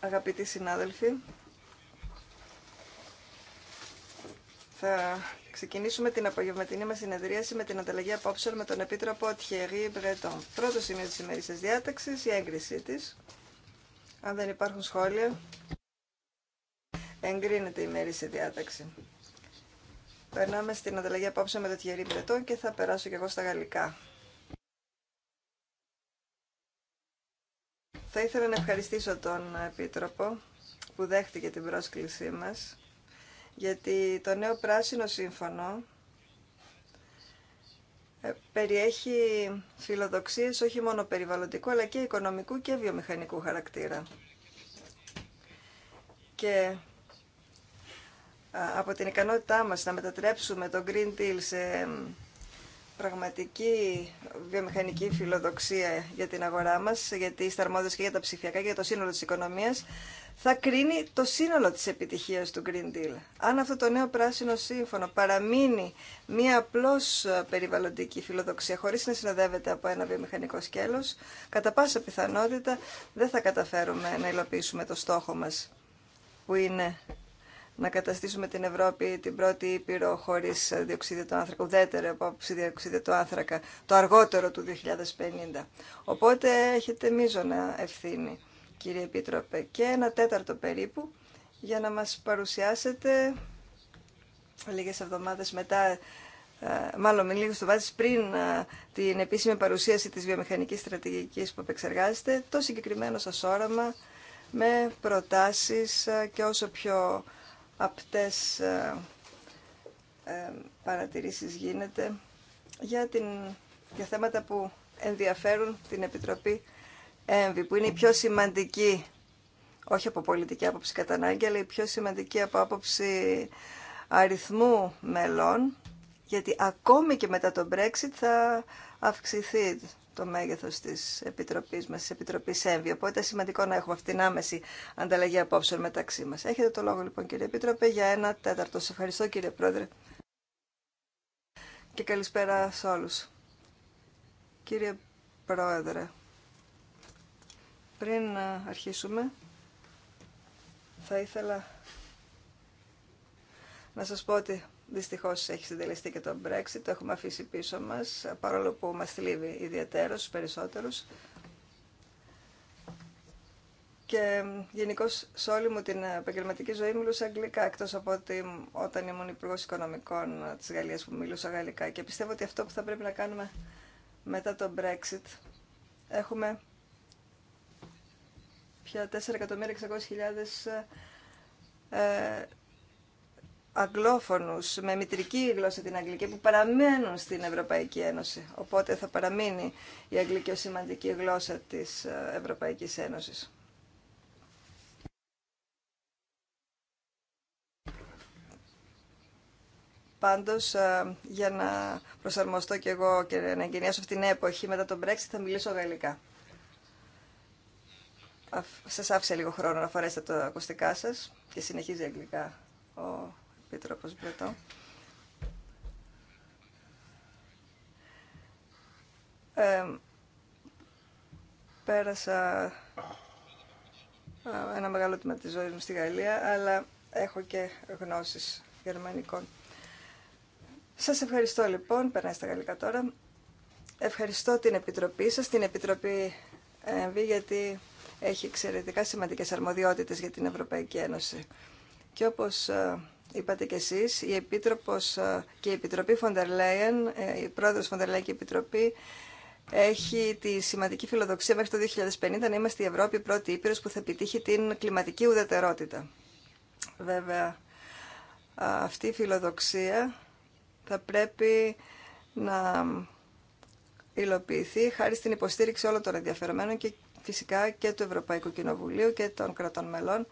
αγαπητοί συνάδελφοι, θα ξεκινήσουμε την απογευματινή μα συνεδρίαση με την ανταλλαγή απόψεων με τον Επίτροπο Τιερή Μπρετόν. Πρώτο σημείο της ημερήσιας διάταξης, η έγκρισή της. Αν δεν υπάρχουν σχόλια, εγκρίνεται η ημερήσια διάταξη. Περνάμε στην ανταλλαγή απόψε με τον Τιερή Μπρετόν και θα περάσω και εγώ στα γαλλικά. Θα ήθελα να ευχαριστήσω τον Επίτροπο που δέχτηκε την πρόσκλησή μας, γιατί το νέο πράσινο σύμφωνο ε, περιέχει φιλοδοξίες όχι μόνο περιβαλλοντικού, αλλά και οικονομικού και βιομηχανικού χαρακτήρα. Και από την ικανότητά μας να μετατρέψουμε το Green Deal σε πραγματική βιομηχανική φιλοδοξία για την αγορά μας, γιατί είστε αρμόδιος και για τα ψηφιακά και για το σύνολο της οικονομίας, θα κρίνει το σύνολο της επιτυχίας του Green Deal. Αν αυτό το νέο πράσινο σύμφωνο παραμείνει μία απλώς περιβαλλοντική φιλοδοξία χωρίς να συνοδεύεται από ένα βιομηχανικό σκέλος, κατά πάσα πιθανότητα δεν θα καταφέρουμε να υλοποιήσουμε το στόχο μας, που είναι να καταστήσουμε την Ευρώπη την πρώτη ήπειρο χωρί διοξίδιο του άνθρακα, ουδέτερη από άποψη διοξίδιο του άνθρακα, το αργότερο του 2050. Οπότε έχετε μείζωνα ευθύνη, κύριε Επίτροπε, και ένα τέταρτο περίπου για να μας παρουσιάσετε λίγες εβδομάδες μετά ε, μάλλον με λίγο στο βάζει πριν ε, την επίσημη παρουσίαση της βιομηχανικής στρατηγικής που επεξεργάζεται, το συγκεκριμένο σας όραμα με προτάσεις ε, και όσο πιο απτές ε, ε, παρατηρήσεις γίνεται για, την, για θέματα που ενδιαφέρουν την Επιτροπή ΕΜΒΗ, που είναι η πιο σημαντική, όχι από πολιτική άποψη κατά ανάγκη, αλλά η πιο σημαντική από άποψη αριθμού μελών, γιατί ακόμη και μετά το Brexit θα αυξηθεί το μέγεθο τη Επιτροπής μας, τη Επιτροπής ΕΒΙ. Οπότε σημαντικό να έχουμε αυτήν την άμεση ανταλλαγή απόψεων μεταξύ μας. Έχετε το λόγο λοιπόν κύριε Επίτροπε για ένα τέταρτο. Σα ευχαριστώ κύριε Πρόεδρε και καλησπέρα σε όλους. Κύριε Πρόεδρε, πριν αρχίσουμε θα ήθελα να σας πω ότι Δυστυχώ έχει συντελεστεί και το Brexit, το έχουμε αφήσει πίσω μας, παρόλο που μας θλίβει ιδιαίτερος του περισσότερου. Και γενικώ σε όλη μου την επαγγελματική ζωή μιλούσα αγγλικά, εκτό από ότι όταν ήμουν υπουργό οικονομικών τη Γαλλία που μιλούσα γαλλικά. Και πιστεύω ότι αυτό που θα πρέπει να κάνουμε μετά το Brexit, έχουμε πια 4.600.000 ε, αγγλόφωνους με μητρική γλώσσα την αγγλική που παραμένουν στην Ευρωπαϊκή Ένωση. Οπότε θα παραμείνει η αγγλική σημαντική γλώσσα της ε, Ευρωπαϊκής Ένωσης. Πάντως, ε, για να προσαρμοστώ και εγώ και να εγκαινιάσω αυτήν την εποχή μετά τον Brexit, θα μιλήσω γαλλικά. Σας άφησα λίγο χρόνο να φορέσετε τα ακουστικά σας και συνεχίζει αγγλικά ο όπως Ε, πέρασα ε, ένα μεγάλο τμήμα της ζωής μου στη Γαλλία, αλλά έχω και γνώσεις γερμανικών. Σας ευχαριστώ λοιπόν, περνάει στα γαλλικά τώρα. Ευχαριστώ την Επιτροπή σας, την Επιτροπή ΕΜΒ, γιατί έχει εξαιρετικά σημαντικές αρμοδιότητες για την Ευρωπαϊκή Ένωση. Και όπως ε, είπατε και εσείς, η Επίτροπος ε, και η Επιτροπή Φοντερ Λέιεν, η Πρόεδρος Φοντερ Λέιεν και η Επιτροπή έχει τη σημαντική φιλοδοξία μέχρι το 2050 να είμαστε η Ευρώπη πρώτη ήπειρος που θα επιτύχει την κλιματική ουδετερότητα. Βέβαια, αυτή η φιλοδοξία θα πρέπει να υλοποιηθεί χάρη στην υποστήριξη όλων των ενδιαφερομένων και φυσικά και του Ευρωπαϊκού Κοινοβουλίου και των κρατών μελών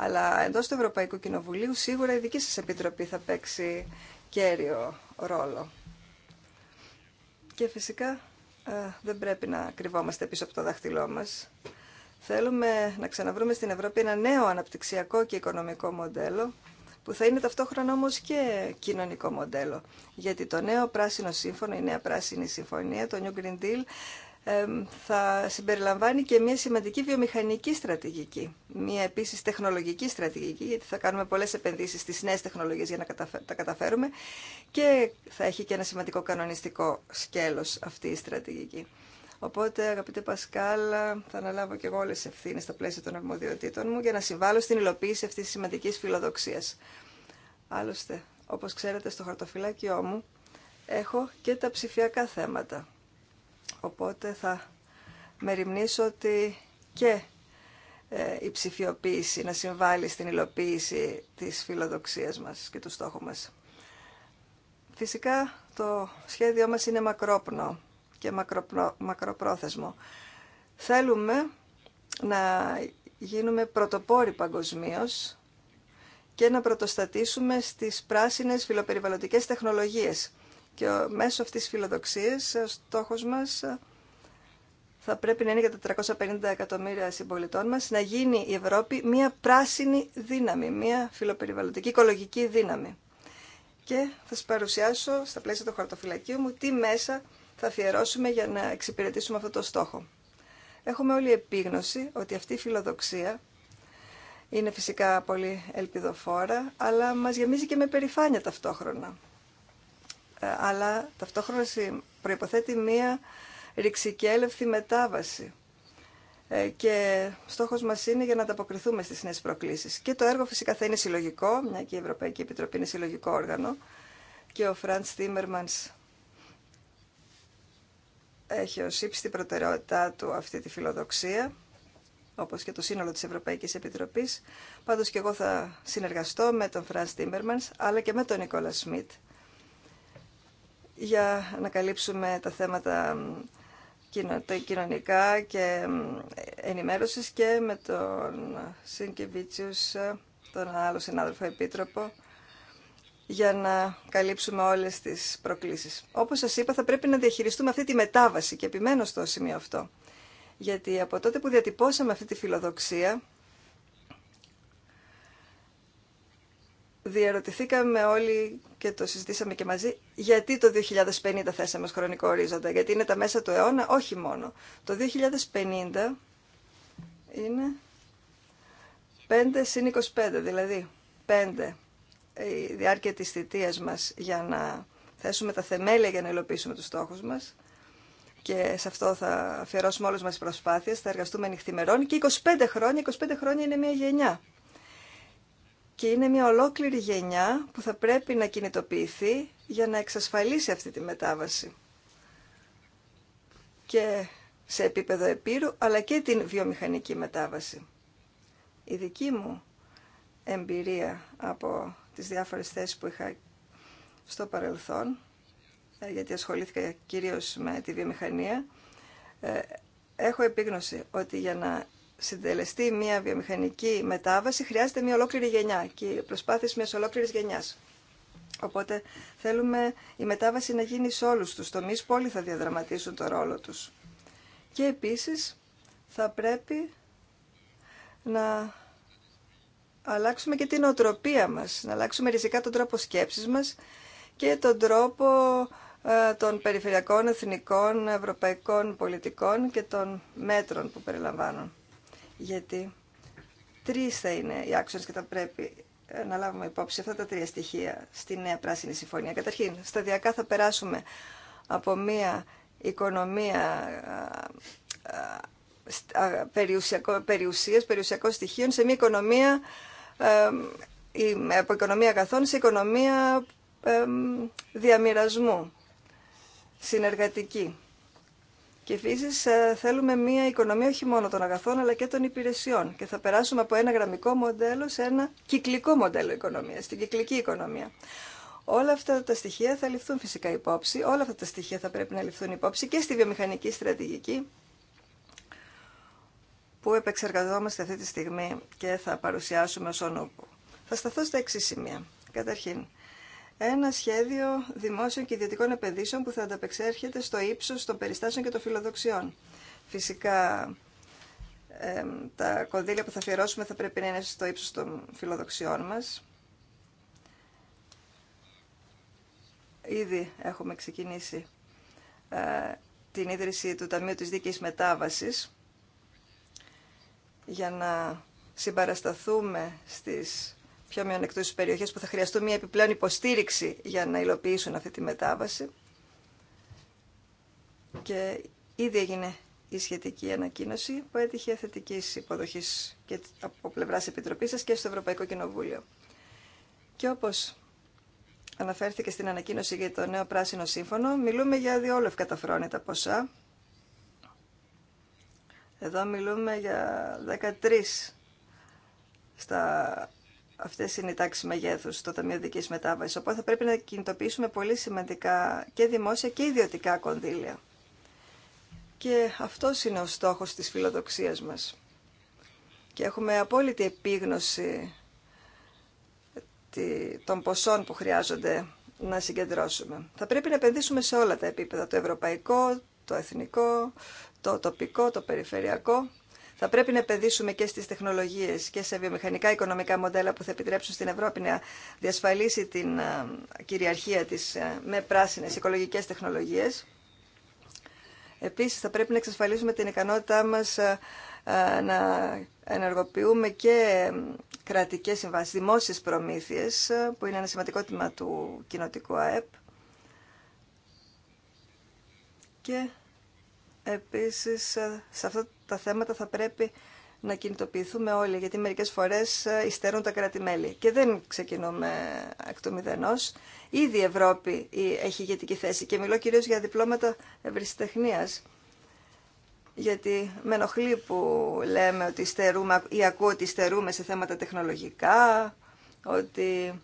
αλλά εντός του Ευρωπαϊκού Κοινοβουλίου σίγουρα η δική σας επιτροπή θα παίξει κέριο ρόλο. Και φυσικά ε, δεν πρέπει να κρυβόμαστε πίσω από το δάχτυλό μας. Θέλουμε να ξαναβρούμε στην Ευρώπη ένα νέο αναπτυξιακό και οικονομικό μοντέλο που θα είναι ταυτόχρονα όμως και κοινωνικό μοντέλο. Γιατί το νέο πράσινο σύμφωνο, η νέα πράσινη συμφωνία, το New Green Deal θα συμπεριλαμβάνει και μια σημαντική βιομηχανική στρατηγική. Μια επίση τεχνολογική στρατηγική, γιατί θα κάνουμε πολλέ επενδύσει στις νέε τεχνολογίε για να τα καταφέρουμε και θα έχει και ένα σημαντικό κανονιστικό σκέλο αυτή η στρατηγική. Οπότε, αγαπητέ Πασκάλ, θα αναλάβω και εγώ όλε τι ευθύνε στα πλαίσια των αρμοδιοτήτων μου για να συμβάλλω στην υλοποίηση αυτή τη σημαντική φιλοδοξία. Άλλωστε, όπω ξέρετε, στο χαρτοφυλάκιό μου έχω και τα ψηφιακά θέματα Οπότε θα μεριμνήσω ότι και ε, η ψηφιοποίηση να συμβάλλει στην υλοποίηση της φιλοδοξίας μας και του στόχου μας. Φυσικά το σχέδιό μας είναι μακρόπνο και μακροπρόθεσμο. Θέλουμε να γίνουμε πρωτοπόροι παγκοσμίω και να πρωτοστατήσουμε στις πράσινες φιλοπεριβαλλοντικές τεχνολογίες και μέσω αυτής της φιλοδοξίας ο στόχος μας ε, θα πρέπει να είναι για τα 350 εκατομμύρια συμπολιτών μας να γίνει η Ευρώπη μια πράσινη δύναμη, μια φιλοπεριβαλλοντική οικολογική δύναμη. Και θα σας παρουσιάσω στα πλαίσια του χαρτοφυλακίου μου τι μέσα θα αφιερώσουμε για να εξυπηρετήσουμε αυτό το στόχο. Έχουμε όλη επίγνωση ότι αυτή η φιλοδοξία είναι φυσικά πολύ ελπιδοφόρα, αλλά μας γεμίζει και με περηφάνεια ταυτόχρονα. Ε, αλλά ταυτόχρονα προϋποθέτει μία ρηξικέλευθη μετάβαση. Ε, και στόχος μας είναι για να ανταποκριθούμε στις νέες προκλήσεις. Και το έργο φυσικά θα είναι συλλογικό, μια και η Ευρωπαϊκή Επιτροπή είναι συλλογικό όργανο. Και ο Φραντς Τίμερμανς έχει ως ύψιστη προτεραιότητά του αυτή τη φιλοδοξία, όπως και το σύνολο της Ευρωπαϊκής Επιτροπής. Πάντως και εγώ θα συνεργαστώ με τον Φραντς Τίμερμανς, αλλά και με τον Νικόλα Σμιτ για να καλύψουμε τα θέματα κοινωνικά και ενημέρωσης και με τον Σινκεβίτσιους, ε, τον άλλο συνάδελφο επίτροπο, για να καλύψουμε όλες τις προκλήσεις. Όπως σας είπα, θα πρέπει να διαχειριστούμε αυτή τη μετάβαση και επιμένω στο σημείο αυτό. Γιατί από τότε που διατυπώσαμε αυτή τη φιλοδοξία, διαρωτηθήκαμε όλοι και το συζητήσαμε και μαζί, γιατί το 2050 θέσαμε ως χρονικό ορίζοντα, γιατί είναι τα μέσα του αιώνα, όχι μόνο. Το 2050 είναι 5 συν 25, δηλαδή 5 η διάρκεια της θητείας μας για να θέσουμε τα θεμέλια για να υλοποιήσουμε τους στόχους μας και σε αυτό θα αφιερώσουμε όλες μας τις προσπάθειες, θα εργαστούμε νυχθημερών και 25 χρόνια, 25 χρόνια είναι μια γενιά. Και είναι μια ολόκληρη γενιά που θα πρέπει να κινητοποιηθεί για να εξασφαλίσει αυτή τη μετάβαση. Και σε επίπεδο επίρου, αλλά και την βιομηχανική μετάβαση. Η δική μου εμπειρία από τις διάφορες θέσεις που είχα στο παρελθόν, ε, γιατί ασχολήθηκα κυρίως με τη βιομηχανία, ε, έχω επίγνωση ότι για να συντελεστεί μια βιομηχανική μετάβαση χρειάζεται μια ολόκληρη γενιά και προσπάθειες μιας ολόκληρης γενιάς. Οπότε θέλουμε η μετάβαση να γίνει σε όλους τους τομείς που όλοι θα διαδραματίσουν το ρόλο τους. Και επίσης θα πρέπει να αλλάξουμε και την οτροπία μας, να αλλάξουμε ριζικά τον τρόπο σκέψης μας και τον τρόπο ε, των περιφερειακών, εθνικών, ευρωπαϊκών πολιτικών και των μέτρων που περιλαμβάνουν γιατί τρει θα είναι οι άξονε και θα πρέπει ε, να λάβουμε υπόψη αυτά τα τρία στοιχεία στη νέα πράσινη συμφωνία. Καταρχήν, σταδιακά θα περάσουμε από μία οικονομία περιουσία, περιουσίας, περιουσιακών στοιχείων σε μία οικονομία από οικονομία αγαθών σε οικονομία διαμοιρασμού, συνεργατική. Και επίση ε, θέλουμε μια οικονομία όχι μόνο των αγαθών αλλά και των υπηρεσιών. Και θα περάσουμε από ένα γραμμικό μοντέλο σε ένα κυκλικό μοντέλο οικονομία, στην κυκλική οικονομία. Όλα αυτά τα στοιχεία θα ληφθούν φυσικά υπόψη, όλα αυτά τα στοιχεία θα πρέπει να ληφθούν υπόψη και στη βιομηχανική στρατηγική που επεξεργαζόμαστε αυτή τη στιγμή και θα παρουσιάσουμε ως Θα σταθώ στα εξή σημεία. Καταρχήν, ένα σχέδιο δημόσιων και ιδιωτικών επενδύσεων που θα ανταπεξέρχεται στο ύψο των περιστάσεων και των φιλοδοξιών. Φυσικά τα κονδύλια που θα αφιερώσουμε θα πρέπει να είναι στο ύψο των φιλοδοξιών μας. Ήδη έχουμε ξεκινήσει ε, την ίδρυση του Ταμείου της Δίκαιης Μετάβασης για να συμπαρασταθούμε στις πιο μειονεκτούς περιοχές που θα χρειαστούν μια επιπλέον υποστήριξη για να υλοποιήσουν αυτή τη μετάβαση. Και ήδη έγινε η σχετική ανακοίνωση που έτυχε θετική υποδοχή και από πλευρά Επιτροπή σα και στο Ευρωπαϊκό Κοινοβούλιο. Και όπω αναφέρθηκε στην ανακοίνωση για το νέο πράσινο σύμφωνο, μιλούμε για διόλου ευκαταφρόνητα ποσά. Εδώ μιλούμε για 13 στα Αυτέ είναι οι τάξει μεγέθου στο Ταμείο Δική Μετάβαση. Οπότε θα πρέπει να κινητοποιήσουμε πολύ σημαντικά και δημόσια και ιδιωτικά κονδύλια. Και αυτό είναι ο στόχο τη φιλοδοξία μα. Και έχουμε απόλυτη επίγνωση των ποσών που χρειάζονται να συγκεντρώσουμε. Θα πρέπει να επενδύσουμε σε όλα τα επίπεδα, το ευρωπαϊκό, το εθνικό, το τοπικό, το περιφερειακό. Θα πρέπει να επενδύσουμε και στις τεχνολογίες και σε βιομηχανικά οικονομικά μοντέλα που θα επιτρέψουν στην Ευρώπη να διασφαλίσει την ε, κυριαρχία της ε, με πράσινες οικολογικές τεχνολογίες. Επίσης θα πρέπει να εξασφαλίσουμε την ικανότητά μας ε, να ενεργοποιούμε και κρατικές συμβάσει, δημόσιε προμήθειες, που είναι ένα σημαντικό τμήμα του κοινοτικού ΑΕΠ. Και επίσης σε αυτό τα θέματα θα πρέπει να κινητοποιηθούμε όλοι, γιατί μερικές φορές ε, υστερούν τα κρατη Και δεν ξεκινούμε εκ του μηδενός. Ήδη η Ευρώπη ε, έχει ηγετική θέση και μιλώ κυρίως για διπλώματα ευρυσιτεχνίας. Γιατί με ενοχλεί που λέμε ότι στερούμε ή ακούω ότι στερούμε σε θέματα τεχνολογικά, ότι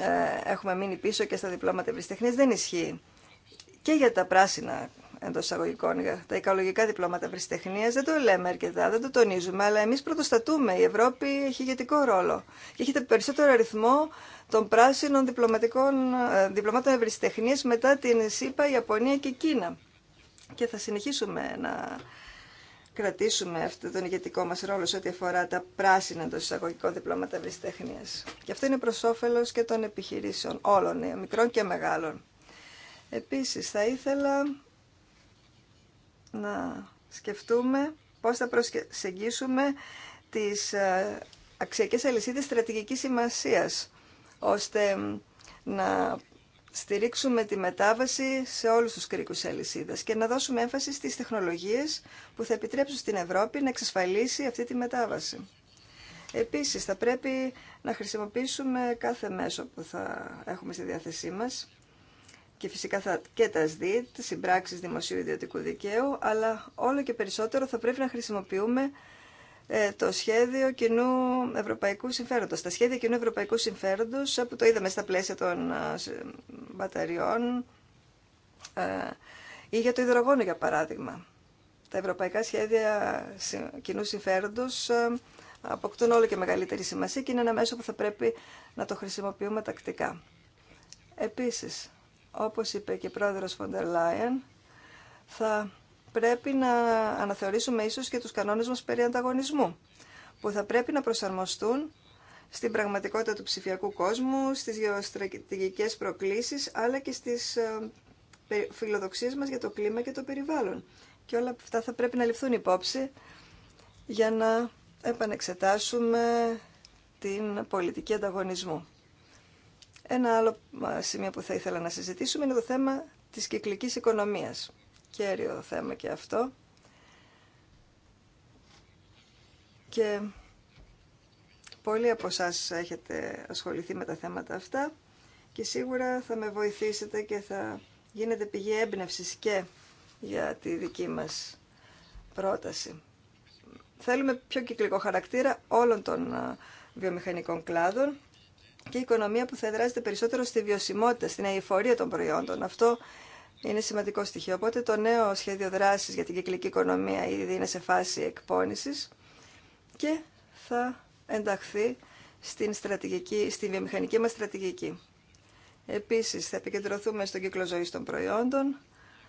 ε, έχουμε μείνει πίσω και στα διπλώματα ευρυσιτεχνίας. Δεν ισχύει. Και για τα πράσινα εντό εισαγωγικών. Τα οικολογικά διπλώματα ευρυστεχνία δεν το λέμε αρκετά, δεν το τονίζουμε, αλλά εμεί πρωτοστατούμε. Η Ευρώπη έχει ηγετικό ρόλο. Και έχετε περισσότερο αριθμό των πράσινων ε, διπλωμάτων ευρυστεχνία μετά την ΣΥΠΑ, Ιαπωνία και Κίνα. Και θα συνεχίσουμε να κρατήσουμε αυτό τον ηγετικό μας ρόλο σε ό,τι αφορά τα πράσινα εντό εισαγωγικών διπλώματα ευρυστέχνειας. Και αυτό είναι προ όφελο και των επιχειρήσεων όλων, ε, μικρών και μεγάλων. Επίσης θα ήθελα να σκεφτούμε πώς θα προσεγγίσουμε τις ε, αξιακές αλυσίδες στρατηγικής σημασίας, ώστε να στηρίξουμε τη μετάβαση σε όλους τους κρίκους αλυσίδας και να δώσουμε έμφαση στις τεχνολογίες που θα επιτρέψουν στην Ευρώπη να εξασφαλίσει αυτή τη μετάβαση. Επίσης, θα πρέπει να χρησιμοποιήσουμε κάθε μέσο που θα έχουμε στη διάθεσή μας και φυσικά θα και τα ΣΔΙΤ, συμπράξεις δημοσίου ιδιωτικού δικαίου, αλλά όλο και περισσότερο θα πρέπει να χρησιμοποιούμε ε, το σχέδιο κοινού ευρωπαϊκού συμφέροντος. Τα σχέδια κοινού ευρωπαϊκού συμφέροντος, που το είδαμε στα πλαίσια των ε, μπαταριών ε, ή για το υδρογόνο, για παράδειγμα. Τα ευρωπαϊκά σχέδια κοινού συμφέροντος αποκτούν όλο και μεγαλύτερη σημασία και είναι ένα μέσο που θα πρέπει να το χρησιμοποιούμε τακτικά. Επίσης, όπως είπε και η πρόεδρος Φοντερ Λάιεν, θα πρέπει να αναθεωρήσουμε ίσως και τους κανόνες μας περί ανταγωνισμού, που θα πρέπει να προσαρμοστούν στην πραγματικότητα του ψηφιακού κόσμου, στις γεωστρατηγικές προκλήσεις, αλλά και στις ε, φιλοδοξίες μας για το κλίμα και το περιβάλλον. Και όλα αυτά θα πρέπει να ληφθούν υπόψη για να επανεξετάσουμε την πολιτική ανταγωνισμού. Ένα άλλο σημείο που θα ήθελα να συζητήσουμε είναι το θέμα της κυκλικής οικονομίας. Κέριο θέμα και αυτό. Και πολλοί από εσά έχετε ασχοληθεί με τα θέματα αυτά και σίγουρα θα με βοηθήσετε και θα γίνετε πηγή έμπνευση και για τη δική μας πρόταση. Θέλουμε πιο κυκλικό χαρακτήρα όλων των βιομηχανικών κλάδων και η οικονομία που θα εδράζεται περισσότερο στη βιωσιμότητα, στην αηφορία των προϊόντων. Αυτό είναι σημαντικό στοιχείο. Οπότε το νέο σχέδιο δράσης για την κυκλική οικονομία ήδη είναι σε φάση εκπόνησης και θα ενταχθεί στην, στρατηγική, στην βιομηχανική μας στρατηγική. Επίσης θα επικεντρωθούμε στον κύκλο ζωή των προϊόντων,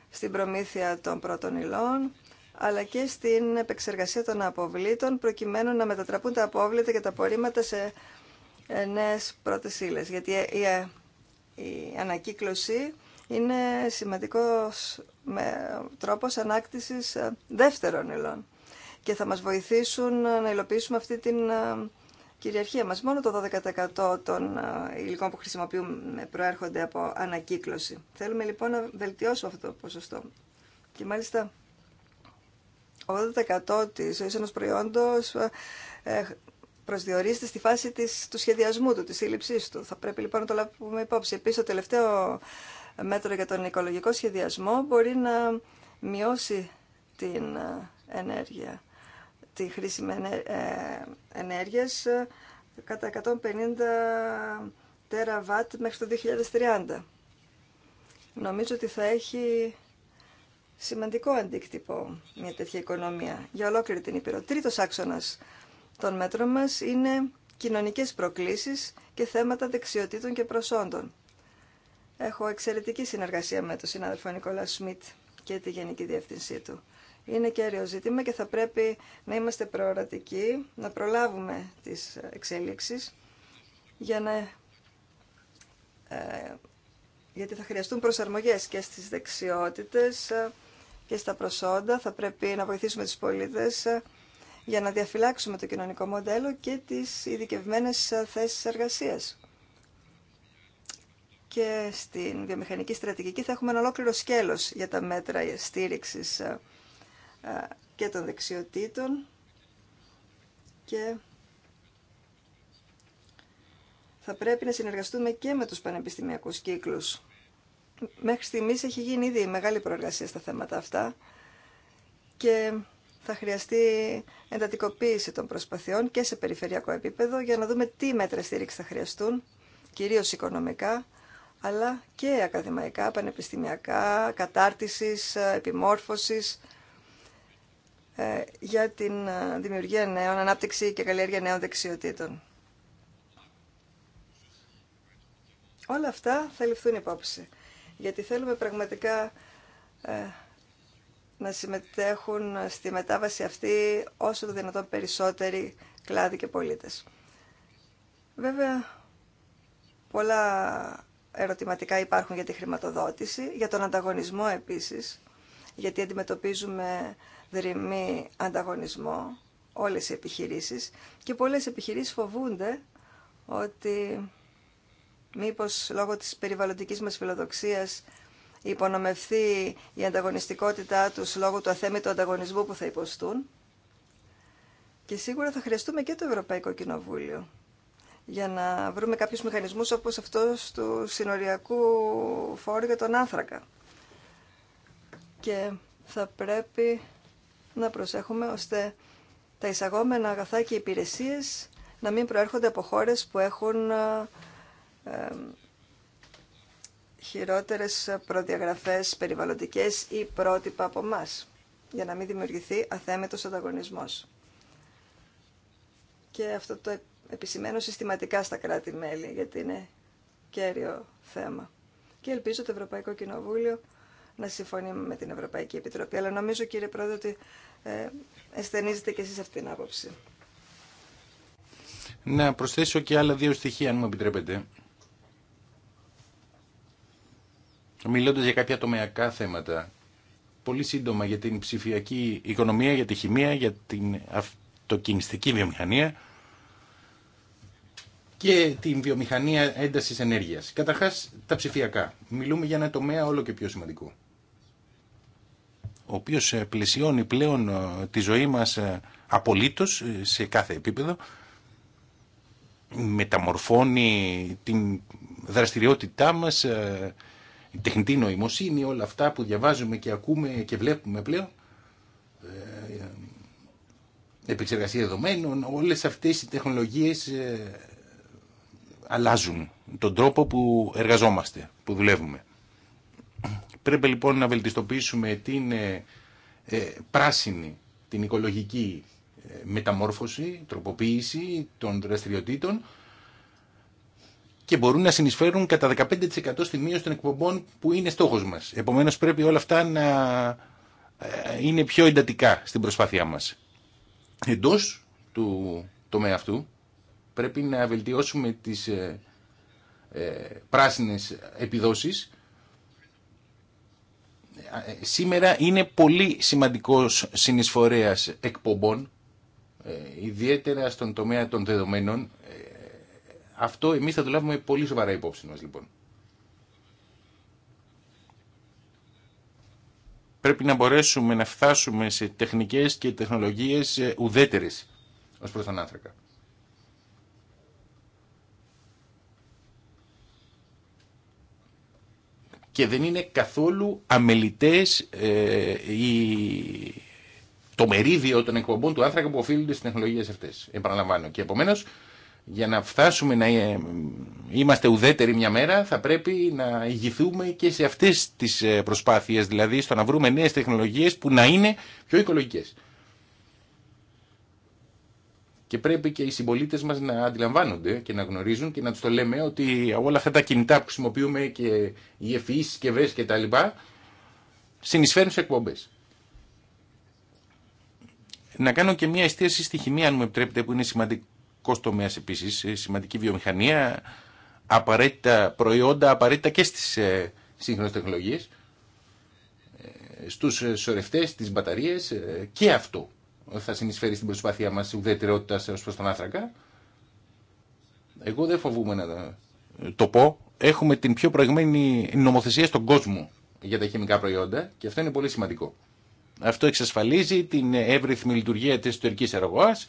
στην προμήθεια των πρώτων υλών, αλλά και στην επεξεργασία των αποβλήτων, προκειμένου να μετατραπούν τα απόβλητα και τα απορρίμματα σε ε, νέες πρώτες ύλες, γιατί ε, ε, η ανακύκλωση είναι σημαντικός τρόπος ανάκτησης δεύτερων υλών και θα μας βοηθήσουν να υλοποιήσουμε αυτή την κυριαρχία μας. Μόνο το 12% των υλικών που χρησιμοποιούμε προέρχονται από ανακύκλωση. Θέλουμε λοιπόν να βελτιώσουμε αυτό το ποσοστό. Και μάλιστα 80% της ζωής ενός προϊόντος προσδιορίζεται στη φάση της, του σχεδιασμού του, της σύλληψής του. Θα πρέπει λοιπόν να το λάβουμε υπόψη. Επίσης, το τελευταίο μέτρο για τον οικολογικό σχεδιασμό μπορεί να μειώσει την ε, ενέργεια, τη χρήση ε, ενέργειας ε, κατά 150 τεραβάτ μέχρι το 2030. Νομίζω ότι θα έχει σημαντικό αντίκτυπο μια τέτοια οικονομία για ολόκληρη την Ήπειρο. Τρίτος άξονας των μέτρων μας είναι κοινωνικές προκλήσεις και θέματα δεξιοτήτων και προσόντων. Έχω εξαιρετική συνεργασία με τον συνάδελφο Νικόλα Σμιτ και τη Γενική Διευθυνσή του. Είναι κέριο ζήτημα και θα πρέπει να είμαστε προορατικοί, να προλάβουμε τις εξέλιξεις για να... Ε, γιατί θα χρειαστούν προσαρμογές και στις δεξιότητες ε, και στα προσόντα. Θα πρέπει να βοηθήσουμε τις πολίτες ε, για να διαφυλάξουμε το κοινωνικό μοντέλο και τις ειδικευμένε θέσεις εργασίας. Και στην βιομηχανική στρατηγική θα έχουμε ένα ολόκληρο σκέλος για τα μέτρα στήριξης ε, ε, και των δεξιοτήτων και θα πρέπει να συνεργαστούμε και με τους πανεπιστημιακούς κύκλους. Μέχρι στιγμής έχει γίνει ήδη μεγάλη προεργασία στα θέματα αυτά και θα χρειαστεί εντατικοποίηση των προσπαθειών και σε περιφερειακό επίπεδο για να δούμε τι μέτρα στήριξη θα χρειαστούν, κυρίως οικονομικά, αλλά και ακαδημαϊκά, πανεπιστημιακά, κατάρτισης, ε, επιμόρφωσης, ε, για την ε, δημιουργία νέων, ανάπτυξη και καλλιέργεια νέων δεξιοτήτων. Όλα αυτά θα ληφθούν υπόψη, γιατί θέλουμε πραγματικά να συμμετέχουν στη μετάβαση αυτή όσο το δυνατόν περισσότεροι κλάδοι και πολίτες. Βέβαια, πολλά ερωτηματικά υπάρχουν για τη χρηματοδότηση, για τον ανταγωνισμό επίσης, γιατί αντιμετωπίζουμε δρυμή ανταγωνισμό όλες οι επιχειρήσεις και πολλές επιχειρήσεις φοβούνται ότι μήπως λόγω της περιβαλλοντικής μας φιλοδοξίας υπονομευθεί η ανταγωνιστικότητά τους λόγω του αθέμητου ανταγωνισμού που θα υποστούν. Και σίγουρα θα χρειαστούμε και το Ευρωπαϊκό Κοινοβούλιο για να βρούμε κάποιους μηχανισμούς όπως αυτός του συνοριακού φόρου για τον άνθρακα. Και θα πρέπει να προσέχουμε ώστε τα εισαγόμενα αγαθά και υπηρεσίες να μην προέρχονται από χώρες που έχουν ε, χειρότερες προδιαγραφές περιβαλλοντικές ή πρότυπα από εμά για να μην δημιουργηθεί αθέμετος ανταγωνισμός. Και αυτό το επισημαίνω συστηματικά στα κράτη-μέλη, γιατί είναι κέριο θέμα. Και ελπίζω το Ευρωπαϊκό Κοινοβούλιο να συμφωνεί με την Ευρωπαϊκή Επιτροπή. Αλλά νομίζω, κύριε Πρόεδρε, ότι ε, εσθενίζετε και εσείς αυτήν την άποψη. Να προσθέσω και άλλα δύο στοιχεία, αν μου επιτρέπετε. μιλώντας για κάποια τομεακά θέματα, πολύ σύντομα για την ψηφιακή οικονομία, για τη χημεία, για την αυτοκινηστική βιομηχανία και την βιομηχανία έντασης ενέργειας. Καταρχάς, τα ψηφιακά. Μιλούμε για ένα τομέα όλο και πιο σημαντικό, ο οποίος ε, πλαισιώνει πλέον ε, τη ζωή μας ε, απολύτως σε κάθε επίπεδο, μεταμορφώνει την δραστηριότητά μας, η τεχνητή νοημοσύνη, όλα αυτά που διαβάζουμε και ακούμε και βλέπουμε πλέον, ε, ε, επεξεργασία δεδομένων, όλες αυτές οι τεχνολογίες ε, αλλάζουν τον τρόπο που εργαζόμαστε, που δουλεύουμε. Πρέπει λοιπόν να βελτιστοποιήσουμε την πράσινη, την οικολογική μεταμόρφωση, τροποποίηση των δραστηριοτήτων και μπορούν να συνεισφέρουν κατά 15% στη μείωση των εκπομπών που είναι στόχο μα. Επομένω πρέπει όλα αυτά να ε, είναι πιο εντατικά στην προσπάθειά μα. Εντό του τομέα αυτού πρέπει να βελτιώσουμε τις ε, ε, πράσινε επιδόσεις. Σήμερα είναι πολύ σημαντικός συνεισφορέας εκπομπών ιδιαίτερα στον τομέα των δεδομένων αυτό εμείς θα το λάβουμε πολύ σοβαρά υπόψη μα λοιπόν. Πρέπει να μπορέσουμε να φτάσουμε σε τεχνικές και τεχνολογίες ε, ουδέτερες ως προς τον άνθρακα. και δεν είναι καθόλου αμελητές η... Ε, το μερίδιο των εκπομπών του άνθρακα που οφείλονται στις τεχνολογίες αυτές. Επαναλαμβάνω. Και επομένως για να φτάσουμε να ε, είμαστε ουδέτεροι μια μέρα θα πρέπει να ηγηθούμε και σε αυτές τις ε, προσπάθειες, δηλαδή στο να βρούμε νέες τεχνολογίες που να είναι πιο οικολογικές. Και πρέπει και οι συμπολίτε μα να αντιλαμβάνονται και να γνωρίζουν και να του το λέμε ότι όλα αυτά τα κινητά που χρησιμοποιούμε και οι ευφυεί συσκευέ κτλ. συνεισφέρουν σε εκπομπέ. Να κάνω και μια εστίαση στη χημία αν μου επιτρέπετε, που είναι σημαντικό τομέα επίση, ε, σημαντική βιομηχανία, απαραίτητα προϊόντα, απαραίτητα και στι ε, σύγχρονε τεχνολογίε, ε, στου σωρευτέ, στι μπαταρίε και αυτό θα συνεισφέρει στην προσπάθειά μα ουδετερότητα ω προ τον άνθρακα. Εγώ δεν φοβούμαι να το πω. Έχουμε την πιο προηγμένη νομοθεσία στον κόσμο για τα χημικά προϊόντα και αυτό είναι πολύ σημαντικό. Αυτό εξασφαλίζει την εύρυθμη λειτουργία της εσωτερικής αερογοάς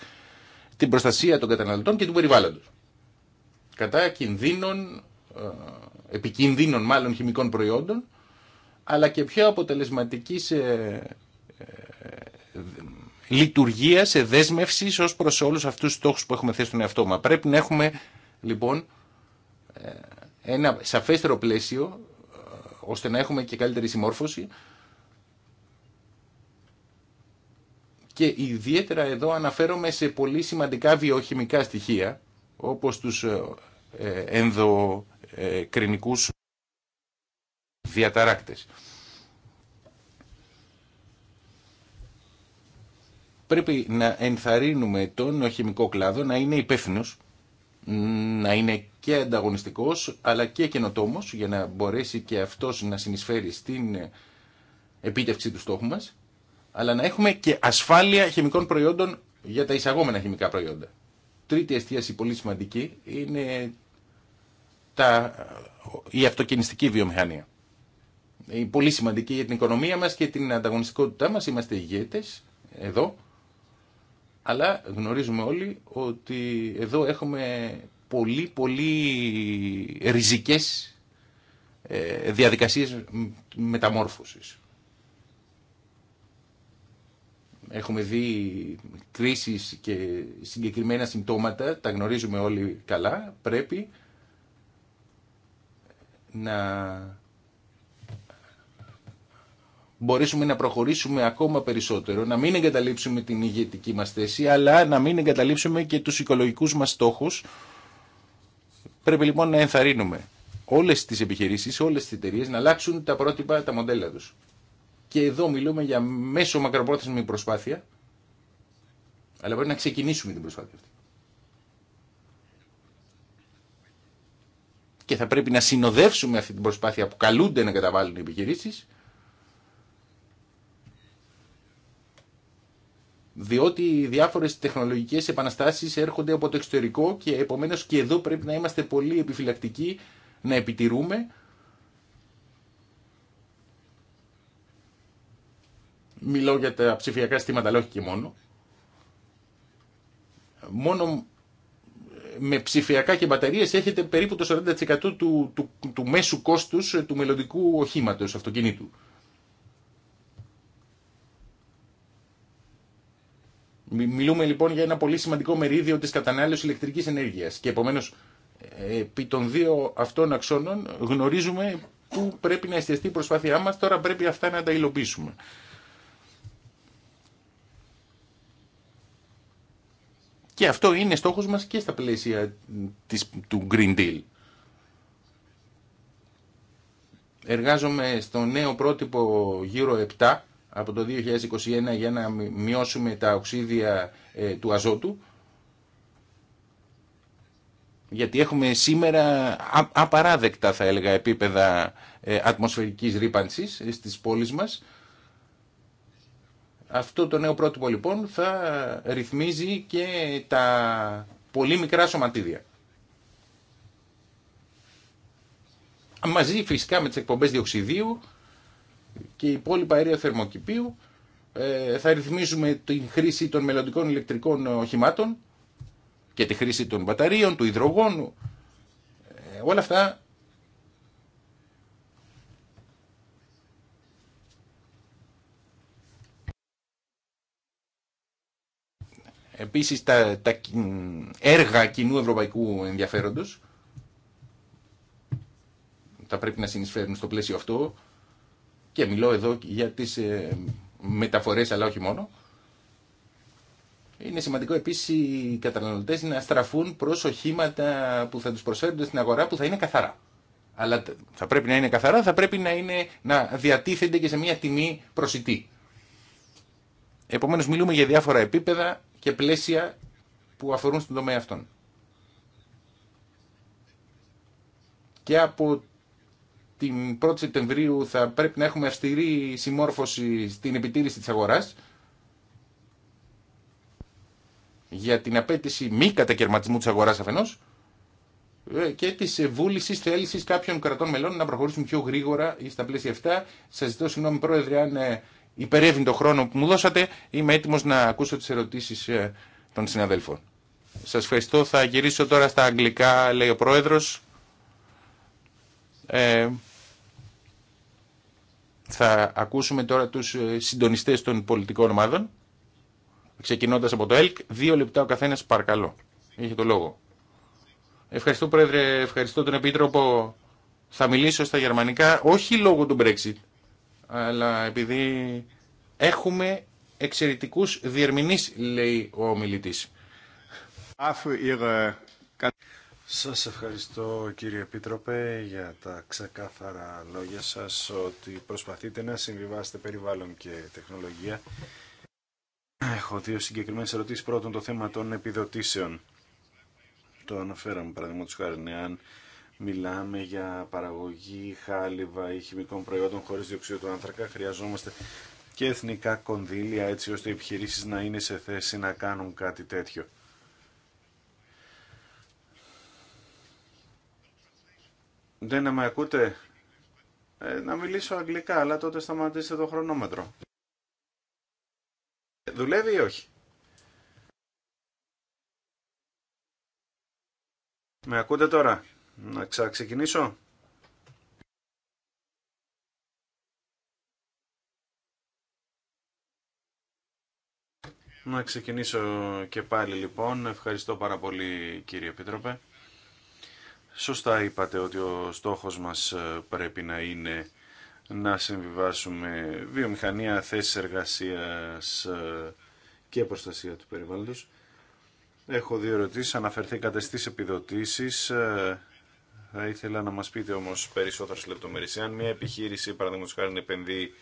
την προστασία των καταναλωτών και του περιβάλλοντος. Κατά κινδύνων, ε, επικίνδυνων μάλλον χημικών προϊόντων, αλλά και πιο αποτελεσματική ε, ε, λειτουργίας, ε, δέσμευση ως προς όλους αυτούς τους στόχους που έχουμε θέσει στον εαυτό μας. Πρέπει να έχουμε λοιπόν ε, ένα σαφέστερο πλαίσιο ώστε να έχουμε και καλύτερη συμμόρφωση και ιδιαίτερα εδώ αναφέρομαι σε πολύ σημαντικά βιοχημικά στοιχεία όπως τους ε, ε, ενδοκρινικούς διαταράκτες. Πρέπει να ενθαρρύνουμε τον χημικό κλάδο να είναι υπεύθυνο, να είναι και ανταγωνιστικός αλλά και καινοτόμος για να μπορέσει και αυτός να συνεισφέρει στην επίτευξη του στόχου μας αλλά να έχουμε και ασφάλεια χημικών προϊόντων για τα εισαγόμενα χημικά προϊόντα. Τρίτη εστίαση πολύ σημαντική είναι τα, η αυτοκινηστική βιομηχανία. Είναι πολύ σημαντική για την οικονομία μας και την ανταγωνιστικότητά μας. Είμαστε ηγέτες εδώ, αλλά γνωρίζουμε όλοι ότι εδώ έχουμε πολύ πολύ ριζικές ε, διαδικασίες μεταμόρφωσης. Έχουμε δει κρίσεις και συγκεκριμένα συμπτώματα, τα γνωρίζουμε όλοι καλά, πρέπει να μπορέσουμε να προχωρήσουμε ακόμα περισσότερο, να μην εγκαταλείψουμε την ηγετική μας θέση, αλλά να μην εγκαταλείψουμε και τους οικολογικούς μας στόχους. Πρέπει λοιπόν να ενθαρρύνουμε όλες τις επιχειρήσεις, όλες τις εταιρείε να αλλάξουν τα πρότυπα, τα μοντέλα τους και εδώ μιλούμε για μέσο μακροπρόθεσμη προσπάθεια, αλλά πρέπει να ξεκινήσουμε την προσπάθεια αυτή. Και θα πρέπει να συνοδεύσουμε αυτή την προσπάθεια που καλούνται να καταβάλουν οι επιχειρήσεις, διότι οι διάφορες τεχνολογικές επαναστάσεις έρχονται από το εξωτερικό και επομένως και εδώ πρέπει να είμαστε πολύ επιφυλακτικοί να επιτηρούμε μιλώ για τα ψηφιακά στήματα, αλλά όχι και μόνο, μόνο ε, με ψηφιακά και μπαταρίες έχετε περίπου το 40% του, του, του μέσου κόστους ε, του μελλοντικού οχήματος αυτοκινήτου. Μιλούμε λοιπόν για ένα πολύ σημαντικό μερίδιο της κατανάλωσης ηλεκτρικής ενέργειας και επομένως ε, επί των δύο αυτών αξώνων γνωρίζουμε πού πρέπει να εστιαστεί η προσπάθειά μας, τώρα πρέπει αυτά να τα υλοποιήσουμε. Και αυτό είναι στόχος μας και στα πλαίσια της, του Green Deal. Εργάζομαι στο νέο πρότυπο γύρω 7 από το 2021 για να μειώσουμε τα οξύδια ε, του αζότου. Γιατί έχουμε σήμερα απαράδεκτα θα έλεγα επίπεδα ε, ατμοσφαιρικής ρήπανσης ε, στις πόλεις μας αυτό το νέο πρότυπο λοιπόν θα ρυθμίζει και τα πολύ μικρά σωματίδια. Μαζί φυσικά με τις εκπομπές διοξιδίου και υπόλοιπα αέρια θερμοκηπίου ε, θα ρυθμίζουμε την χρήση των μελλοντικών ηλεκτρικών οχημάτων και τη χρήση των μπαταρίων, του υδρογόνου. Ε, όλα αυτά επίσης τα, έργα κοινού ευρωπαϊκού ενδιαφέροντος θα πρέπει να συνεισφέρουν στο πλαίσιο αυτό και μιλώ εδώ για τις ε, μεταφορές αλλά όχι μόνο. Είναι σημαντικό επίσης οι καταναλωτές να στραφούν προς οχήματα που θα τους προσφέρονται στην αγορά που θα είναι καθαρά. Αλλά θα πρέπει να είναι καθαρά, θα πρέπει να, είναι, να διατίθενται και σε μια τιμή προσιτή. Επομένως μιλούμε για διάφορα επίπεδα και πλαίσια που αφορούν στον τομέα αυτών. Και από την 1η Σεπτεμβρίου θα πρέπει να έχουμε αυστηρή συμμόρφωση στην επιτήρηση της αγοράς για την απέτηση μη κατακαιρματισμού της αγοράς αφενός ε, και τη βούληση θέληση κάποιων κρατών μελών να προχωρήσουν πιο γρήγορα στα πλαίσια αυτά. Σα ζητώ συγγνώμη, Πρόεδρε, αν ε, υπερεύνει το χρόνο που μου δώσατε. Είμαι έτοιμος να ακούσω τις ερωτήσεις ε, των συναδέλφων. Σας ευχαριστώ. Θα γυρίσω τώρα στα αγγλικά, λέει ο Πρόεδρος. Ε, θα ακούσουμε τώρα τους ε, συντονιστές των πολιτικών ομάδων. Ξεκινώντας από το ΕΛΚ, δύο λεπτά ο καθένας παρακαλώ. Είχε το λόγο. Ευχαριστώ Πρόεδρε, ευχαριστώ τον Επίτροπο. Θα μιλήσω στα γερμανικά, όχι λόγω του Brexit, αλλά επειδή έχουμε εξαιρετικούς διερμηνείς, λέει ο ομιλητής. Σας ευχαριστώ κύριε Επίτροπε για τα ξεκάθαρα λόγια σας ότι προσπαθείτε να συμβιβάσετε περιβάλλον και τεχνολογία. Έχω δύο συγκεκριμένε ερωτήσει Πρώτον το θέμα των επιδοτήσεων. Το αναφέραμε παραδείγματο χάρη αν μιλάμε για παραγωγή χάλιβα ή χημικών προϊόντων χωρίς διοξείδιο του άνθρακα, χρειαζόμαστε και εθνικά κονδύλια έτσι ώστε οι επιχειρήσεις να είναι σε θέση να κάνουν κάτι τέτοιο. Δεν να με ακούτε ε, να μιλήσω αγγλικά, αλλά τότε σταματήστε το χρονόμετρο. Δουλεύει ή όχι. Με ακούτε τώρα. Να ξεκινήσω. Να ξεκινήσω και πάλι λοιπόν. Ευχαριστώ πάρα πολύ κύριε Επίτροπε. Σωστά είπατε ότι ο στόχος μας ε, πρέπει να είναι να συμβιβάσουμε βιομηχανία, θέσεις εργασίας ε, και προστασία του περιβάλλοντος. Έχω δύο ερωτήσεις. Αναφερθήκατε στις επιδοτήσεις. Ε, θα ήθελα να μας πείτε όμως περισσότερες λεπτομέρειες. Αν μια επιχείρηση, παραδείγματος χάρη, επενδύει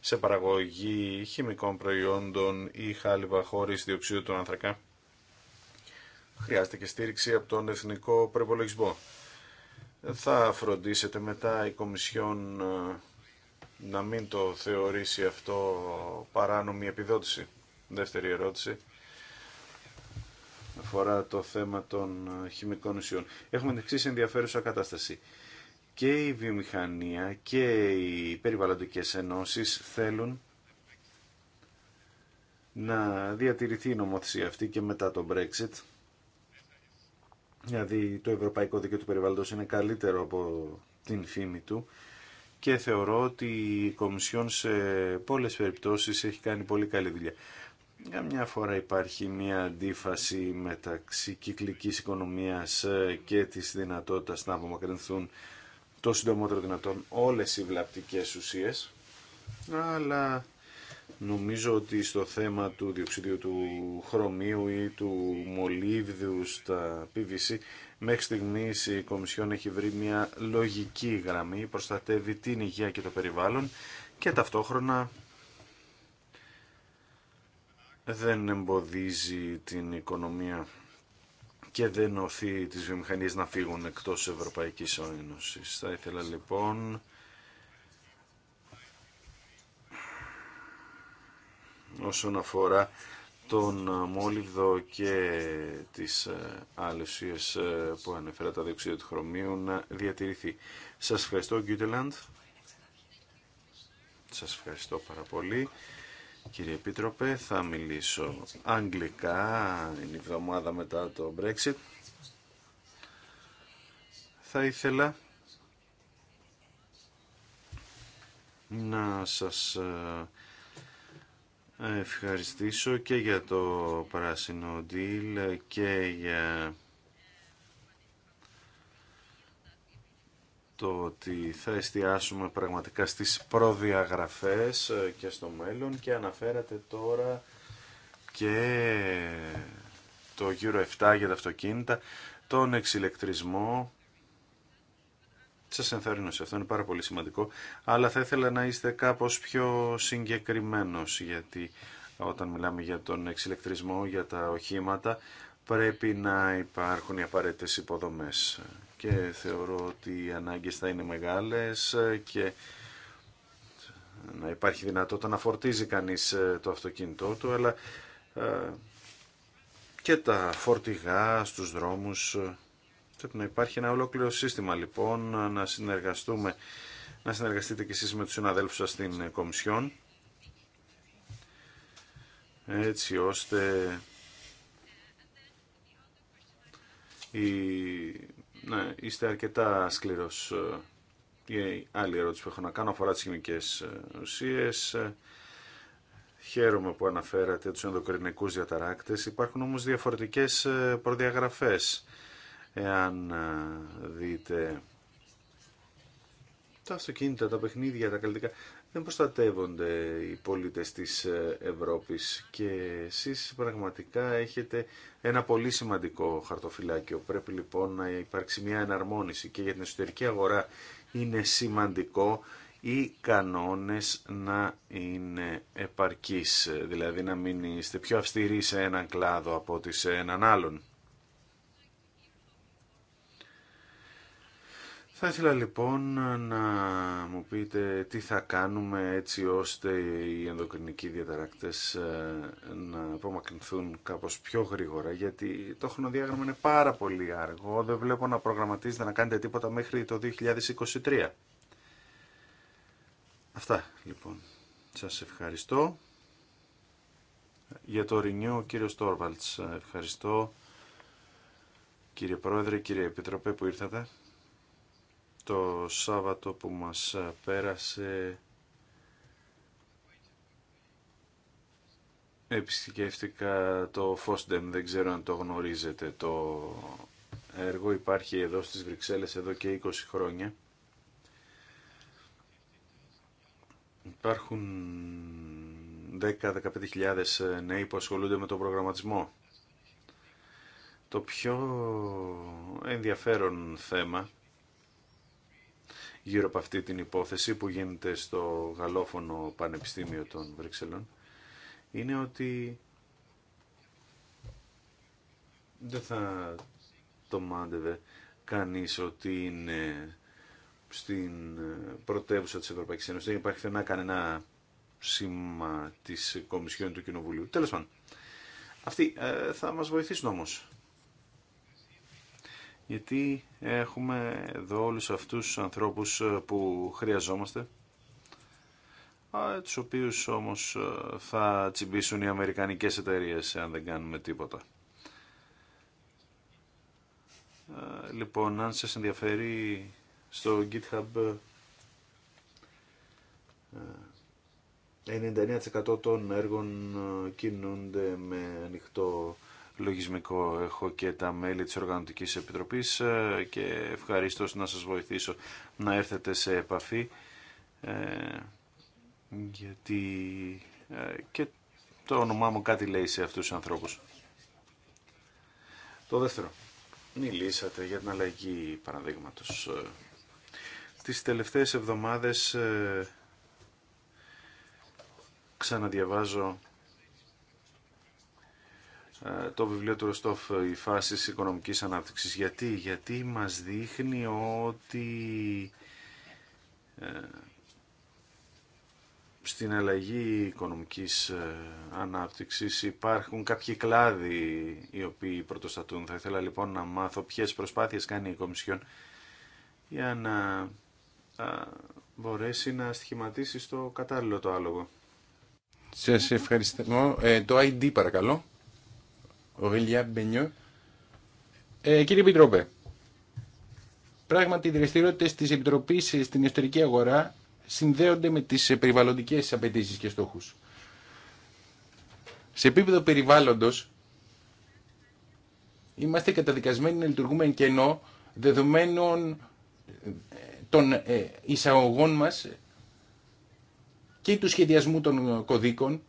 σε παραγωγή χημικών προϊόντων ή χάλιβα χωρίς διοξείδιο του άνθρακα, χρειάζεται και στήριξη από τον εθνικό προπολογισμό. Θα φροντίσετε μετά η Κομισιόν ε, να μην το θεωρήσει αυτό παράνομη επιδότηση. Δεύτερη ερώτηση αφορά το θέμα των ε, χημικών ουσιών. Έχουμε την εξή ενδιαφέρουσα κατάσταση. Και η βιομηχανία και οι περιβαλλοντικές ενώσεις θέλουν να διατηρηθεί η νομοθεσία αυτή και μετά το Brexit. Δηλαδή το Ευρωπαϊκό Δίκαιο του Περιβάλλοντος είναι καλύτερο από την φήμη του και θεωρώ ότι η Κομισιόν σε πολλές περιπτώσεις έχει κάνει πολύ καλή δουλειά. Για μια φορά υπάρχει μια αντίφαση μεταξύ κυκλικής οικονομίας ε, και της δυνατότητας να απομακρυνθούν το συντομότερο δυνατόν όλες οι βλαπτικές ουσίες, αλλά νομίζω ότι στο θέμα του διοξιδίου του χρωμίου ή του μολύβδιου στα PVC, μέχρι στιγμής η Κομισιόν έχει βρει μια λογική γραμμή, προστατεύει την υγεία και το περιβάλλον και ταυτόχρονα δεν εμποδίζει την οικονομία και δεν οθεί τις βιομηχανίες να φύγουν εκτός Ευρωπαϊκής Ένωσης. Θα ήθελα λοιπόν όσον αφορά τον μόλιβδο και τις ε, άλλες ε, που ανέφερα τα διοξείδια του χρωμίου να διατηρηθεί. Σας ευχαριστώ Γκίτελαντ. Σας ευχαριστώ πάρα πολύ κύριε Επίτροπε. Θα μιλήσω αγγλικά, είναι η εβδομάδα μετά το Brexit. Θα ήθελα να σας ε, ευχαριστήσω και για το πράσινο deal και για το ότι θα εστιάσουμε πραγματικά στις προδιαγραφές ε, και στο μέλλον και αναφέρατε τώρα και το γύρο 7 για τα αυτοκίνητα, τον εξηλεκτρισμό. Σας ενθαρρύνω σε αυτό, είναι πάρα πολύ σημαντικό, αλλά θα ήθελα να είστε κάπως πιο συγκεκριμένος, γιατί όταν μιλάμε για τον εξηλεκτρισμό, για τα οχήματα, πρέπει να υπάρχουν οι απαραίτητες υποδομές και θεωρώ ότι οι ανάγκες θα είναι μεγάλες και να υπάρχει δυνατότητα να φορτίζει κανείς ε, το αυτοκίνητό του, αλλά ε, και τα φορτηγά στους δρόμους. Ε, πρέπει να υπάρχει ένα ολόκληρο σύστημα λοιπόν, να συνεργαστούμε, να συνεργαστείτε και εσείς με τους συναδέλφους σας στην Κομισιόν, έτσι ώστε η ναι, είστε αρκετά σκληρός. Ε, η άλλη ερώτηση που έχω να κάνω αφορά τι χημικές ε, ουσίε. Ε, χαίρομαι που αναφέρατε του ενδοκρινικούς διαταράκτε. Υπάρχουν όμως διαφορετικές προδιαγραφέ. Εάν δείτε τα αυτοκίνητα, τα παιχνίδια, τα καλλιτικά δεν προστατεύονται οι πολίτες της ε, Ευρώπης και εσείς πραγματικά έχετε ένα πολύ σημαντικό χαρτοφυλάκιο. Πρέπει λοιπόν να υπάρξει μια εναρμόνιση και για την εσωτερική αγορά είναι σημαντικό οι κανόνες να είναι επαρκείς, δηλαδή να μην είστε πιο αυστηροί σε έναν κλάδο από ότι σε έναν άλλον. Θα ήθελα λοιπόν να μου πείτε τι θα κάνουμε έτσι ώστε οι ενδοκρινικοί διαταρακτές ε, να απομακρυνθούν κάπως πιο γρήγορα γιατί το χρονοδιάγραμμα είναι πάρα πολύ αργό, δεν βλέπω να προγραμματίζετε να κάνετε τίποτα μέχρι το 2023. Αυτά λοιπόν. Σας ευχαριστώ. Για το ΡΙΝΙΟ, ο κύριος Τόρβαλτς. Ευχαριστώ κύριε Πρόεδρε, κύριε Επιτροπέ που ήρθατε το Σάββατο που μας ε, πέρασε επισκέφτηκα το Φόστεμ, δεν ξέρω αν το γνωρίζετε. Το έργο υπάρχει εδώ στις Βρυξέλλες εδώ και 20 χρόνια. Υπάρχουν 10-15.000 ε, νέοι που ασχολούνται με τον προγραμματισμό. Το πιο ενδιαφέρον θέμα γύρω από αυτή την υπόθεση που γίνεται στο Γαλλόφωνο Πανεπιστήμιο των Βρυξελών είναι ότι δεν θα το μάντευε κανείς ότι είναι στην πρωτεύουσα της Ευρωπαϊκής Ένωσης. Δεν υπάρχει θενά κανένα σήμα της Κομισιόν του Κοινοβουλίου. Τέλος πάντων, αυτοί ε, θα μας βοηθήσουν όμως γιατί έχουμε εδώ όλους αυτούς τους ανθρώπους ε, που χρειαζόμαστε τους οποίους όμως ε, θα τσιμπήσουν οι αμερικανικές εταιρείες αν δεν κάνουμε τίποτα. Ε, λοιπόν, αν σας ενδιαφέρει στο GitHub 99% των έργων κινούνται με ανοιχτό λογισμικό. Έχω και τα μέλη της Οργανωτικής Επιτροπής ε, και ευχαριστώ να σας βοηθήσω να έρθετε σε επαφή ε, γιατί ε, και το όνομά μου κάτι λέει σε αυτούς τους ανθρώπους. Το δεύτερο. Μιλήσατε για την αλλαγή παραδείγματος. Τις τελευταίες εβδομάδες ξαναδιαβάζω ε, το βιβλίο του Ροστόφ «Οι φάσεις οικονομικής ανάπτυξης». Γιατί, γιατί μας δείχνει ότι ε, στην αλλαγή οικονομικής ε, ανάπτυξης υπάρχουν κάποιοι κλάδοι οι οποίοι πρωτοστατούν. Θα ήθελα λοιπόν να μάθω ποιες προσπάθειες κάνει η Κομισιόν για να μπορέσει να σχηματίσει στο κατάλληλο το άλογο. Σας ευχαριστώ. το ID παρακαλώ. Ορίλια Μπενιό. Ε, κύριε Επιτρόπε, πράγματι οι δραστηριότητε τη Επιτροπή στην εσωτερική αγορά συνδέονται με τι περιβαλλοντικέ απαιτήσει και στόχου. Σε επίπεδο περιβάλλοντο, είμαστε καταδικασμένοι να λειτουργούμε εν κενό δεδομένων ε, των ε, εισαγωγών μας και του σχεδιασμού των κωδίκων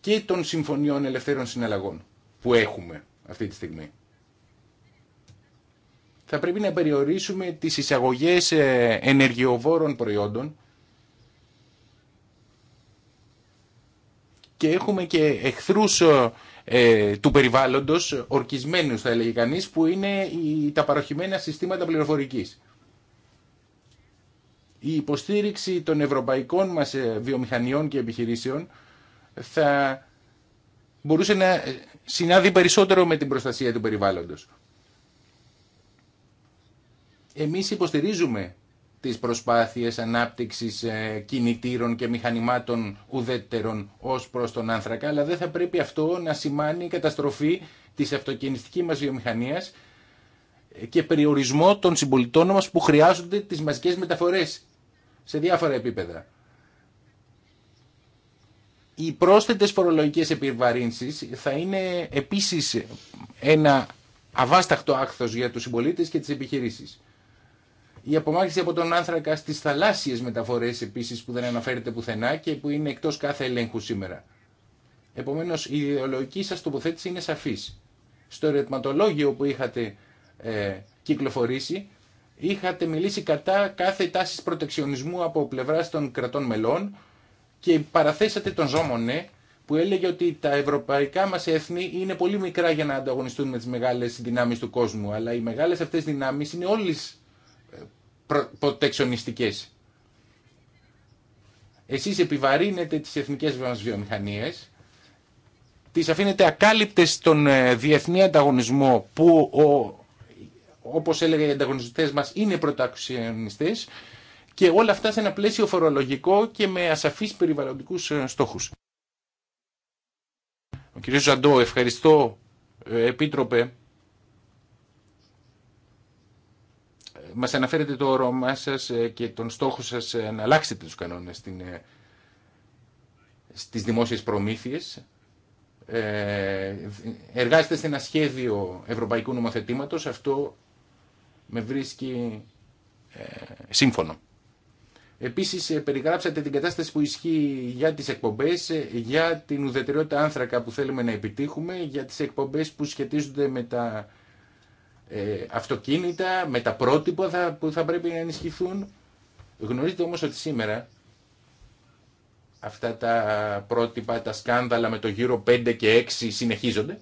και των συμφωνιών ελευθέρων συναλλαγών που έχουμε αυτή τη στιγμή. Θα πρέπει να περιορίσουμε τις εισαγωγές ε, ενεργειοβόρων προϊόντων και έχουμε και εχθρούς ε, ε, του περιβάλλοντος, ορκισμένους θα έλεγε κανείς, που είναι η, τα παροχημένα συστήματα πληροφορικής. Η υποστήριξη των ευρωπαϊκών μας βιομηχανιών και επιχειρήσεων θα μπορούσε να ε, συνάδει περισσότερο με την προστασία του περιβάλλοντος. Εμείς υποστηρίζουμε τις προσπάθειες ανάπτυξης ε, κινητήρων και μηχανημάτων ουδέτερων ως προς τον άνθρακα, αλλά δεν θα πρέπει αυτό να σημάνει καταστροφή της αυτοκινηστικής μας βιομηχανίας και περιορισμό των συμπολιτών μας που χρειάζονται τις μαζικές μεταφορές σε διάφορα επίπεδα. Οι πρόσθετες φορολογικές επιβαρύνσεις θα είναι επίσης ένα αβάσταχτο άκθος για τους συμπολίτες και τις επιχειρήσεις. Η απομάκρυνση από τον άνθρακα στις θαλάσσιες μεταφορές επίσης που δεν αναφέρεται πουθενά και που είναι εκτός κάθε ελέγχου σήμερα. Επομένως η ιδεολογική σας τοποθέτηση είναι σαφής. Στο ρετματολόγιο που είχατε ε, κυκλοφορήσει είχατε μιλήσει κατά κάθε τάση προτεξιονισμού από πλευράς των κρατών μελών και παραθέσατε τον Ζόμονε που έλεγε ότι τα ευρωπαϊκά μας έθνη είναι πολύ μικρά για να ανταγωνιστούν με τις μεγάλες δυνάμεις του κόσμου, αλλά οι μεγάλες αυτές δυνάμεις είναι όλες ε, προτεξιονιστικές. Εσείς επιβαρύνετε τις εθνικές μας βιομηχανίες, τις αφήνετε ακάλυπτες στον ε, διεθνή ανταγωνισμό που ο, όπως έλεγα οι ανταγωνιστές μας είναι πρωταξιονιστές και όλα αυτά σε ένα πλαίσιο φορολογικό και με ασαφείς περιβαλλοντικούς ε, στόχους. Ο κ. Ζαντό, ευχαριστώ ε, Επίτροπε. Ε, μας αναφέρετε το όρομά σας και τον στόχο σας να αλλάξετε τους κανόνες στην, στις δημόσιες προμήθειες. εργάζεστε σε ένα σχέδιο ευρωπαϊκού νομοθετήματος. Αυτό με βρίσκει σύμφωνο. Επίση, ε, περιγράψατε την κατάσταση που ισχύει για τι εκπομπέ, ε, για την ουδετερότητα άνθρακα που θέλουμε να επιτύχουμε, για τι εκπομπέ που σχετίζονται με τα ε, αυτοκίνητα, με τα πρότυπα που θα πρέπει να ενισχυθούν. Γνωρίζετε όμω ότι σήμερα αυτά τα πρότυπα, τα σκάνδαλα με το γύρο 5 και 6 συνεχίζονται.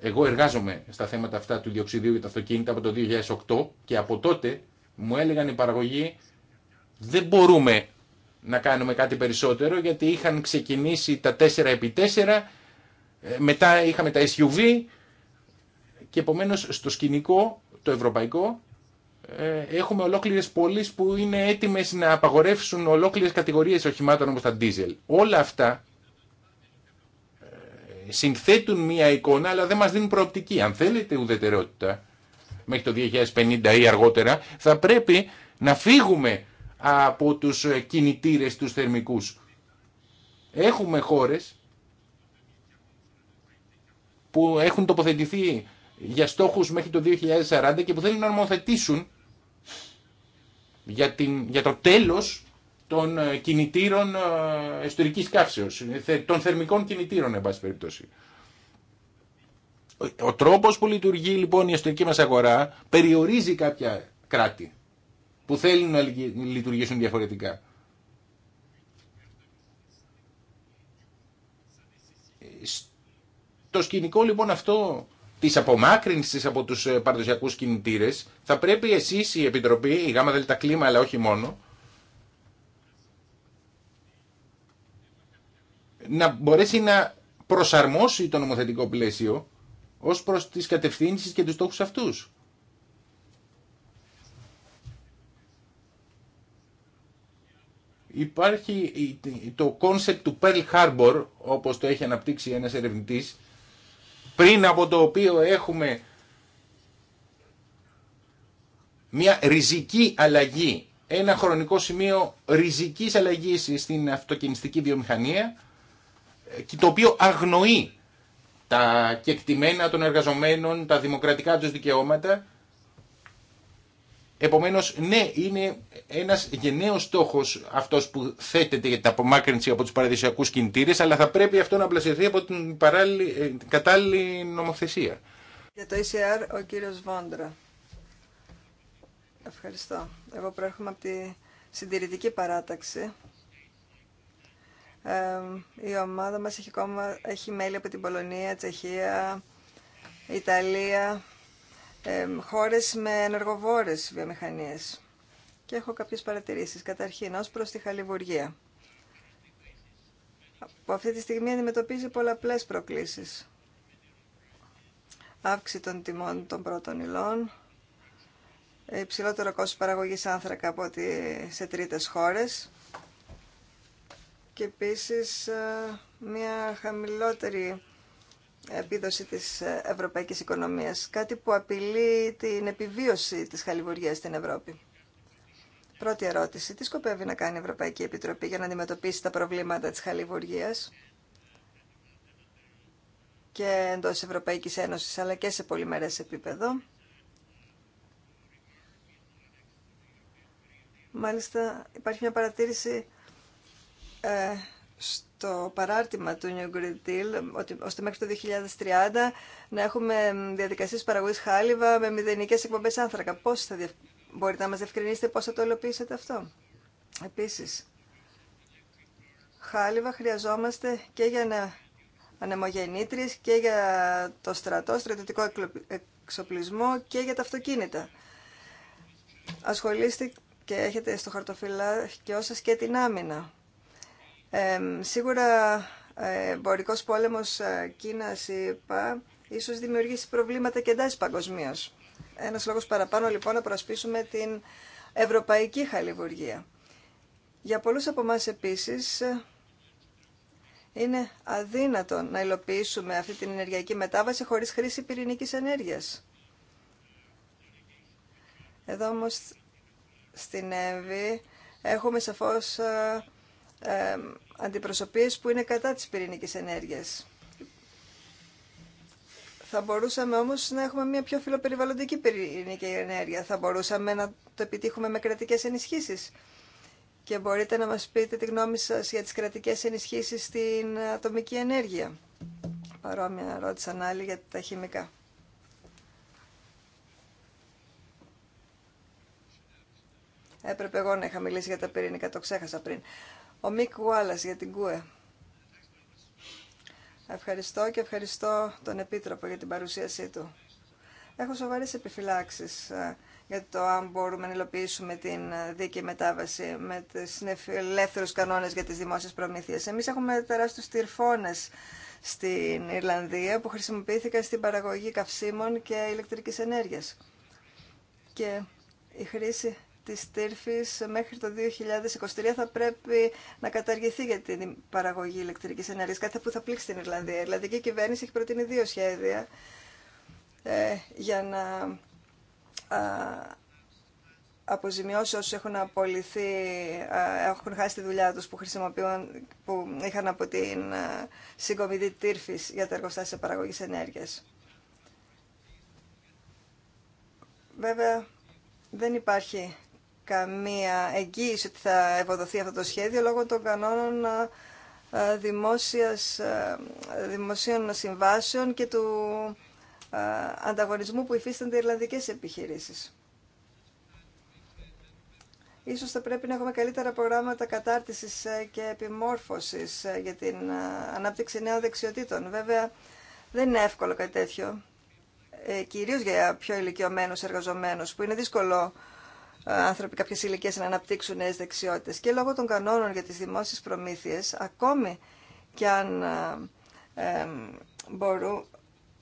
Εγώ εργάζομαι στα θέματα αυτά του διοξιδίου για τα αυτοκίνητα από το 2008 και από τότε μου έλεγαν οι παραγωγοί δεν μπορούμε να κάνουμε κάτι περισσότερο γιατί είχαν ξεκινήσει τα 4x4, ε, μετά είχαμε τα SUV και επομένως στο σκηνικό το ευρωπαϊκό ε, έχουμε ολόκληρες πόλεις που είναι έτοιμες να απαγορεύσουν ολόκληρες κατηγορίες οχημάτων όπως τα diesel. Όλα αυτά ε, συνθέτουν μία εικόνα αλλά δεν μας δίνουν προοπτική. Αν θέλετε ουδετερότητα μέχρι το 2050 ή αργότερα, θα πρέπει να φύγουμε από τους κινητήρες τους θερμικούς. Έχουμε χώρες που έχουν τοποθετηθεί για στόχους μέχρι το 2040 και που θέλουν να νομοθετήσουν για, την, για το τέλος των ε, κινητήρων ε, εσωτερικής καύσεως, των θερμικών κινητήρων, εν πάση περιπτώσει. Ο τρόπος που λειτουργεί λοιπόν η εσωτερική μας αγορά περιορίζει κάποια κράτη που θέλουν να λειτουργήσουν διαφορετικά. Το σκηνικό λοιπόν αυτό της απομάκρυνσης από τους ε, παραδοσιακούς κινητήρες θα πρέπει εσείς η Επιτροπή, η ΓΑΜΑ Κλίμα αλλά όχι μόνο να μπορέσει να προσαρμόσει το νομοθετικό πλαίσιο ως προς τις κατευθύνσεις και τους στόχους αυτούς. Υπάρχει το κόνσεπτ του Pearl Harbor, όπως το έχει αναπτύξει ένας ερευνητής, πριν από το οποίο έχουμε μια ριζική αλλαγή, ένα χρονικό σημείο ριζικής αλλαγής στην αυτοκινηστική βιομηχανία, ε, το οποίο αγνοεί τα κεκτημένα των εργαζομένων, τα δημοκρατικά τους δικαιώματα. Επομένως, ναι, είναι ένας γενναίος στόχος αυτός που θέτεται για την απομάκρυνση από τους παραδοσιακούς κινητήρες, αλλά θα πρέπει αυτό να πλασιωθεί από την παράλληλη, ε, κατάλληλη νομοθεσία. Για το ECR, ο κύριος Βόντρα. Ευχαριστώ. Εγώ προέρχομαι από τη συντηρητική παράταξη η ομάδα μας έχει, κόμμα, έχει μέλη από την Πολωνία, Τσεχία, Ιταλία, χώρες με ενεργοβόρες βιομηχανίες. Και έχω κάποιες παρατηρήσεις. Καταρχήν, ως προς τη χαλιβουργία, που αυτή τη στιγμή αντιμετωπίζει πολλαπλές προκλήσεις. Αύξηση των τιμών των πρώτων υλών, υψηλότερο κόστος παραγωγής άνθρακα από ό,τι σε τρίτες χώρες, και επίσης ε, μια χαμηλότερη επίδοση της ε, ευρωπαϊκής οικονομίας, κάτι που απειλεί την επιβίωση της χαλιβουργίας στην Ευρώπη. Πρώτη ερώτηση. Τι σκοπεύει να κάνει η Ευρωπαϊκή Επιτροπή για να αντιμετωπίσει τα προβλήματα της χαλιβουργίας και εντός Ευρωπαϊκής Ένωσης αλλά και σε πολυμερές επίπεδο. Μάλιστα υπάρχει μια παρατήρηση ε, στο παράρτημα του New Green Deal, ότι, ώστε μέχρι το 2030 να έχουμε διαδικασίες παραγωγής χάλιβα με μηδενικές εκπομπές άνθρακα. Πώς θα Μπορείτε να μας διευκρινίσετε πώς θα το υλοποιήσετε αυτό. Επίσης, χάλιβα χρειαζόμαστε και για να και για το στρατό, στρατιωτικό εξοπλισμό και για τα αυτοκίνητα. Ασχολείστε και έχετε στο χαρτοφυλάκιό σας και την άμυνα. Ε, σίγουρα εμπορικό πόλεμος ε, κίνα είπα, ίσως δημιουργήσει προβλήματα και εντάσει παγκοσμίω. Ένα λόγος παραπάνω λοιπόν να προσπίσουμε την ευρωπαϊκή χαλιβουργία. Για πολλούς από εμά επίσης είναι αδύνατο να υλοποιήσουμε αυτή την ενεργειακή μετάβαση χωρίς χρήση πυρηνικής ενέργειας. Εδώ όμως στην Εύη, έχουμε σαφώς ε, ε, αντιπροσωπείες που είναι κατά της πυρηνικής ενέργειας. Θα μπορούσαμε όμως να έχουμε μια πιο φιλοπεριβαλλοντική πυρηνική ενέργεια. Θα μπορούσαμε να το επιτύχουμε με κρατικές ενισχύσεις. Και μπορείτε να μας πείτε τη γνώμη σας για τις κρατικές ενισχύσεις στην ατομική ενέργεια. Παρόμοια ρώτησαν άλλοι για τα χημικά. Έπρεπε εγώ να είχα μιλήσει για τα πυρηνικά, το ξέχασα πριν. Ο Μικ για την ΚΟΕ. Ευχαριστώ και ευχαριστώ τον Επίτροπο για την παρουσίασή του. Έχω σοβαρές επιφυλάξεις ε, για το αν μπορούμε να υλοποιήσουμε την ε, δίκαιη μετάβαση με τις ελεύθερους κανόνες για τις δημόσιες προμήθειες. Εμείς έχουμε τεράστιους τυρφώνες στην Ιρλανδία που χρησιμοποιήθηκαν στην παραγωγή καυσίμων και ηλεκτρικής ενέργειας. Και η χρήση της τύρφης μέχρι το 2023 θα πρέπει να καταργηθεί για την παραγωγή ηλεκτρικής ενέργειας, κάτι που θα πλήξει την Ιρλανδία. Η Ιρλανδική κυβέρνηση έχει προτείνει δύο σχέδια ε, για να α, αποζημιώσει όσους έχουν απολυθεί, έχουν χάσει τη δουλειά τους που, που είχαν από την συγκομιδή τύρφης για τα εργοστάσια παραγωγής ενέργειας. Βέβαια, δεν υπάρχει καμία εγγύηση ότι θα ευοδοθεί αυτό το σχέδιο λόγω των κανόνων ε, ε, δημόσιας, ε, δημοσίων συμβάσεων και του ανταγωνισμού που υφίστανται οι Ιρλανδικές επιχειρήσεις. Ίσως θα πρέπει να έχουμε καλύτερα προγράμματα κατάρτισης και επιμόρφωσης για την ανάπτυξη νέων δεξιοτήτων. Βέβαια, δεν είναι εύκολο κάτι τέτοιο, κυρίως για πιο ηλικιωμένους εργαζομένους, που είναι δύσκολο άνθρωποι κάποιες ηλικίε να αναπτύξουν νέε δεξιότητε Και λόγω των κανόνων για τι δημόσιες προμήθειε, ακόμη και αν ε, να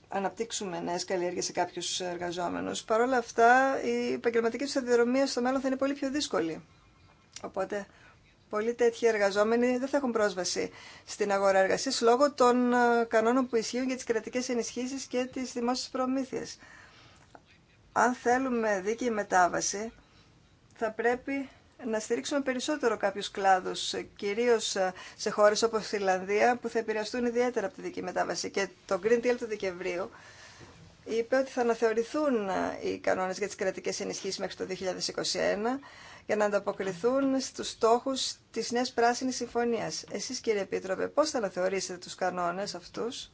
αναπτύξουμε νέε καλλιέργειε σε κάποιου εργαζόμενου. παρόλα αυτά, η επαγγελματική του σταδιοδρομία στο μέλλον θα είναι πολύ πιο δύσκολη. Οπότε, πολλοί τέτοιοι εργαζόμενοι δεν θα έχουν πρόσβαση στην αγορά εργασία λόγω των ε, κανόνων που ισχύουν για τι κρατικέ ενισχύσει και τι δημόσιε προμήθειε. Αν θέλουμε δίκαιη μετάβαση, θα πρέπει να στηρίξουμε περισσότερο κάποιους κλάδους, ε, κυρίως ε, σε χώρες όπως η Ιλλανδία, που θα επηρεαστούν ιδιαίτερα από τη δική μετάβαση. Και το Green Deal του Δεκεμβρίου είπε ότι θα αναθεωρηθούν ε, οι κανόνες για τις κρατικές ενισχύσεις μέχρι το 2021 για να ανταποκριθούν στους στόχους της Νέας Πράσινης Συμφωνίας. Εσείς κύριε Επίτροπε, πώς θα αναθεωρήσετε τους κανόνες αυτούς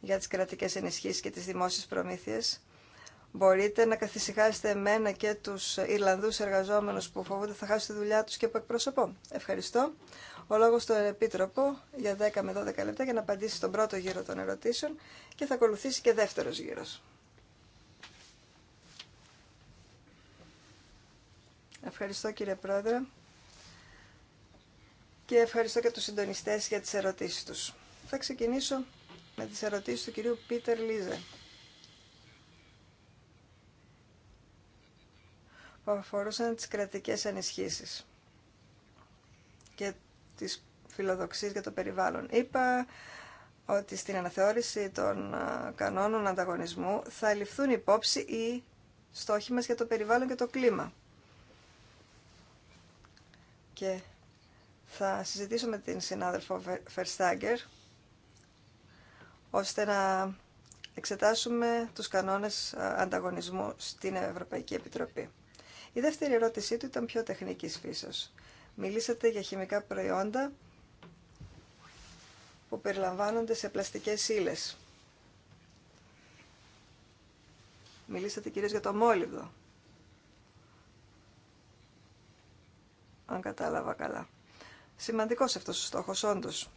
για τις κρατικές ενισχύσεις και τις δημόσιες προμήθειες μπορείτε να καθησυχάσετε εμένα και τους Ιρλανδούς εργαζόμενους που φοβούνται θα χάσουν τη δουλειά τους και που εκπροσωπώ. Ευχαριστώ. Ο λόγος στον Επίτροπο για 10 με 12 λεπτά για να απαντήσει στον πρώτο γύρο των ερωτήσεων και θα ακολουθήσει και δεύτερος γύρος. Ευχαριστώ κύριε Πρόεδρε και ευχαριστώ και τους συντονιστές για τις ερωτήσεις τους. Θα ξεκινήσω με τις ερωτήσεις του κυρίου Πίτερ Λίζε που αφορούσαν τις κρατικές ανισχύσεις και τις φιλοδοξίες για το περιβάλλον. Είπα ότι στην αναθεώρηση των κανόνων ανταγωνισμού θα ληφθούν υπόψη οι στόχοι μας για το περιβάλλον και το κλίμα. Και θα συζητήσω με την συνάδελφο Φερστάγκερ ώστε να εξετάσουμε τους κανόνες ανταγωνισμού στην Ευρωπαϊκή Επιτροπή. Η δεύτερη ερώτησή του ήταν πιο τεχνικής φύσεως. Μιλήσατε για χημικά προϊόντα που περιλαμβάνονται σε πλαστικές ύλες. Μιλήσατε κυρίως για το μόλιβδο. Αν κατάλαβα καλά. Σημαντικός αυτός ο στόχος, όντως.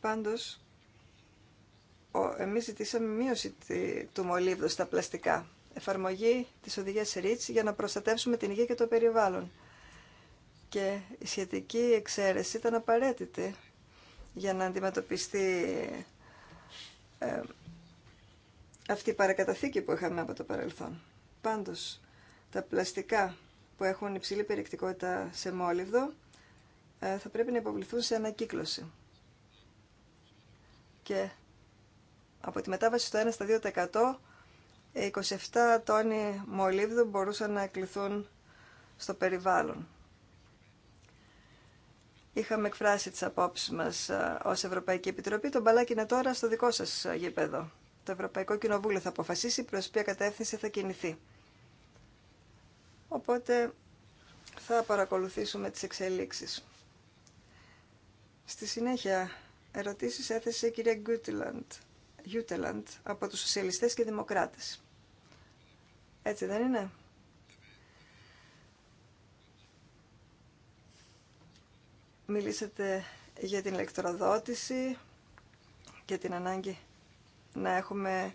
Πάντως, εμείς ζητήσαμε μείωση του μολύβδου στα πλαστικά εφαρμογή της οδηγίας REACH για να προστατεύσουμε την υγεία και το περιβάλλον. Και η σχετική εξαίρεση ήταν απαραίτητη για να αντιμετωπιστεί ε, αυτή η παρακαταθήκη που είχαμε από το παρελθόν. Πάντως, τα πλαστικά που έχουν υψηλή περιεκτικότητα σε μόλιβδο ε, θα πρέπει να υποβληθούν σε ανακύκλωση. Και από τη μετάβαση στο 1 στα 2% 27 τόνοι μολύβδου μπορούσαν να εκλειθούν στο περιβάλλον. Είχαμε εκφράσει τις απόψεις μας ε, ως Ευρωπαϊκή Επιτροπή. Το μπαλάκι είναι τώρα στο δικό σας ε, γήπεδο. Το Ευρωπαϊκό Κοινοβούλιο θα αποφασίσει προς ποια κατεύθυνση θα κινηθεί. Οπότε θα παρακολουθήσουμε τις εξελίξεις. Στη συνέχεια, ερωτήσεις έθεσε η κυρία Γιούτελαντ από τους Σοσιαλιστές και Δημοκράτες. Έτσι δεν είναι. Μιλήσατε για την ηλεκτροδότηση και την ανάγκη να έχουμε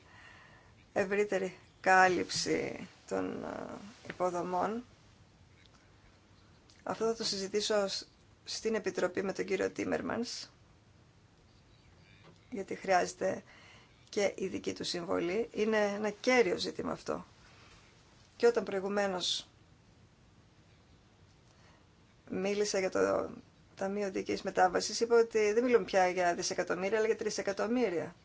ευρύτερη κάλυψη των υποδομών. Αυτό θα το συζητήσω στην Επιτροπή με τον κύριο Τίμερμανς, γιατί χρειάζεται και η δική του συμβολή. Είναι ένα κέριο ζήτημα αυτό. Και όταν προηγουμένως μίλησα για το Ταμείο Δίκαιης Μετάβασης, είπα ότι δεν μιλούμε πια για δισεκατομμύρια, αλλά για τρισεκατομμύρια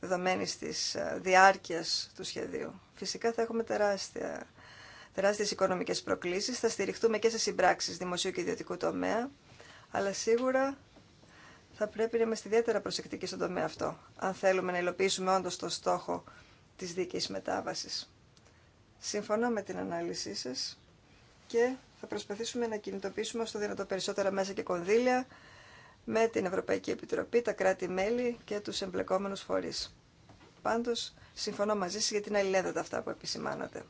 δεδομένης της ε, διάρκειας του σχεδίου. Φυσικά θα έχουμε τεράστια, τεράστιες οικονομικές προκλήσεις, θα στηριχτούμε και σε συμπράξεις δημοσίου και ιδιωτικού τομέα, αλλά σίγουρα θα πρέπει να είμαστε ιδιαίτερα προσεκτικοί στον τομέα αυτό, αν θέλουμε να υλοποιήσουμε όντως το στόχο της δίκαιης μετάβασης. Συμφωνώ με την ανάλυση σας και θα προσπαθήσουμε να κινητοποιήσουμε όσο δυνατό περισσότερα μέσα και κονδύλια με την Ευρωπαϊκή Επιτροπή, τα κράτη-μέλη και τους εμπλεκόμενους φορείς. Πάντως, συμφωνώ μαζί σας για την αλληλέδατα αυτά που επισημάνατε.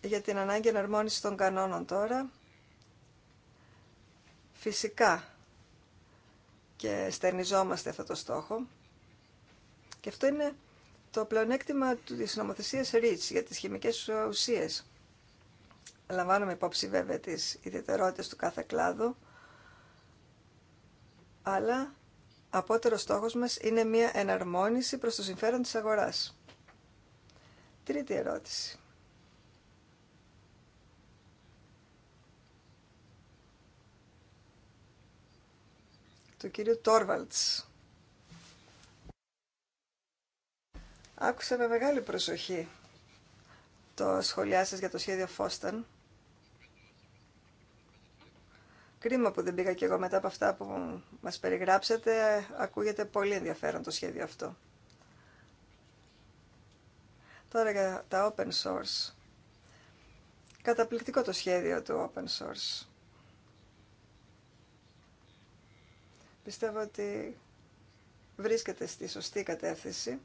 Για την ανάγκη εναρμόνιση των κανόνων τώρα, φυσικά και στερνιζόμαστε αυτό το στόχο. Και αυτό είναι το πλεονέκτημα του νομοθεσία REACH για τις χημικές ουσίες. Λαμβάνουμε υπόψη βέβαια τι ιδιαιτερότητε του κάθε κλάδου, αλλά απότερο στόχο μα είναι μια εναρμόνιση προ το συμφέρον τη αγοράς. Τρίτη ερώτηση. Το κύριο Τόρβαλτς. Άκουσα με μεγάλη προσοχή το σχολιά σας για το σχέδιο Φώσταν. Κρίμα που δεν πήγα και εγώ μετά από αυτά που μας περιγράψατε. Ακούγεται πολύ ενδιαφέρον το σχέδιο αυτό. Τώρα για τα open source. Καταπληκτικό το σχέδιο του open source. Πιστεύω ότι βρίσκεται στη σωστή κατεύθυνση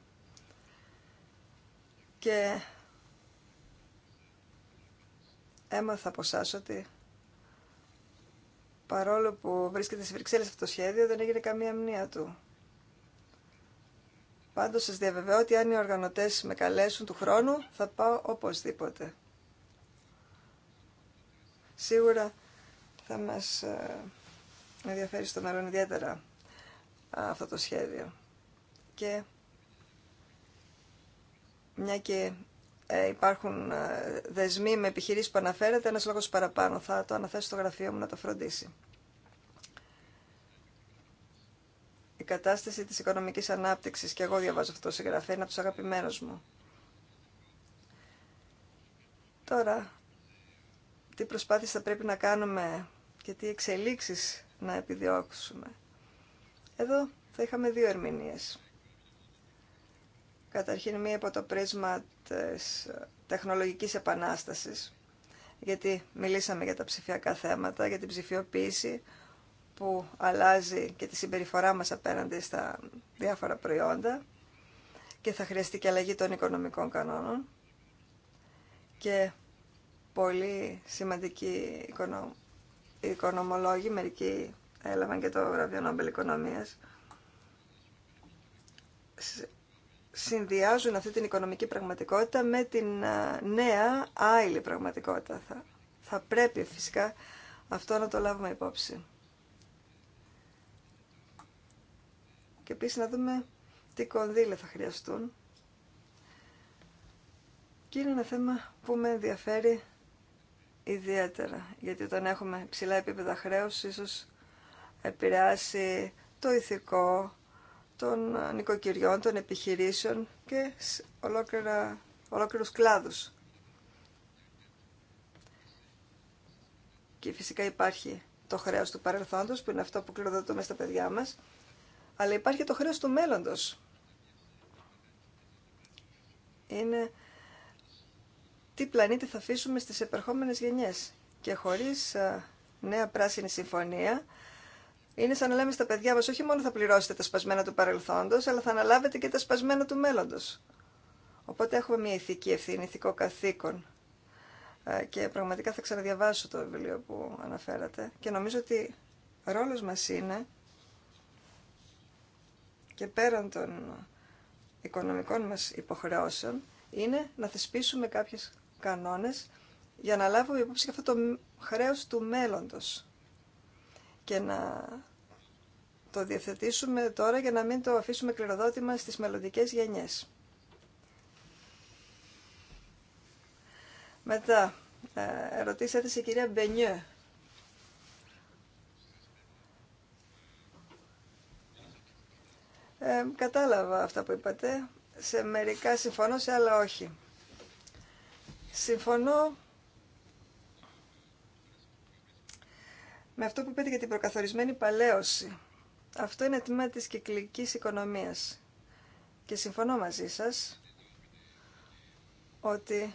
και έμαθα από εσάς ότι παρόλο που βρίσκεται στις Βρυξέλλες αυτό το σχέδιο δεν έγινε καμία μνήα του. Πάντως σας διαβεβαιώ ότι αν οι οργανωτές με καλέσουν του χρόνου θα πάω οπωσδήποτε. Σίγουρα θα μας ε, ενδιαφέρει στο μέλλον ιδιαίτερα αυτό το σχέδιο. Και μια και ε, υπάρχουν ε, δεσμοί με επιχειρήσεις που αναφέρεται, ένα λόγο παραπάνω. Θα το αναθέσω στο γραφείο μου να το φροντίσει. Η κατάσταση της οικονομικής ανάπτυξη και εγώ διαβάζω αυτό το συγγραφέα, είναι από τους αγαπημένους μου. Τώρα, τι προσπάθειες θα πρέπει να κάνουμε και τι εξελίξεις να επιδιώξουμε. Εδώ θα είχαμε δύο ερμηνείες. Καταρχήν μία από το πρίσμα της τεχνολογικής επανάστασης, γιατί μιλήσαμε για τα ψηφιακά θέματα, για την ψηφιοποίηση που αλλάζει και τη συμπεριφορά μας απέναντι στα διάφορα προϊόντα και θα χρειαστεί και αλλαγή των οικονομικών κανόνων και πολύ σημαντικοί οικονο... οικονομολόγοι, μερικοί έλαβαν και το βραβείο Νόμπελ Οικονομίας, συνδυάζουν αυτή την οικονομική πραγματικότητα με την ε, νέα άειλη πραγματικότητα. Θα, θα πρέπει φυσικά αυτό να το λάβουμε υπόψη. Και επίσης να δούμε τι κονδύλια θα χρειαστούν. Και είναι ένα θέμα που με ενδιαφέρει ιδιαίτερα, γιατί όταν έχουμε ψηλά επίπεδα χρέους ίσως επηρεάσει το ηθικό, των νοικοκυριών, των επιχειρήσεων και ολόκληρα, ολόκληρους κλάδους. Και φυσικά υπάρχει το χρέος του παρελθόντος, που είναι αυτό που κληροδοτούμε στα παιδιά μας, αλλά υπάρχει το χρέος του μέλλοντος. Είναι τι πλανήτη θα αφήσουμε στις επερχόμενες γενιές. Και χωρίς ε, νέα πράσινη συμφωνία είναι σαν να λέμε στα παιδιά μας, όχι μόνο θα πληρώσετε τα σπασμένα του παρελθόντος, αλλά θα αναλάβετε και τα σπασμένα του μέλλοντος. Οπότε έχουμε μια ηθική ευθύνη, ηθικό καθήκον. Ε, και πραγματικά θα ξαναδιαβάσω το βιβλίο που αναφέρατε. Και νομίζω ότι ρόλος μας είναι και πέραν των οικονομικών μας υποχρεώσεων είναι να θεσπίσουμε κάποιες κανόνες για να λάβουμε υπόψη αυτό το χρέος του μέλλοντος και να το διευθετήσουμε τώρα για να μην το αφήσουμε κληροδότημα στις μελλοντικέ γενιές. Μετά, ε, ερωτήσατε η κυρία Μπενιέ. Ε, κατάλαβα αυτά που είπατε. Σε μερικά συμφωνώ, σε άλλα όχι. Συμφωνώ με αυτό που για την προκαθορισμένη παλαίωση. Αυτό είναι τμήμα της κυκλικής οικονομίας. Και συμφωνώ μαζί σας ότι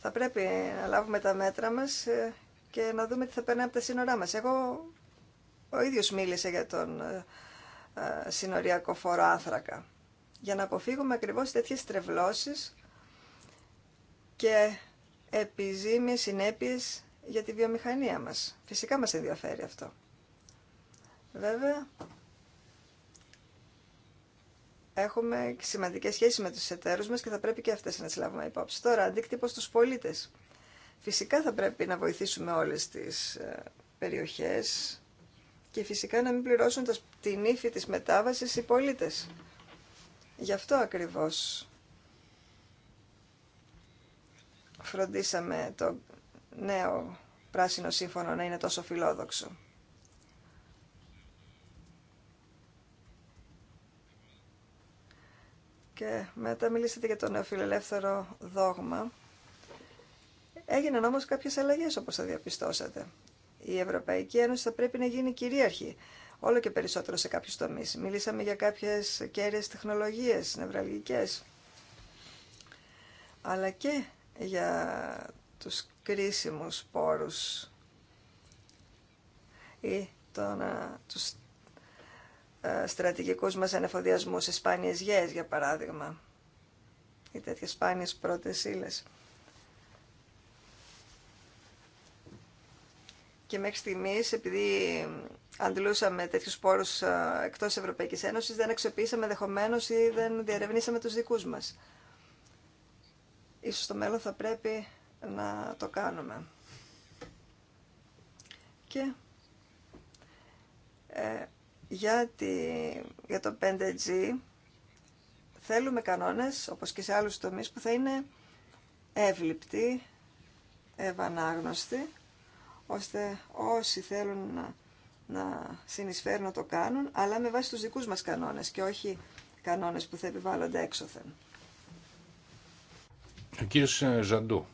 θα πρέπει να λάβουμε τα μέτρα μας ε, και να δούμε τι θα περνάει από τα σύνορά μας. Εγώ ο ίδιος μίλησε για τον ε, ε, συνοριακό φόρο άνθρακα για να αποφύγουμε ακριβώς τέτοιες τρευλώσεις και επιζήμιες συνέπειες για τη βιομηχανία μας. Φυσικά μας ενδιαφέρει αυτό. Βέβαια, έχουμε σημαντικές σχέσεις με τους εταίρους μας και θα πρέπει και αυτές να τις λάβουμε υπόψη. Τώρα, αντίκτυπο στους πολίτες. Φυσικά θα πρέπει να βοηθήσουμε όλες τις ε, περιοχές και φυσικά να μην πληρώσουν την ύφη της μετάβασης οι πολίτες. Γι' αυτό ακριβώς φροντίσαμε το νέο πράσινο σύμφωνο να είναι τόσο φιλόδοξο. Και μετά μιλήσατε για το νεοφιλελεύθερο δόγμα. Έγιναν όμως κάποιες αλλαγές όπως θα διαπιστώσατε. Η Ευρωπαϊκή Ένωση θα πρέπει να γίνει κυρίαρχη όλο και περισσότερο σε κάποιους τομείς. Μιλήσαμε για κάποιες κέρδες τεχνολογίες, νευραλγικές, αλλά και για τους κρίσιμους πόρους ή τον, ε, τους ε, στρατηγικούς μας ανεφοδιασμούς, σπάνιες γέες για παράδειγμα ή τέτοιες σπάνιες πρώτες ύλες. Και μέχρι στιγμής, επειδή αντιλούσαμε τέτοιους πόρους ε, εκτός Ευρωπαϊκής Ένωσης, δεν αξιοποιήσαμε δεχομένω ή δεν διαρευνήσαμε τους δικούς μας. Ίσως στο μέλλον θα πρέπει να το κάνουμε. Και ε, για, για το 5G θέλουμε κανόνες, όπως και σε άλλους τομείς, που θα είναι εύληπτοι, ευανάγνωστοι, ώστε όσοι θέλουν να, να συνεισφέρουν να το κάνουν, αλλά με βάση τους δικούς μας κανόνες και όχι κανόνες που θα επιβάλλονται έξωθεν. Ο κύριος ε, Ζαντού.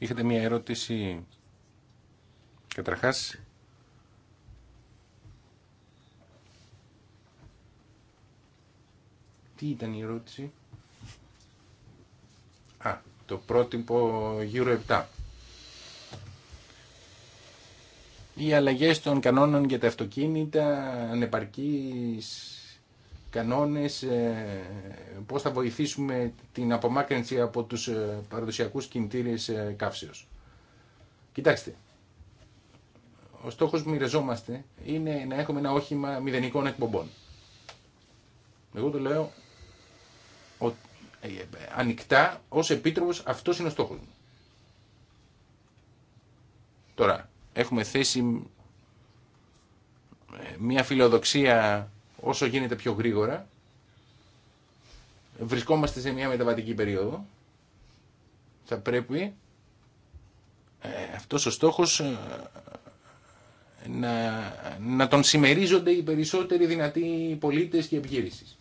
Είχατε μια ερώτηση καταρχάς. Τι ήταν η ερώτηση. Α, το πρότυπο γύρω 7. Οι αλλαγές των κανόνων για τα αυτοκίνητα ανεπαρκείς κανόνες, ε, πώς θα βοηθήσουμε την απομάκρυνση από τους ε, παραδοσιακούς κινητήρες ε, καύσεως. Κοιτάξτε, ο στόχος που μοιραζόμαστε είναι να έχουμε ένα όχημα μηδενικών εκπομπών. Εγώ το λέω ανοιχτά ως επίτροπος αυτός είναι ο στόχος μου. Τώρα, έχουμε θέσει μια φιλοδοξία όσο γίνεται πιο γρήγορα. Βρισκόμαστε σε μια μεταβατική περίοδο. Θα πρέπει ε, αυτός ο στόχος ε, να, να τον συμμερίζονται οι περισσότεροι δυνατοί πολίτες και επιχειρήσεις.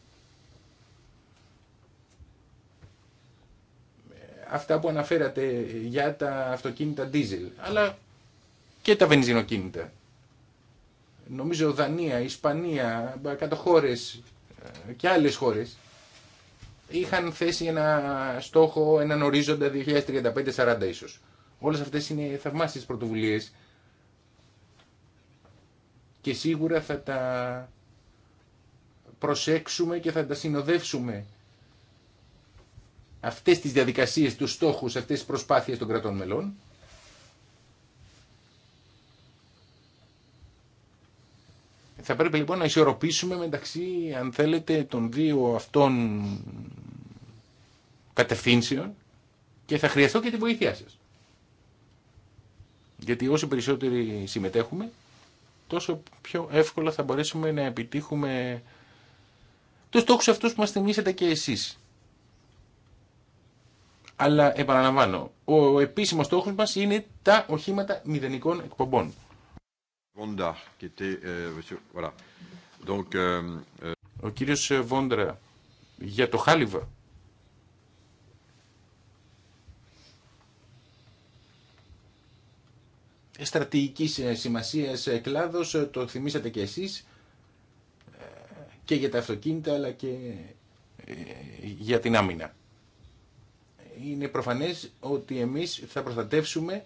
Αυτά που αναφέρατε για τα αυτοκίνητα diesel, αλλά και τα βενζινοκίνητα νομίζω Δανία, Ισπανία, κάτω χώρες ε, και άλλες χώρες είχαν θέσει ένα στόχο, έναν ορίζοντα 2035-40 ίσως. Όλες αυτές είναι θαυμάσιες πρωτοβουλίες και σίγουρα θα τα προσέξουμε και θα τα συνοδεύσουμε αυτές τις διαδικασίες, τους στόχους, αυτές τις προσπάθειες των κρατών μελών. Θα πρέπει λοιπόν να ισορροπήσουμε μεταξύ, αν θέλετε, των δύο αυτών κατευθύνσεων και θα χρειαστώ και τη βοήθειά σας. Γιατί όσο περισσότεροι συμμετέχουμε, τόσο πιο εύκολα θα μπορέσουμε να επιτύχουμε τους στόχους αυτούς που μας θυμίσετε και εσείς. Αλλά επαναλαμβάνω, ο επίσημος στόχος μας είναι τα οχήματα μηδενικών εκπομπών. Euh, euh, euh, Ο κύριος ε, Βόντρα για το χάλιβα. Στρατηγική ε, σημασίας ε, κλάδο, το θυμήσατε και εσείς, και για τα αυτοκίνητα αλλά και για την άμυνα. Είναι προφανές ότι εμείς θα προστατεύσουμε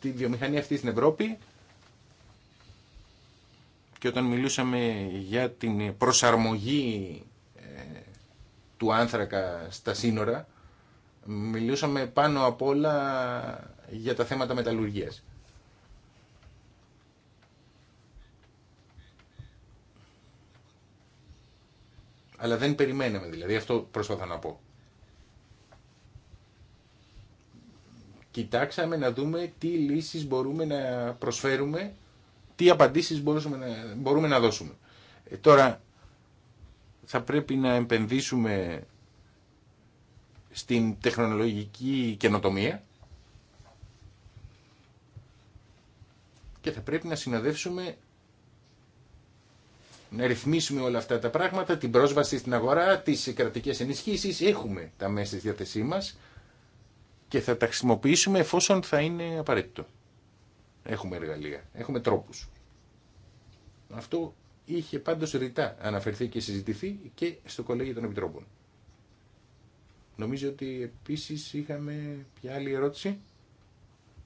τη βιομηχανία αυτή στην Ευρώπη και όταν μιλούσαμε για την προσαρμογή ε, του άνθρακα στα σύνορα, μιλούσαμε πάνω απ' όλα για τα θέματα μεταλλουργίας. Αλλά δεν περιμέναμε δηλαδή, αυτό προσπαθώ να πω. Κοιτάξαμε να δούμε τι λύσεις μπορούμε να προσφέρουμε τι απαντήσεις μπορούμε να, μπορούμε να δώσουμε. Ε, τώρα θα πρέπει να επενδύσουμε στην τεχνολογική καινοτομία και θα πρέπει να συνοδεύσουμε να ρυθμίσουμε όλα αυτά τα πράγματα, την πρόσβαση στην αγορά, τις κρατικές ενισχύσεις, έχουμε τα μέσα στη διάθεσή μας και θα τα χρησιμοποιήσουμε εφόσον θα είναι απαραίτητο. Έχουμε εργαλεία, έχουμε τρόπους. Αυτό είχε πάντω ρητά αναφερθεί και συζητηθεί και στο Κολέγιο των Επιτρόπων. Νομίζω ότι επίσης είχαμε ποια άλλη ερώτηση.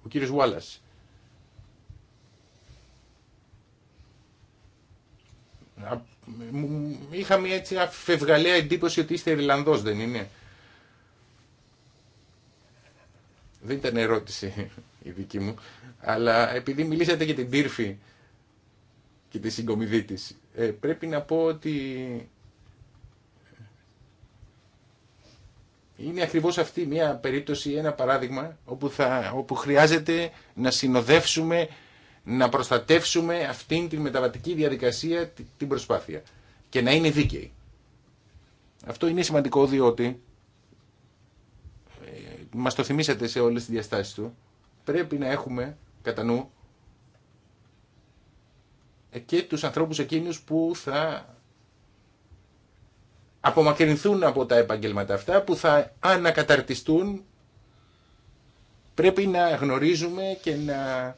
Ο κύριος Βουάλλα. Είχα μια έτσι αφευγαλαία εντύπωση ότι είστε Ιρλανδός, δεν είναι. Δεν ήταν ερώτηση η δική μου, αλλά επειδή μιλήσατε για την τύρφη και τη συγκομιδή της, ε, πρέπει να πω ότι είναι ακριβώς αυτή μια περίπτωση, ένα παράδειγμα, όπου, όπου χρειάζεται να συνοδεύσουμε, να προστατεύσουμε αυτήν την μεταβατική διαδικασία, την προσπάθεια και να είναι δίκαιη. Αυτό είναι σημαντικό διότι ε, μας το θυμήσατε σε όλες τις διαστάσεις του, πρέπει να έχουμε κατά νου ε, και τους ανθρώπους εκείνους που θα απομακρυνθούν από τα επαγγέλματα αυτά, που θα ανακαταρτιστούν, πρέπει να γνωρίζουμε και να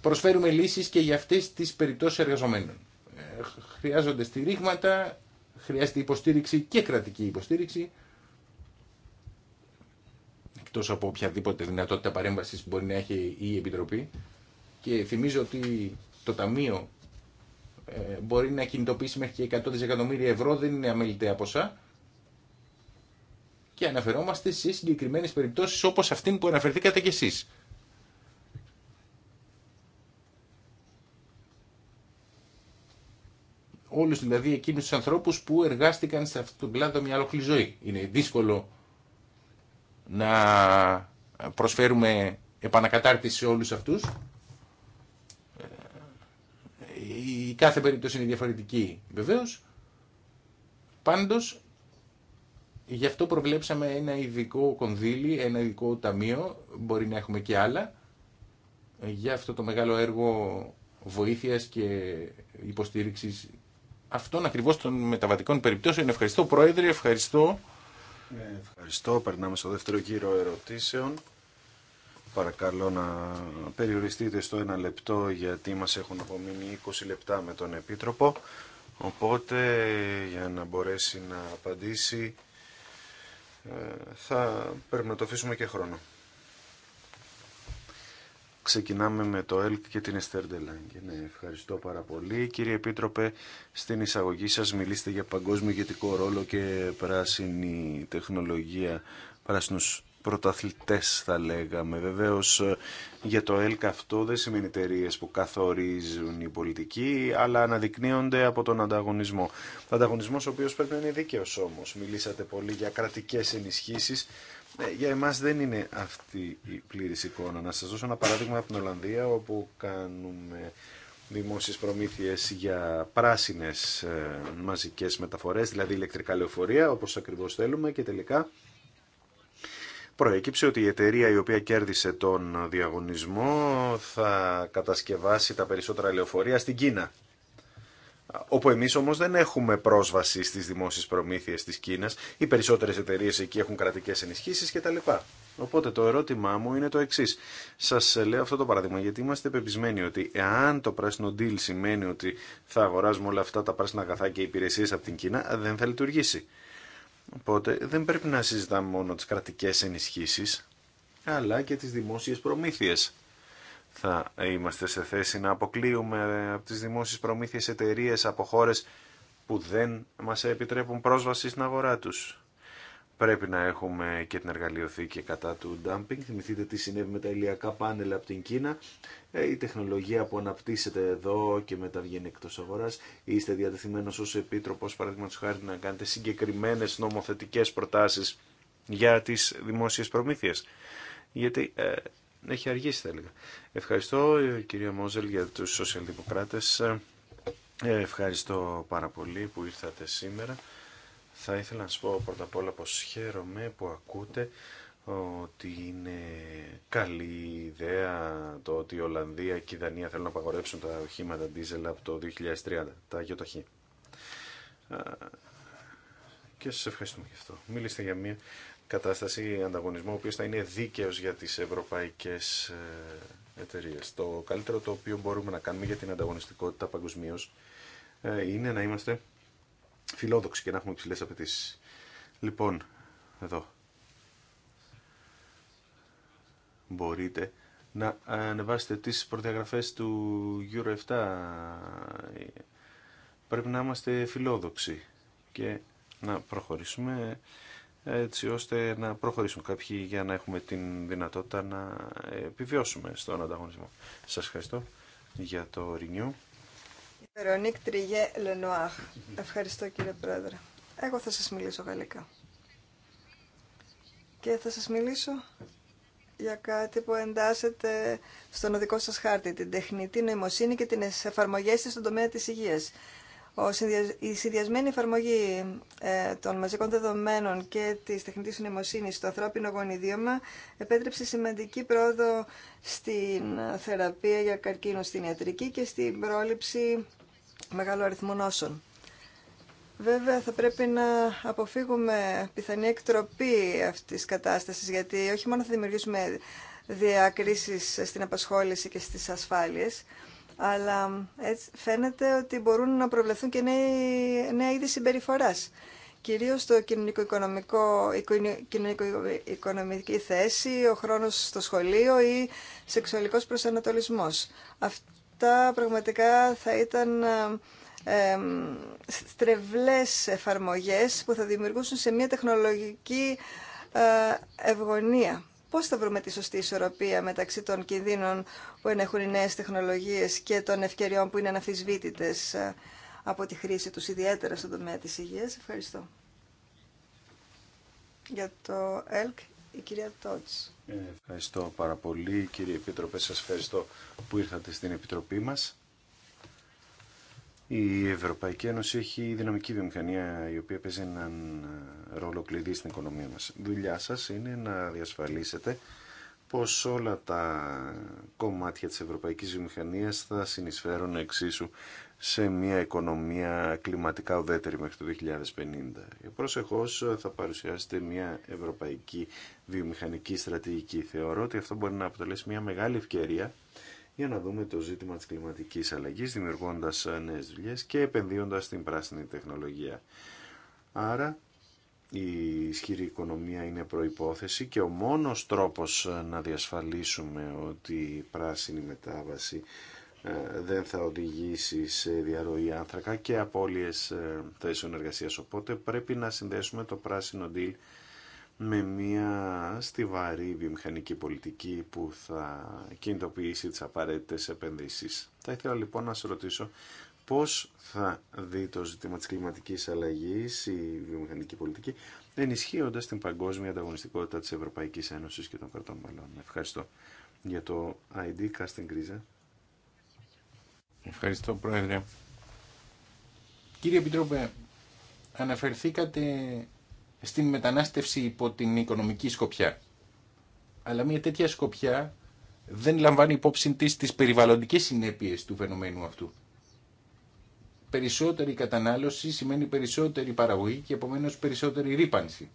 προσφέρουμε λύσεις και για αυτές τις περιπτώσεις εργαζομένων. Ε, χρειάζονται στηρίγματα, χρειάζεται υποστήριξη και κρατική υποστήριξη, από οποιαδήποτε δυνατότητα παρέμβαση μπορεί να έχει η Επιτροπή. Και θυμίζω ότι το Ταμείο ε, μπορεί να κινητοποιήσει μέχρι και 100 δισεκατομμύρια ευρώ, δεν είναι αμεληταία ποσά. Και αναφερόμαστε σε συγκεκριμένε περιπτώσεις όπως αυτή που αναφερθήκατε κι εσεί. Όλου δηλαδή εκείνους τους ανθρώπους που εργάστηκαν σε αυτόν τον κλάδο μια ολόκληρη ζωή. Είναι δύσκολο να προσφέρουμε επανακατάρτιση σε όλους αυτούς. Η κάθε περίπτωση είναι διαφορετική βεβαίως. Πάντως, γι' αυτό προβλέψαμε ένα ειδικό κονδύλι, ένα ειδικό ταμείο, μπορεί να έχουμε και άλλα, για αυτό το μεγάλο έργο βοήθειας και υποστήριξης αυτών ακριβώς των μεταβατικών περιπτώσεων. Ευχαριστώ Πρόεδρε, ευχαριστώ. Ε, ευχαριστώ. Περνάμε στο δεύτερο γύρο ερωτήσεων. Παρακαλώ να περιοριστείτε στο ένα λεπτό γιατί μας έχουν απομείνει 20 λεπτά με τον Επίτροπο. Οπότε για να μπορέσει να απαντήσει ε, θα πρέπει να το αφήσουμε και χρόνο. Ξεκινάμε με το ΕΛΚ και την Εστέρ Ντελάνγκε. Ναι, ευχαριστώ πάρα πολύ. Κύριε Επίτροπε, στην εισαγωγή σας μιλήσετε για παγκόσμιο ηγετικό ρόλο και πράσινη τεχνολογία, πράσινους πρωταθλητές θα λέγαμε. Βεβαίως για το ΕΛΚ αυτό δεν σημαίνει εταιρείε που καθορίζουν οι πολιτικοί, αλλά αναδεικνύονται από τον ανταγωνισμό. Ο ανταγωνισμός ο οποίος πρέπει να είναι δίκαιος όμως. Μιλήσατε πολύ για κρατικές ενισχύσεις ε, για εμάς δεν είναι αυτή η πλήρης εικόνα. Να σας δώσω ένα παράδειγμα από την Ολλανδία όπου κάνουμε δημόσιες προμήθειες για πράσινες ε, μαζικές μεταφορές, δηλαδή ηλεκτρικά λεωφορεία όπως ακριβώς θέλουμε και τελικά προέκυψε ότι η εταιρεία η οποία κέρδισε τον διαγωνισμό θα κατασκευάσει τα περισσότερα λεωφορεία στην Κίνα όπου εμείς όμως δεν έχουμε πρόσβαση στις δημόσιες προμήθειες της Κίνας, οι περισσότερες εταιρείες εκεί έχουν κρατικές ενισχύσεις κτλ. Οπότε το ερώτημά μου είναι το εξής. Σας λέω αυτό το παράδειγμα γιατί είμαστε πεπισμένοι ότι εάν το πράσινο deal σημαίνει ότι θα αγοράζουμε όλα αυτά τα πράσινα αγαθά και υπηρεσίες από την Κίνα, δεν θα λειτουργήσει. Οπότε δεν πρέπει να συζητάμε μόνο τις κρατικές ενισχύσεις, αλλά και τις δημόσιες προμήθειες θα είμαστε σε θέση να αποκλείουμε από τις δημόσιες προμήθειες εταιρείε από χώρε που δεν μας επιτρέπουν πρόσβαση στην αγορά τους. Πρέπει να έχουμε και την εργαλειοθήκη κατά του dumping. Θυμηθείτε τι συνέβη με τα ηλιακά πάνελ από την Κίνα. Ε, η τεχνολογία που αναπτύσσεται εδώ και μετά βγαίνει εκτό αγορά. Είστε διατεθειμένο ω επίτροπο, παραδείγματο χάρη, να κάνετε συγκεκριμένε νομοθετικέ προτάσει για τι δημόσιε προμήθειε. Γιατί ε, έχει αργήσει, θα έλεγα. Ευχαριστώ κυρία Μόζελ για τους σοσιαλδημοκράτες. Ε, ευχαριστώ πάρα πολύ που ήρθατε σήμερα. Θα ήθελα να σας πω πρώτα απ' όλα πως χαίρομαι που ακούτε ότι είναι καλή ιδέα το ότι η Ολλανδία και η Δανία θέλουν να παγορέψουν τα οχήματα ντίζελ από το 2030, τα γιοταχή. Και σας ευχαριστούμε γι' αυτό. Μίληστε για μια κατάσταση ανταγωνισμού, ο οποίος θα είναι δίκαιος για τις ευρωπαϊκές ε, εταιρείε. Το καλύτερο το οποίο μπορούμε να κάνουμε για την ανταγωνιστικότητα παγκοσμίω ε, είναι να είμαστε φιλόδοξοι και να έχουμε υψηλέ απαιτήσει. Λοιπόν, εδώ. Μπορείτε να ανεβάσετε τις προδιαγραφές του Euro 7. Πρέπει να είμαστε φιλόδοξοι και να προχωρήσουμε έτσι ώστε να προχωρήσουν κάποιοι για να έχουμε την δυνατότητα να επιβιώσουμε στον ανταγωνισμό. Σας ευχαριστώ για το ρηνιού. Βερονίκ Τριγέ Λενοάχ. Ευχαριστώ κύριε Πρόεδρε. Εγώ θα σας μιλήσω γαλλικά. Και θα σας μιλήσω για κάτι που εντάσσεται στον οδικό σας χάρτη, την τεχνητή νοημοσύνη και την εφαρμογές της στον τομέα της υγείας η συνδυασμένη εφαρμογή ε, των μαζικών δεδομένων και της τεχνητής νοημοσύνης στο ανθρώπινο γονιδίωμα επέτρεψε σημαντική πρόοδο στην θεραπεία για καρκίνο στην ιατρική και στην πρόληψη μεγάλου αριθμού νόσων. Βέβαια θα πρέπει να αποφύγουμε πιθανή εκτροπή αυτής της κατάστασης γιατί όχι μόνο θα δημιουργήσουμε διακρίσεις στην απασχόληση και στις ασφάλειες, αλλά έτσι φαίνεται ότι μπορούν να προβλεφθούν και νέα, νέα είδη συμπεριφορά. Κυρίω το κοινωνικο-οικονομικό, οικονομικη θέση, ο χρόνος στο σχολείο ή σεξουαλικός προσανατολισμός. Αυτά πραγματικά θα ήταν ε, στρεβλές εφαρμογές που θα δημιουργούσαν σε μια τεχνολογική ε, ευγονία πώς θα βρούμε τη σωστή ισορροπία μεταξύ των κινδύνων που ενέχουν οι νέε τεχνολογίες και των ευκαιριών που είναι αναφυσβήτητε ε, από τη χρήση του ιδιαίτερα στον τομέα τη υγεία. Ευχαριστώ. Για το ΕΛΚ, η κυρία Τότς. Ε, ευχαριστώ πάρα πολύ, κύριε Επίτροπε. Σα ευχαριστώ που ήρθατε στην Επιτροπή μας. Η Ευρωπαϊκή Ένωση έχει δυναμική βιομηχανία η οποία παίζει έναν ε, ρόλο κλειδί στην οικονομία μας. δουλειά σας είναι να διασφαλίσετε πως όλα τα κομμάτια της ευρωπαϊκής βιομηχανίας θα συνεισφέρουν εξίσου σε μια οικονομία κλιματικά ουδέτερη μέχρι το 2050. Προσεχώς ε, θα παρουσιάσετε μια ευρωπαϊκή βιομηχανική στρατηγική. Θεωρώ ότι αυτό μπορεί να αποτελέσει μια μεγάλη ευκαιρία για να δούμε το ζήτημα της κλιματικής αλλαγής, δημιουργώντας ε, νέες δουλειές και επενδύοντας στην πράσινη τεχνολογία. Άρα η ισχυρή οικονομία είναι προϋπόθεση και ο μόνος τρόπος ε, να διασφαλίσουμε ότι η πράσινη μετάβαση ε, δεν θα οδηγήσει σε διαρροή άνθρακα και απώλειες θέσεων εργασίας. Οπότε πρέπει να συνδέσουμε το πράσινο deal με μια στιβαρή βιομηχανική πολιτική που θα κινητοποιήσει τις απαραίτητες επενδύσεις. Θα ήθελα λοιπόν να σε ρωτήσω πώς θα δει το ζήτημα της κλιματικής αλλαγής η βιομηχανική πολιτική ενισχύοντα την παγκόσμια ανταγωνιστικότητα της Ευρωπαϊκής Ένωσης και των κρατών μελών. Ευχαριστώ για το ID Casting Κρίζα. Ευχαριστώ Πρόεδρε. Κύριε Επιτρόπε, αναφερθήκατε στην μετανάστευση υπό την οικονομική σκοπιά. Αλλά μια τέτοια σκοπιά δεν λαμβάνει υπόψη της τις περιβαλλοντικές συνέπειες του φαινομένου αυτού. Περισσότερη κατανάλωση σημαίνει περισσότερη παραγωγή και επομένως περισσότερη ρήπανση.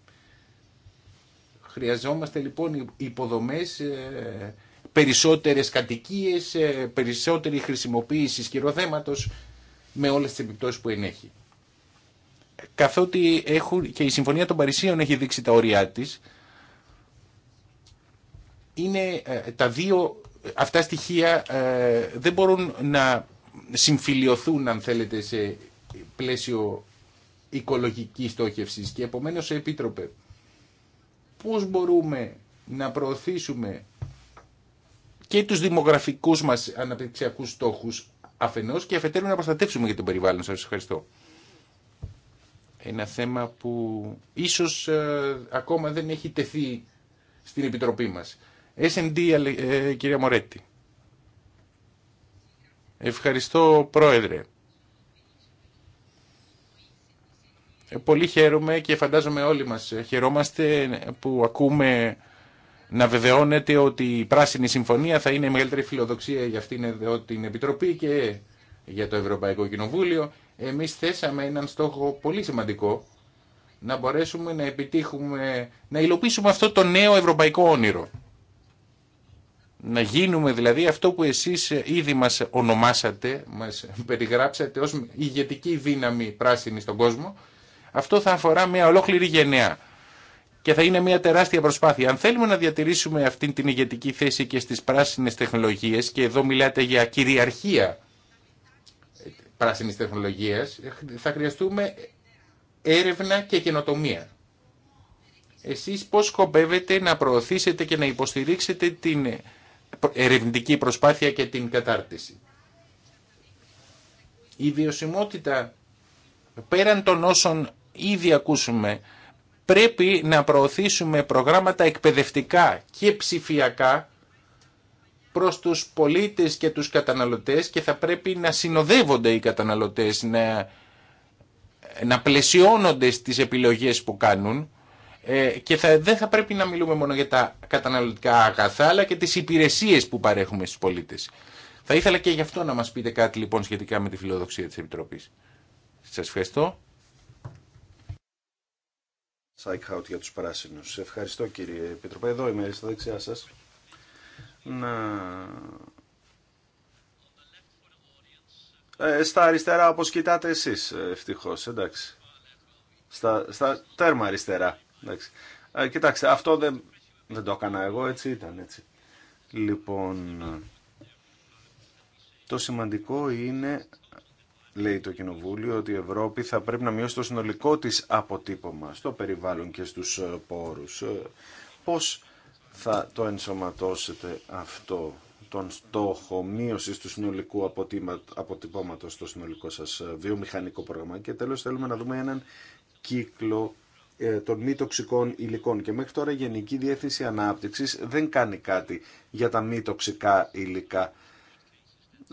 Χρειαζόμαστε λοιπόν υποδομές, ε, περισσότερες κατοικίες, ε, περισσότερη χρησιμοποίηση σκυροθέματος με όλες τις επιπτώσεις που ενέχει καθότι έχουν, και η Συμφωνία των Παρισίων έχει δείξει τα όρια της, είναι ε, τα δύο ε, αυτά στοιχεία ε, δεν μπορούν να συμφιλιωθούν αν θέλετε σε πλαίσιο οικολογικής στόχευσης και επομένως επίτροπε πώς μπορούμε να προωθήσουμε και τους δημογραφικούς μας αναπτυξιακούς στόχους αφενός και αφετέρου να προστατεύσουμε για το περιβάλλον. Σας ευχαριστώ. Ένα θέμα που ίσως ε, ακόμα δεν έχει τεθεί στην Επιτροπή μας. S&D, ε, κυρία Μορέτη. Ευχαριστώ, Πρόεδρε. Ε, πολύ χαίρομαι και φαντάζομαι όλοι μας χαιρόμαστε που ακούμε να βεβαιώνεται ότι η Πράσινη Συμφωνία θα είναι η μεγαλύτερη φιλοδοξία για αυτήν εδώ την Επιτροπή και για το Ευρωπαϊκό Κοινοβούλιο εμείς θέσαμε έναν στόχο πολύ σημαντικό να μπορέσουμε να επιτύχουμε, να υλοποιήσουμε αυτό το νέο ευρωπαϊκό όνειρο. Να γίνουμε δηλαδή αυτό που εσείς ήδη μας ονομάσατε, μας περιγράψατε ως ηγετική δύναμη πράσινη στον κόσμο, αυτό θα αφορά μια ολόκληρη γενναία. Και θα είναι μια τεράστια προσπάθεια. Αν θέλουμε να διατηρήσουμε αυτή την ηγετική θέση και στις πράσινες τεχνολογίες, και εδώ μιλάτε για κυριαρχία πράσινες θα χρειαστούμε έρευνα και καινοτομία. Εσείς πώς σκοπεύετε να προωθήσετε και να υποστηρίξετε την ερευνητική προσπάθεια και την κατάρτιση. Η βιωσιμότητα πέραν των όσων ήδη ακούσουμε πρέπει να προωθήσουμε προγράμματα εκπαιδευτικά και ψηφιακά προς τους πολίτες και τους καταναλωτές και θα πρέπει να συνοδεύονται οι καταναλωτές, να, να πλαισιώνονται στις επιλογές που κάνουν ε, και θα, δεν θα πρέπει να μιλούμε μόνο για τα καταναλωτικά αγαθά αλλά και τις υπηρεσίες που παρέχουμε στους πολίτες. Θα ήθελα και γι' αυτό να μας πείτε κάτι λοιπόν σχετικά με τη φιλοδοξία της Επιτροπής. Σας ευχαριστώ. Χαουτ για τους πράσινους. Ευχαριστώ κύριε Επιτροπέ. Εδώ είμαι στα δεξιά σας να... Ε, στα αριστερά όπως κοιτάτε εσείς ε, ευτυχώς, εντάξει. Στα, στα τέρμα αριστερά, εντάξει. Ε, κοιτάξτε, αυτό δεν, δεν το έκανα εγώ, έτσι ήταν, έτσι. Λοιπόν, το σημαντικό είναι λέει το Κοινοβούλιο ότι η Ευρώπη θα πρέπει να μειώσει το συνολικό της αποτύπωμα στο περιβάλλον και στους ε, πόρους. Ε, πώς θα το ενσωματώσετε αυτό τον στόχο μείωσης του συνολικού αποτυπώματος στο συνολικό σας ε, βιομηχανικό πρόγραμμα και τέλος θέλουμε να δούμε έναν κύκλο ε, των μη τοξικών υλικών και μέχρι τώρα η Γενική Διεύθυνση Ανάπτυξης δεν κάνει κάτι για τα μη τοξικά υλικά.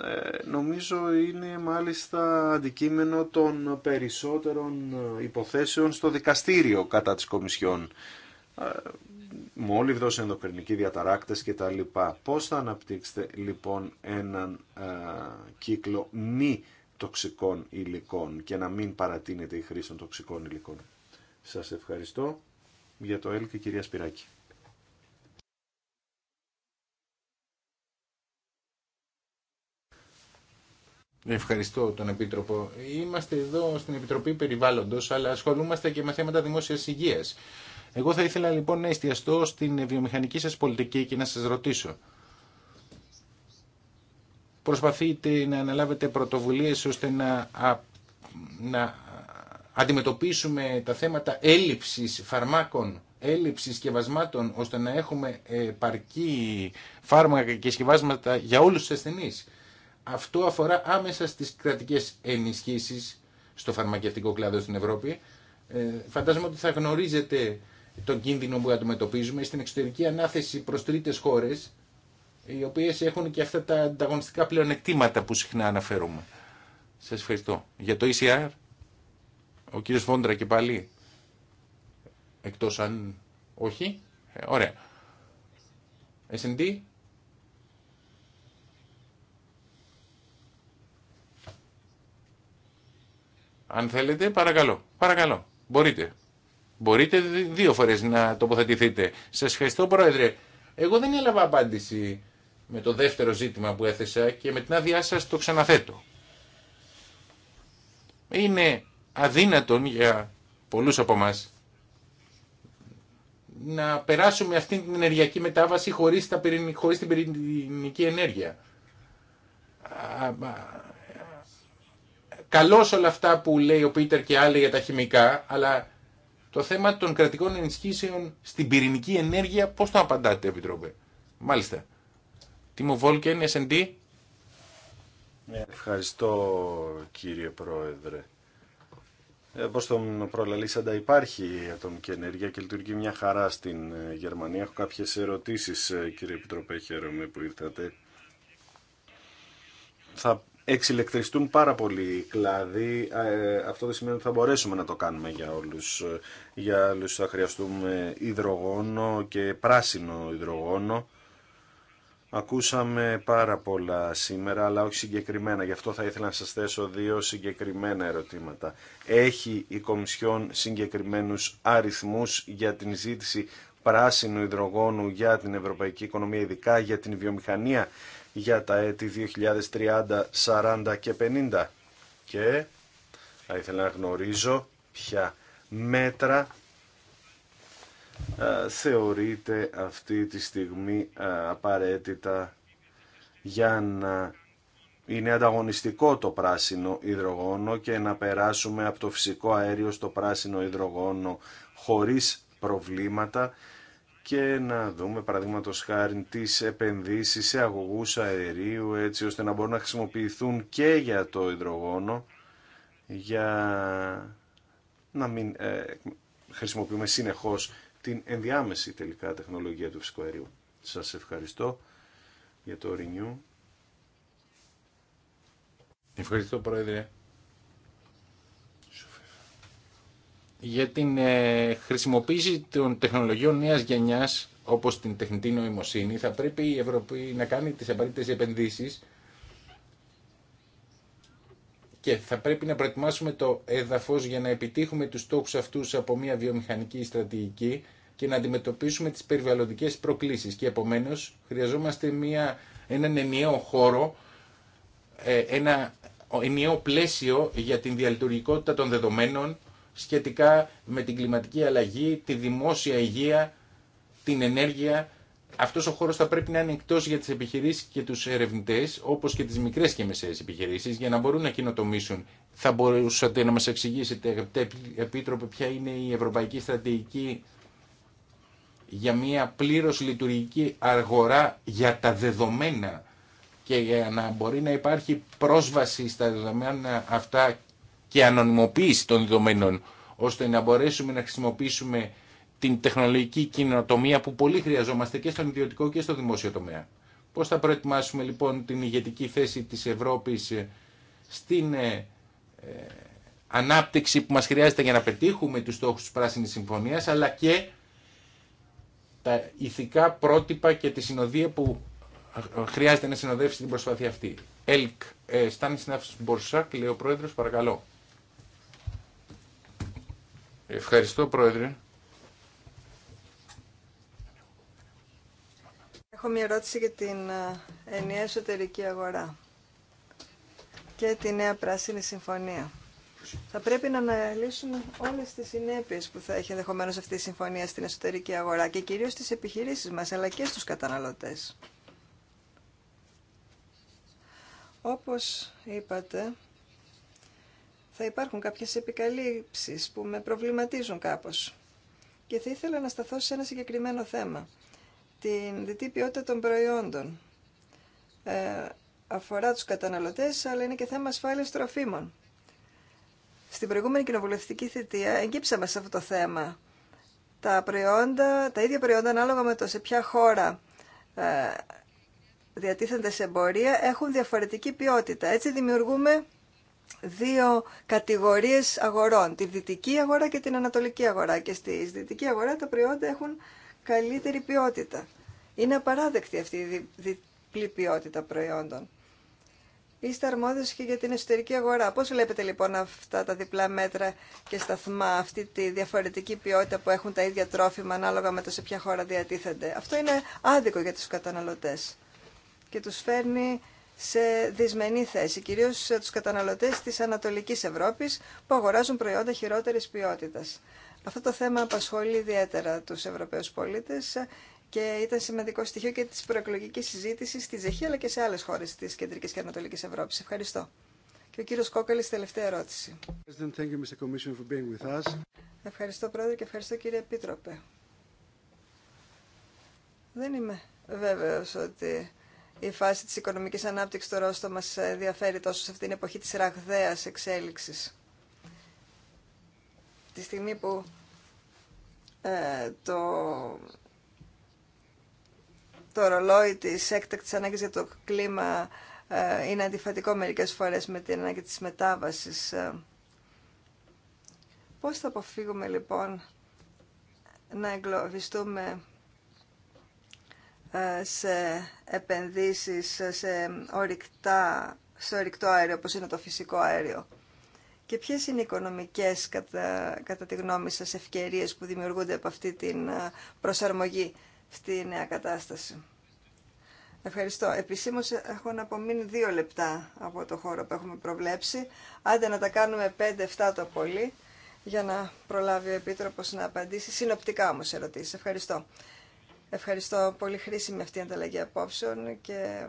Ε, νομίζω είναι μάλιστα αντικείμενο των περισσότερων υποθέσεων στο δικαστήριο κατά τις Κομισιόν μόλιβδος, ενδοκρινικοί διαταράκτες λοιπά. Πώς θα αναπτύξετε λοιπόν έναν ε, κύκλο μη τοξικών υλικών και να μην παρατείνετε η χρήση των τοξικών υλικών. Σας ευχαριστώ για το έλκη κυρία Σπυράκη. Ευχαριστώ τον Επίτροπο. Είμαστε εδώ στην Επιτροπή Περιβάλλοντος, αλλά ασχολούμαστε και με θέματα δημόσιας υγείας. Εγώ θα ήθελα λοιπόν να εστιαστώ στην βιομηχανική σας πολιτική και να σας ρωτήσω. Προσπαθείτε να αναλάβετε πρωτοβουλίες ώστε να, να αντιμετωπίσουμε τα θέματα έλλειψης φαρμάκων, έλλειψης σκευασμάτων, ώστε να έχουμε παρκή φάρμακα και σκευάσματα για όλους τους ασθενείς. Αυτό αφορά άμεσα στις κρατικές ενισχύσεις στο φαρμακευτικό κλάδο στην Ευρώπη. Ε, φαντάζομαι ότι θα γνωρίζετε τον κίνδυνο που αντιμετωπίζουμε στην εξωτερική ανάθεση προ τρίτε χώρες οι οποίες έχουν και αυτά τα ανταγωνιστικά πλεονεκτήματα που συχνά αναφέρουμε. Σα ευχαριστώ. Για το ECR, ο κύριος Φόντρα και πάλι, εκτός αν όχι, ε, ωραία. S&D. Αν θέλετε, παρακαλώ, παρακαλώ, μπορείτε. Μπορείτε δύο φορές να τοποθετηθείτε. Σα ευχαριστώ Πρόεδρε. Εγώ δεν έλαβα απάντηση με το δεύτερο ζήτημα που έθεσα και με την άδειά σα το ξαναθέτω. Είναι αδύνατον για πολλούς από μας να περάσουμε αυτή την ενεργειακή μετάβαση χωρίς, την πυρηνική ενέργεια. Καλώς όλα αυτά που λέει ο Πίτερ και άλλοι για τα χημικά, αλλά το θέμα των κρατικών ενισχύσεων στην πυρηνική ενέργεια, πώς το απαντάτε, Επιτρόπε. Μάλιστα. Τίμο Βόλκεν, S&D. Ναι. Ευχαριστώ, κύριε Πρόεδρε. Ε, Όπω τον προλαλήσαντα υπάρχει η ατομική ενέργεια και λειτουργεί μια χαρά στην ε, Γερμανία. Έχω κάποιες ερωτήσεις, ε, κύριε Επιτροπέ, χαίρομαι που ήρθατε. Θα εξηλεκτριστούν πάρα πολύ κλάδοι. Ε, αυτό δεν σημαίνει ότι θα μπορέσουμε να το κάνουμε για όλους. Για όλους θα χρειαστούμε υδρογόνο και πράσινο υδρογόνο. Ακούσαμε πάρα πολλά σήμερα, αλλά όχι συγκεκριμένα. Γι' αυτό θα ήθελα να σας θέσω δύο συγκεκριμένα ερωτήματα. Έχει η Κομισιόν συγκεκριμένους αριθμούς για την ζήτηση πράσινου υδρογόνου για την ευρωπαϊκή οικονομία, ειδικά για την βιομηχανία για τα έτη 2030, 40 και 50. Και θα ήθελα να γνωρίζω ποια μέτρα θεωρείται αυτή τη στιγμή απαραίτητα για να είναι ανταγωνιστικό το πράσινο υδρογόνο και να περάσουμε από το φυσικό αέριο στο πράσινο υδρογόνο χωρίς προβλήματα και να δούμε παραδείγματο χάρη τι επενδύσει σε αγωγού αερίου έτσι ώστε να μπορούν να χρησιμοποιηθούν και για το υδρογόνο για να μην ε, χρησιμοποιούμε συνεχώς την ενδιάμεση τελικά τεχνολογία του φυσικού αερίου. Σας ευχαριστώ για το Renew. Ευχαριστώ Πρόεδρε. για την ε, χρησιμοποίηση των τεχνολογιών νέας γενιάς όπως την τεχνητή νοημοσύνη θα πρέπει η Ευρώπη να κάνει τις απαραίτητες επενδύσεις και θα πρέπει να προετοιμάσουμε το έδαφος για να επιτύχουμε τους στόχους αυτούς από μια βιομηχανική στρατηγική και να αντιμετωπίσουμε τις περιβαλλοντικές προκλήσεις και επομένως χρειαζόμαστε μια, έναν ενιαίο χώρο, ε, ένα ενιαίο πλαίσιο για την διαλειτουργικότητα των δεδομένων σχετικά με την κλιματική αλλαγή, τη δημόσια υγεία, την ενέργεια. Αυτός ο χώρος θα πρέπει να είναι εκτός για τις επιχειρήσεις και τους ερευνητές, όπως και τις μικρές και μεσαίες επιχειρήσεις, για να μπορούν να κοινοτομήσουν. Θα μπορούσατε να μας εξηγήσετε, αγαπητέ Επίτροπε, ποια είναι η ευρωπαϊκή στρατηγική για μια πλήρως λειτουργική αγορά για τα δεδομένα και για να μπορεί να υπάρχει πρόσβαση στα δεδομένα αυτά και ανωνυμοποίηση των δεδομένων, ώστε να μπορέσουμε να χρησιμοποιήσουμε την τεχνολογική κοινοτομία που πολύ χρειαζόμαστε και στον ιδιωτικό και στο δημόσιο τομέα. Πώς θα προετοιμάσουμε λοιπόν την ηγετική θέση της Ευρώπης ε, στην ε, ε, ανάπτυξη που μας χρειάζεται για να πετύχουμε τους στόχους της Πράσινης Συμφωνίας, αλλά και τα ηθικά πρότυπα και τη συνοδεία που χρειάζεται να συνοδεύσει την προσπάθεια αυτή. Ελκ, ε, Στάνισναφς Μπορσάκ, λέει ο Πρόεδρος, παρακαλώ. Ευχαριστώ Πρόεδρε. Έχω μια ερώτηση για την ε, ενιαία εσωτερική αγορά και τη νέα πράσινη συμφωνία. Θα πρέπει να αναλύσουμε όλες τις συνέπειες που θα έχει ενδεχομένω αυτή η συμφωνία στην εσωτερική αγορά και κυρίως στις επιχειρήσεις μας, αλλά και στους καταναλωτές. Όπως είπατε, θα υπάρχουν κάποιες επικαλύψεις που με προβληματίζουν κάπως. Και θα ήθελα να σταθώ σε ένα συγκεκριμένο θέμα. Την διτή ποιότητα των προϊόντων. Ε, αφορά τους καταναλωτές, αλλά είναι και θέμα ασφάλειας τροφίμων. Στην προηγούμενη κοινοβουλευτική θητεία εγκύψαμε σε αυτό το θέμα. Τα, προϊόντα, τα ίδια προϊόντα, ανάλογα με το σε ποια χώρα ε, διατίθενται σε εμπορία, έχουν διαφορετική ποιότητα. Έτσι δημιουργούμε δύο κατηγορίες αγορών, τη δυτική αγορά και την ανατολική αγορά και στη δυτική αγορά τα προϊόντα έχουν καλύτερη ποιότητα. Είναι απαράδεκτη αυτή η διπλή ποιότητα προϊόντων. Είστε αρμόδιος και για την εσωτερική αγορά. Πώς βλέπετε λοιπόν αυτά τα διπλά μέτρα και σταθμά, αυτή τη διαφορετική ποιότητα που έχουν τα ίδια τρόφιμα ανάλογα με το σε ποια χώρα διατίθενται. Αυτό είναι άδικο για τους καταναλωτές και τους φέρνει σε δυσμενή θέση, κυρίως σε τους καταναλωτές της Ανατολικής Ευρώπης που αγοράζουν προϊόντα χειρότερης ποιότητας. Αυτό το θέμα απασχολεί ιδιαίτερα τους Ευρωπαίους πολίτες και ήταν σημαντικό στοιχείο και της προεκλογικής συζήτησης στη Ζεχή αλλά και σε άλλες χώρες της Κεντρικής και Ανατολικής Ευρώπης. Ευχαριστώ. Και ο κύριος Κόκαλης, τελευταία ερώτηση. Ευχαριστώ Πρόεδρε και ευχαριστώ κύριε Επίτροπε. Δεν είμαι βέβαιος ότι η φάση της οικονομικής ανάπτυξης του Ρώστο μας ενδιαφέρει τόσο σε αυτήν την εποχή της ραγδαίας εξέλιξης. Τη στιγμή που ε, το, το ρολόι της έκτακτης ανάγκης για το κλίμα ε, είναι αντιφατικό μερικές φορές με την ανάγκη της μετάβασης. Ε, πώς θα αποφύγουμε λοιπόν να εγκλωβιστούμε ε, σε επενδύσεις ε, σε, ορυκτά, σε ορυκτό αέριο όπως είναι το φυσικό αέριο. Και ποιες είναι οι οικονομικές, κατά, κατά τη γνώμη σας, ευκαιρίες που δημιουργούνται από αυτή την ε, προσαρμογή στη νέα κατάσταση. Ευχαριστώ. Επισήμως να απομείνει δύο λεπτά από το χώρο που έχουμε προβλέψει. Άντε να τα κάνουμε 5-7 το πολύ για να προλάβει ο Επίτροπος να απαντήσει συνοπτικά όμως ερωτήσεις. Ευχαριστώ. Ευχαριστώ. Πολύ χρήσιμη αυτή η ανταλλαγή απόψεων και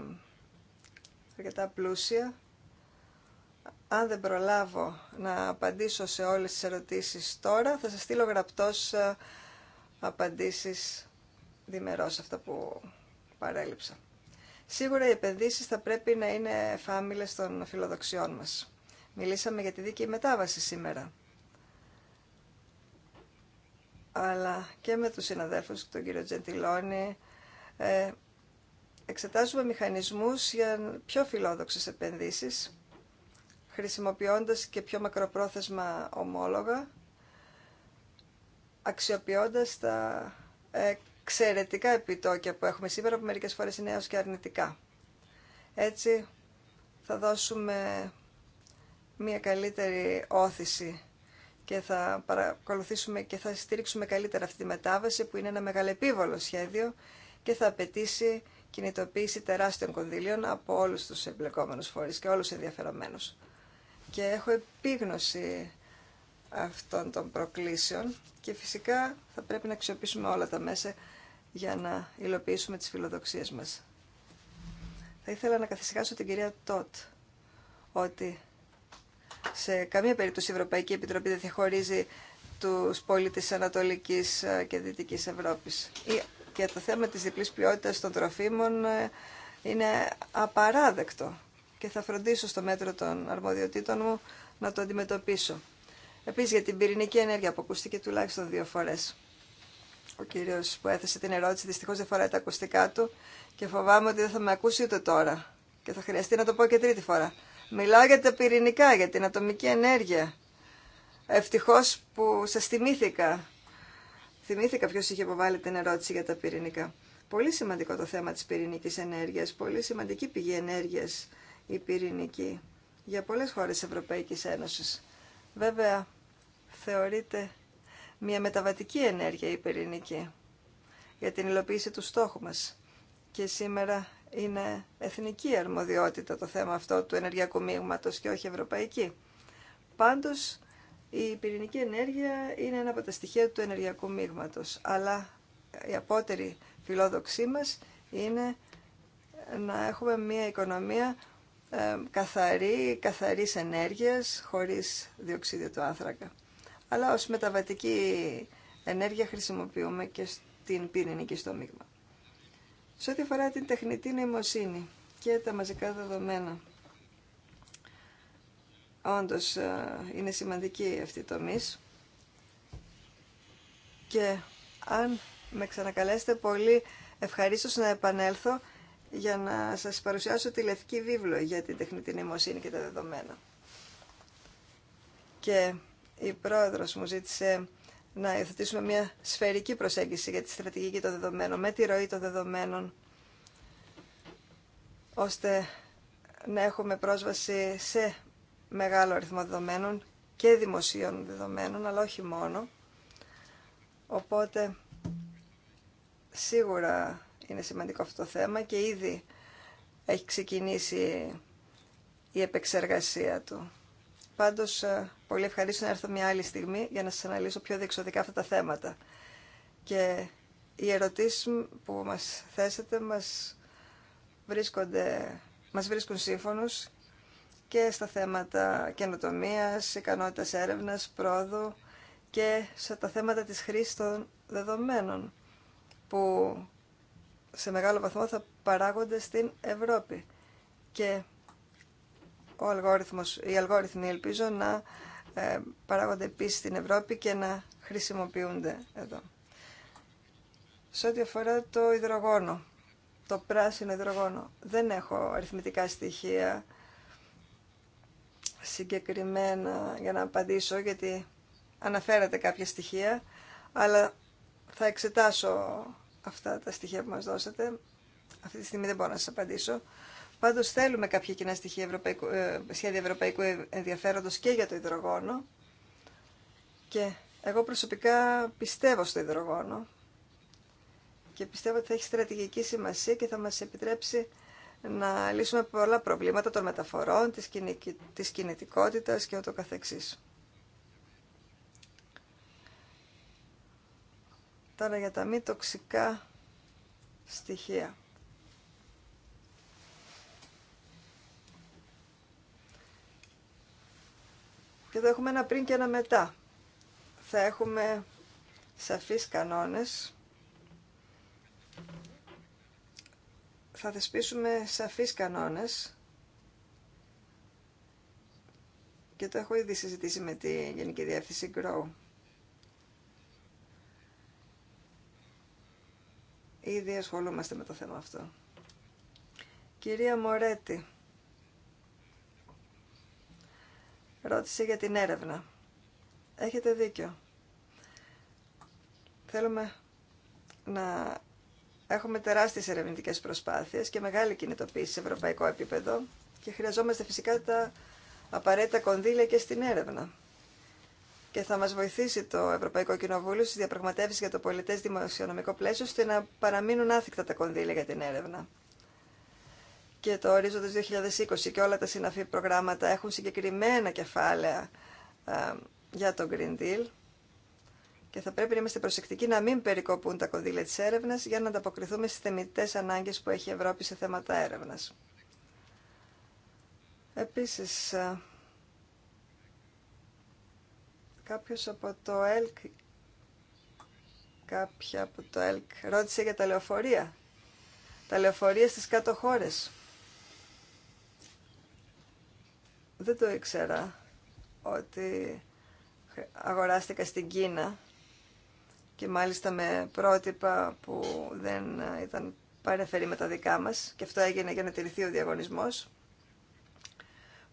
αρκετά πλούσια. Αν δεν προλάβω να απαντήσω σε όλες τις ερωτήσεις τώρα, θα σας στείλω γραπτός ε, απαντήσεις διμερώς αυτά που παρέλειψα. Σίγουρα οι επενδύσεις θα πρέπει να είναι φάμιλες των φιλοδοξιών μας. Μιλήσαμε για τη δίκαιη μετάβαση σήμερα αλλά και με τους συναδέλφους, τον κύριο Τζεντιλόνη, ε, εξετάζουμε μηχανισμούς για πιο φιλόδοξες επενδύσεις, χρησιμοποιώντας και πιο μακροπρόθεσμα ομόλογα, αξιοποιώντας τα ε, εξαιρετικά επιτόκια που έχουμε σήμερα, που μερικές φορές είναι έως και αρνητικά. Έτσι θα δώσουμε μια καλύτερη όθηση και θα παρακολουθήσουμε και θα στηρίξουμε καλύτερα αυτή τη μετάβαση που είναι ένα μεγαλεπίβολο σχέδιο και θα απαιτήσει κινητοποίηση τεράστιων κονδύλιων από όλους τους εμπλεκόμενους φορείς και όλους τους ενδιαφερομένους. Και έχω επίγνωση αυτών των προκλήσεων και φυσικά θα πρέπει να αξιοποιήσουμε όλα τα μέσα για να υλοποιήσουμε τις φιλοδοξίες μας. Θα ήθελα να καθησυχάσω την κυρία Τότ ότι σε καμία περίπτωση η Ευρωπαϊκή Επιτροπή δεν διαχωρίζει τους πολίτες της Ανατολικής ε, και Δυτικής Ευρώπης. Και το θέμα της διπλής ποιότητας των τροφίμων ε, είναι απαράδεκτο και θα φροντίσω στο μέτρο των αρμοδιοτήτων μου να το αντιμετωπίσω. Επίσης για την πυρηνική ενέργεια που ακούστηκε τουλάχιστον δύο φορές. Ο κύριος που έθεσε την ερώτηση δυστυχώς δεν φοράει τα ακουστικά του και φοβάμαι ότι δεν θα με ακούσει ούτε τώρα και θα χρειαστεί να το πω και τρίτη φορά. Μιλάω για τα πυρηνικά, για την ατομική ενέργεια. Ευτυχώς που σας θυμήθηκα. Θυμήθηκα ποιος είχε υποβάλει την ερώτηση για τα πυρηνικά. Πολύ σημαντικό το θέμα της πυρηνικής ενέργειας, πολύ σημαντική πηγή ενέργειας η πυρηνική για πολλές χώρες Ευρωπαϊκής Ένωσης. Βέβαια, θεωρείται μια μεταβατική ενέργεια η πυρηνική για την υλοποίηση του στόχου μας. Και σήμερα είναι εθνική αρμοδιότητα το θέμα αυτό του ενεργειακού μείγματος και όχι ευρωπαϊκή. Πάντως, η πυρηνική ενέργεια είναι ένα από τα στοιχεία του ενεργειακού μείγματος, αλλά η απότερη φιλόδοξή μας είναι να έχουμε μια οικονομία ε, καθαρή, καθαρής ενέργειας, χωρίς διοξίδιο του άνθρακα. Αλλά ως μεταβατική ενέργεια χρησιμοποιούμε και στην πυρηνική στο μείγμα. Σε ό,τι αφορά την τεχνητή νοημοσύνη και τα μαζικά δεδομένα, όντως ε, είναι σημαντική αυτή η τομής και αν με ξανακαλέσετε πολύ ευχαρίστως να επανέλθω για να σας παρουσιάσω τη λευκή βίβλο για την τεχνητή νοημοσύνη και τα δεδομένα. Και η πρόεδρος μου ζήτησε να υιοθετήσουμε μια σφαιρική προσέγγιση για τη στρατηγική των δεδομένων, με τη ροή των δεδομένων, ώστε να έχουμε πρόσβαση σε μεγάλο αριθμό δεδομένων και δημοσίων δεδομένων, αλλά όχι μόνο. Οπότε, σίγουρα είναι σημαντικό αυτό το θέμα και ήδη έχει ξεκινήσει η επεξεργασία του. Πάντως, ε, πολύ ευχαρίστω να έρθω μια άλλη στιγμή για να σα αναλύσω πιο διεξοδικά αυτά τα θέματα. Και οι ερωτήσει που μας θέσετε μας, βρίσκονται, μας βρίσκουν σύμφωνο και στα θέματα καινοτομία, ικανότητας έρευνας, πρόοδου και σε θέματα της χρήσης των δεδομένων που σε μεγάλο βαθμό θα παράγονται στην Ευρώπη. Και ο αλγόριθμος, οι αλγόριθμοι ελπίζω να ε, παράγονται επίση στην Ευρώπη και να χρησιμοποιούνται εδώ. Σε ό,τι αφορά το υδρογόνο, το πράσινο υδρογόνο, δεν έχω αριθμητικά στοιχεία συγκεκριμένα για να απαντήσω, γιατί αναφέρατε κάποια στοιχεία, αλλά θα εξετάσω αυτά τα στοιχεία που μας δώσατε. Αυτή τη στιγμή δεν μπορώ να σας απαντήσω. Πάντω θέλουμε κάποια κοινά στοιχεία ευρωπαϊκού, ε, σχέδια ευρωπαϊκού ενδιαφέροντος και για το υδρογόνο. Και εγώ προσωπικά πιστεύω στο υδρογόνο και πιστεύω ότι θα έχει στρατηγική σημασία και θα μας επιτρέψει να λύσουμε πολλά προβλήματα των μεταφορών, της, της κινητικότητας και ούτω καθεξής. Τώρα για τα μη τοξικά στοιχεία. Και Εδώ έχουμε ένα πριν και ένα μετά. Θα έχουμε σαφείς κανόνες. Θα θεσπίσουμε σαφείς κανόνες. Και το έχω ήδη συζητήσει με τη Γενική Διεύθυνση Grow. Ήδη ασχολούμαστε με το θέμα αυτό. Κυρία Μωρέτη. ρώτησε για την έρευνα. Έχετε δίκιο. Θέλουμε να έχουμε τεράστιες ερευνητικές προσπάθειες και μεγάλη κινητοποίηση σε ευρωπαϊκό επίπεδο και χρειαζόμαστε φυσικά τα απαραίτητα κονδύλια και στην έρευνα. Και θα μας βοηθήσει το Ευρωπαϊκό Κοινοβούλιο στις διαπραγματεύσεις για το πολιτές δημοσιονομικό πλαίσιο ώστε να παραμείνουν άθικτα τα κονδύλια για την έρευνα και το ορίζοντας 2020 και όλα τα συναφή προγράμματα έχουν συγκεκριμένα κεφάλαια ε, για το Green Deal και θα πρέπει να είμαστε προσεκτικοί να μην περικοπούν τα κονδύλια της έρευνας για να ανταποκριθούμε στις θεμητές ανάγκες που έχει η Ευρώπη σε θέματα έρευνας. Επίσης, ε, κάποιος από το ΕΛΚ, κάποια από το ΕΛΚ ρώτησε για τα λεωφορεία. Τα λεωφορεία στις κάτω χώρες. Δεν το ήξερα ότι αγοράστηκα στην Κίνα και μάλιστα με πρότυπα που δεν ήταν παρεφερή με τα δικά μας και αυτό έγινε για να τηρηθεί ο διαγωνισμός.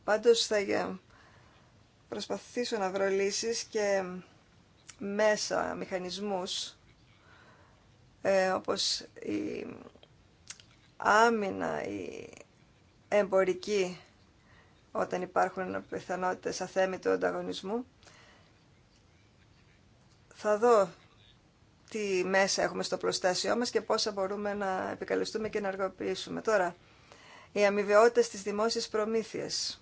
Πάντως θα προσπαθήσω να βρω λύσεις και μέσα, μηχανισμούς, ε, όπως η άμυνα, η εμπορική όταν υπάρχουν πιθανότητες του ανταγωνισμού. Θα δω τι μέσα έχουμε στο προστάσιό μας και πόσα μπορούμε να επικαλεστούμε και να εργοποιήσουμε. Τώρα, η αμοιβαιότητα στις δημόσιες προμήθειες.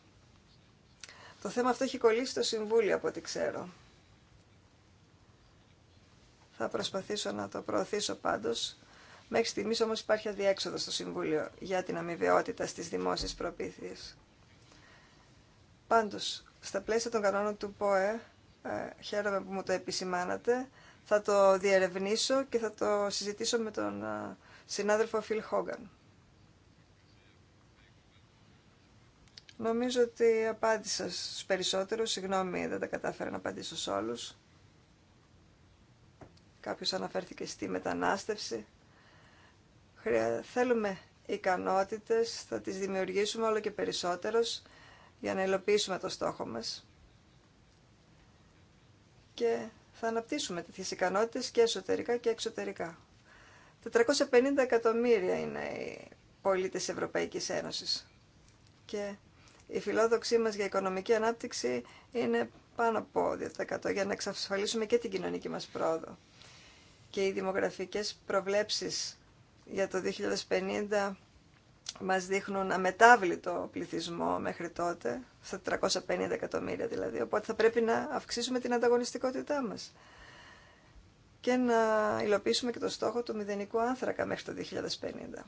Το θέμα αυτό έχει κολλήσει στο Συμβούλιο από ό,τι ξέρω. Θα προσπαθήσω να το προωθήσω πάντως. Μέχρι στιγμής όμως υπάρχει αδιέξοδο στο Συμβούλιο για την αμοιβαιότητα στις δημόσιες προμήθειες. Πάντως, στα πλαίσια των κανόνων του ΠΟΕ, ε, χαίρομαι που μου το επισημάνατε, θα το διερευνήσω και θα το συζητήσω με τον ε, συνάδελφο Φιλ Χόγκαν. Νομίζω ότι απάντησα στους περισσότερους. Συγγνώμη, δεν τα κατάφερα να απαντήσω σε όλους. Κάποιος αναφέρθηκε στη μετανάστευση. Θέλουμε ικανότητες, θα τις δημιουργήσουμε όλο και περισσότερος για να υλοποιήσουμε το στόχο μας και θα αναπτύσσουμε τέτοιες ικανότητες και εσωτερικά και εξωτερικά. 450 εκατομμύρια είναι οι πολίτες Ευρωπαϊκής Ένωσης και η φιλόδοξή μας για οικονομική ανάπτυξη είναι πάνω από 2% για να εξασφαλίσουμε και την κοινωνική μας πρόοδο. Και οι δημογραφικές προβλέψεις για το 2050 μας δείχνουν αμετάβλητο πληθυσμό μέχρι τότε, στα 350 εκατομμύρια δηλαδή, οπότε θα πρέπει να αυξήσουμε την ανταγωνιστικότητά μας και να υλοποιήσουμε και το στόχο του μηδενικού άνθρακα μέχρι το 2050.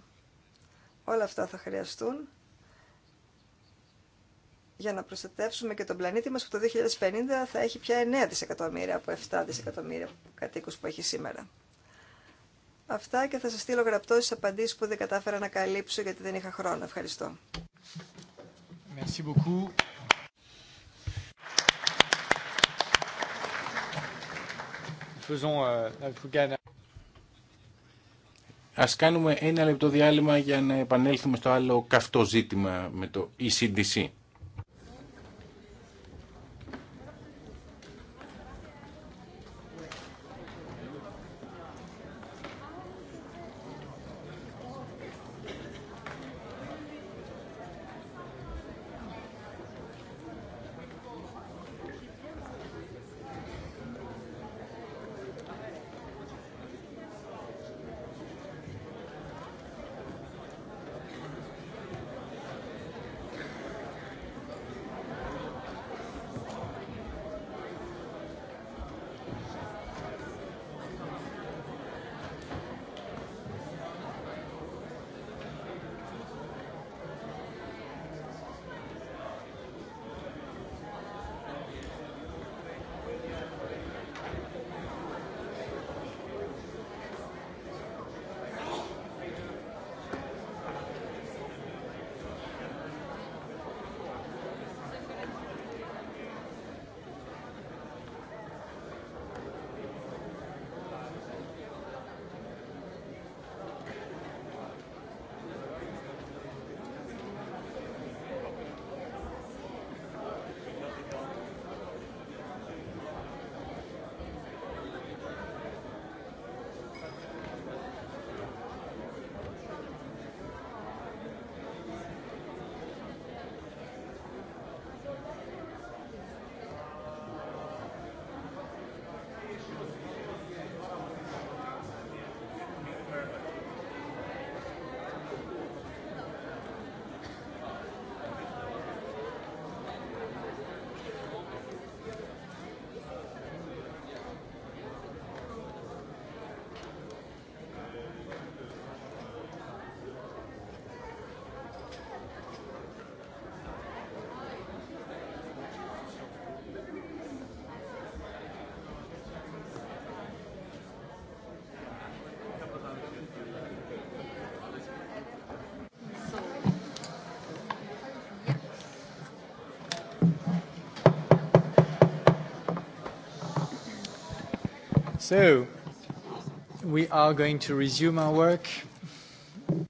Όλα αυτά θα χρειαστούν για να προστατεύσουμε και τον πλανήτη μας που το 2050 θα έχει πια 9 δισεκατομμύρια από 7 δισεκατομμύρια κατοίκους που έχει σήμερα. Αυτά και θα σας στείλω γραπτό στις απαντήσεις που δεν κατάφερα να καλύψω γιατί δεν είχα χρόνο. Ευχαριστώ. Merci beaucoup. Euh, Ας κάνουμε ένα λεπτό διάλειμμα για να επανέλθουμε στο άλλο καυτό ζήτημα με το ECDC.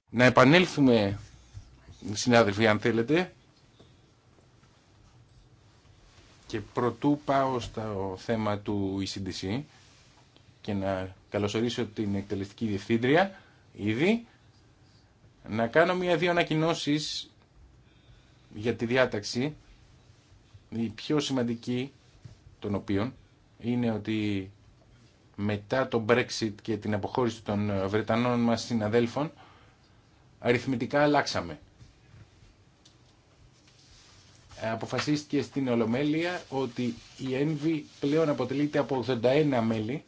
Να επανέλθουμε, συνάδελφοι, αν θέλετε. Και προτού πάω στο θέμα του ECDC και να καλωσορίσω την εκτελεστική διευθύντρια ήδη, να κάνω μία-δύο ανακοινώσει για τη διάταξη, η πιο σημαντική των οποίων είναι ότι μετά το Brexit και την αποχώρηση των ε, Βρετανών μας συναδέλφων, αριθμητικά αλλάξαμε. Ε, αποφασίστηκε στην Ολομέλεια ότι η ΕΝΒΗ πλέον αποτελείται από 81 μέλη,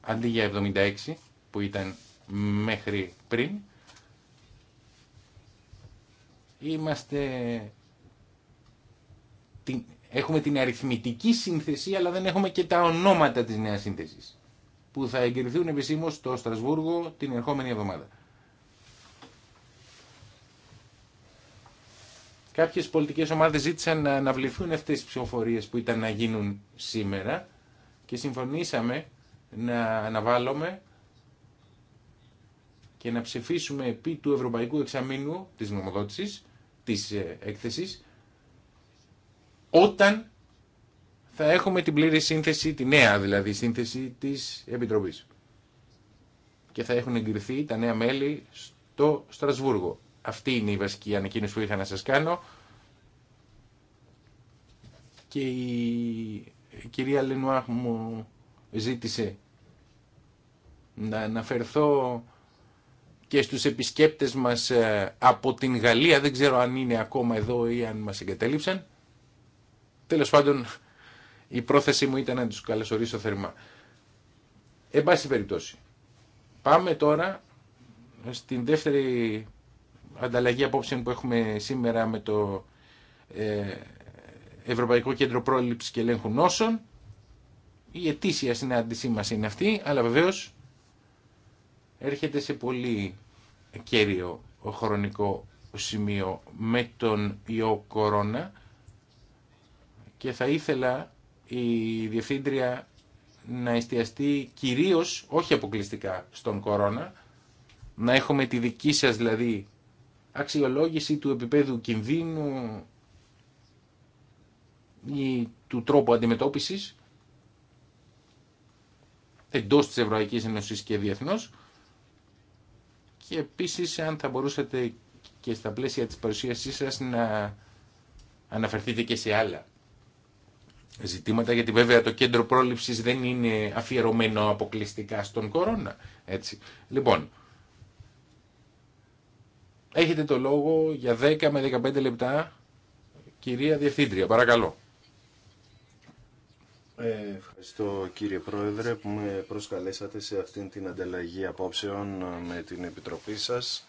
αντί για 76 που ήταν μέχρι πριν. Είμαστε Έχουμε την αριθμητική σύνθεση, αλλά δεν έχουμε και τα ονόματα της νέας σύνθεσης, που θα εγκριθούν επισήμω στο Στρασβούργο την ερχόμενη εβδομάδα. Κάποιες πολιτικές ομάδες ζήτησαν να αναβληθούν αυτές τις ψηφοφορίες που ήταν να γίνουν σήμερα και συμφωνήσαμε να αναβάλουμε και να ψηφίσουμε επί του Ευρωπαϊκού Εξαμήνου της νομοδότησης, της ε, έκθεσης, όταν θα έχουμε την πλήρη σύνθεση, τη νέα δηλαδή σύνθεση της Επιτροπής. Και θα έχουν εγκριθεί τα νέα μέλη στο Στρασβούργο. Αυτή είναι η βασική ανακοίνωση που είχα να σας κάνω. Και η κυρία Λενουάχ μου ζήτησε να αναφερθώ και στους επισκέπτες μας ε, από την Γαλλία. Δεν ξέρω αν είναι ακόμα εδώ ή αν μας εγκατέλειψαν. Τέλο πάντων, η πρόθεσή μου ήταν να του καλωσορίσω θερμά. Εν πάση περιπτώσει, πάμε τώρα στην δεύτερη ανταλλαγή απόψεων που έχουμε σήμερα με το ε, Ευρωπαϊκό Κέντρο πρόληψη και Ελέγχου Νόσων. Η ετήσια συνάντησή μας είναι αυτή, αλλά βεβαίως έρχεται σε πολύ κέριο χρονικό σημείο με τον ιό κορώνα και θα ήθελα η Διευθύντρια να εστιαστεί κυρίως, όχι αποκλειστικά, στον κορώνα, να έχουμε τη δική σας δηλαδή αξιολόγηση του επίπεδου κινδύνου ή του τρόπου αντιμετώπισης εντό της Ευρωπαϊκής Ένωσης και διεθνώς και επίσης αν θα μπορούσατε και στα πλαίσια της παρουσίασής σας να αναφερθείτε και σε άλλα ζητήματα, γιατί βέβαια το κέντρο πρόληψης δεν είναι αφιερωμένο αποκλειστικά στον κορώνα. Έτσι. Λοιπόν, έχετε το λόγο για 10 με 15 λεπτά, κυρία Διευθύντρια, παρακαλώ. Ε, ευχαριστώ κύριε Πρόεδρε που με προσκαλέσατε σε αυτήν την ανταλλαγή απόψεων ε, με την Επιτροπή σας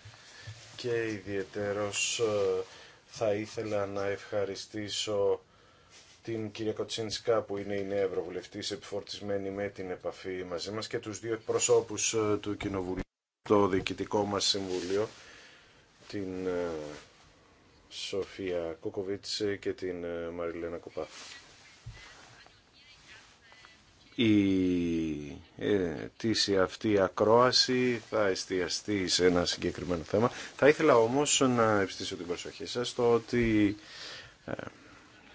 και ιδιαίτερος ε, θα ήθελα να ευχαριστήσω την κυρία Κοτσίνσκα που είναι η νέα Ευρωβουλευτής επιφορτισμένη με την επαφή μαζί μας και τους δύο εκπροσώπους ε, του Κοινοβουλίου, το Διοικητικό μας Συμβουλίο, την ε, Σοφία Κούκοβιτς και την ε, Μαριλένα Κουπά. Η ε, αυτή ακρόαση θα εστιαστεί σε ένα συγκεκριμένο θέμα. Θα ήθελα όμως να ευστήσω την προσοχή σας στο ότι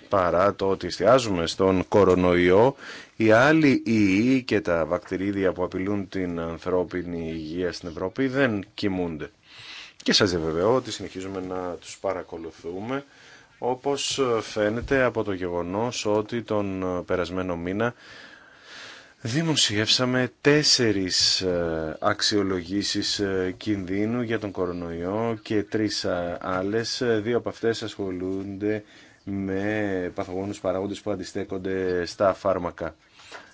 παρά το ότι εστιάζουμε στον κορονοϊό, οι άλλοι ιοί και τα βακτηρίδια που απειλούν την ανθρώπινη υγεία στην Ευρώπη δεν κοιμούνται. Και σας διαβεβαιώ ότι συνεχίζουμε να τους παρακολουθούμε, όπως φαίνεται από το γεγονός ότι τον περασμένο μήνα Δημοσιεύσαμε τέσσερις ε, αξιολογήσεις ε, κινδύνου για τον κορονοϊό και τρεις ε, άλλες. Δύο από αυτές ασχολούνται με παθογόνους παράγοντες που αντιστέκονται στα φάρμακα.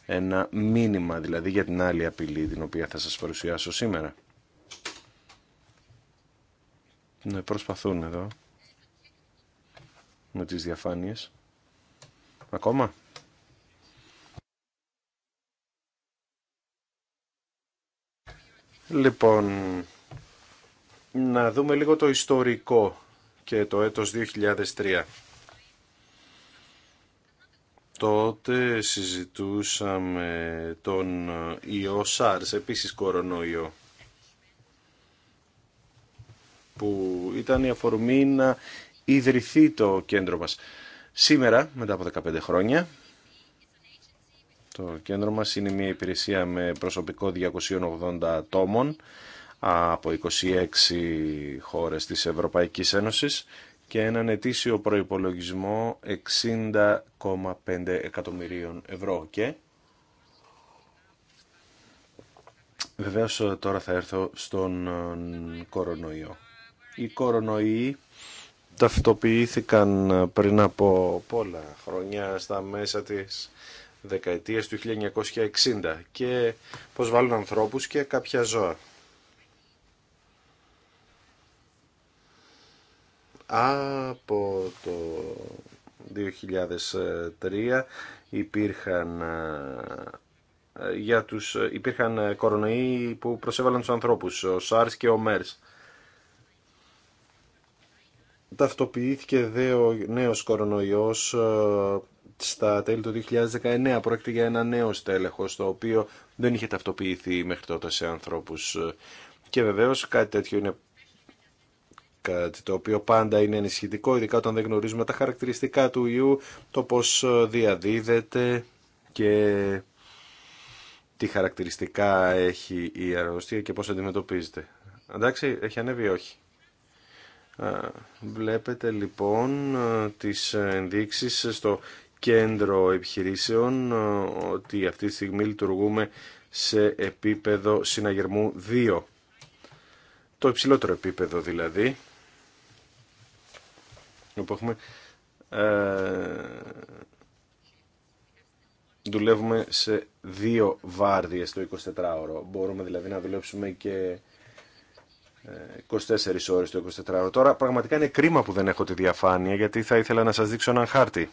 Ένα μήνυμα δηλαδή για την άλλη απειλή την οποία θα σας παρουσιάσω σήμερα. Να προσπαθούν εδώ με τις διαφάνειες. Ακόμα. Λοιπόν, να δούμε λίγο το ιστορικό και το έτος 2003 τότε συζητούσαμε τον ιό SARS, επίσης κορονοϊό, που ήταν η αφορμή να ιδρυθεί το κέντρο μας. Σήμερα, μετά από 15 χρόνια, το κέντρο μας είναι μια υπηρεσία με προσωπικό 280 ατόμων από 26 χώρες της Ευρωπαϊκής Ένωσης και έναν ετήσιο προϋπολογισμό 60,5 εκατομμυρίων ευρώ. Και βεβαίως ε, τώρα θα έρθω στον ε, κορονοϊό. Οι κορονοϊοί ταυτοποιήθηκαν ε, πριν από πολλά χρόνια στα μέσα της δεκαετίας του 1960 και πως βάλουν ανθρώπους και κάποια ζώα. από το 2003 υπήρχαν ε, για τους, υπήρχαν κορονοϊοί που προσέβαλαν τους ανθρώπους, ο ΣΑΡΣ και ο ΜΕΡΣ. Ταυτοποιήθηκε δε ο νέος κορονοϊός ε, στα τέλη του 2019. Πρόκειται για ένα νέο στέλεχος, το οποίο δεν είχε ταυτοποιηθεί μέχρι τότε σε ανθρώπους. Ε, και βεβαίως κάτι τέτοιο είναι κάτι το οποίο πάντα είναι ενισχυτικό, ειδικά όταν δεν γνωρίζουμε τα χαρακτηριστικά του ιού, το πώς ε, διαδίδεται και τι χαρακτηριστικά έχει η αρρωστία και πώς αντιμετωπίζεται. Εντάξει, έχει ανέβει ή όχι. Βλέπετε λοιπόν ε, τις ενδείξεις στο κέντρο επιχειρήσεων ε, ότι αυτή τη στιγμή λειτουργούμε σε επίπεδο συναγερμού 2. Το υψηλότερο επίπεδο δηλαδή που έχουμε ε, δουλεύουμε σε δύο βάρδιες το 24ωρο. Μπορούμε δηλαδή να δουλέψουμε και 24 ε, ώρες το 24ωρο. Τώρα πραγματικά είναι κρίμα που δεν έχω τη διαφάνεια γιατί θα ήθελα να σας δείξω έναν χάρτη.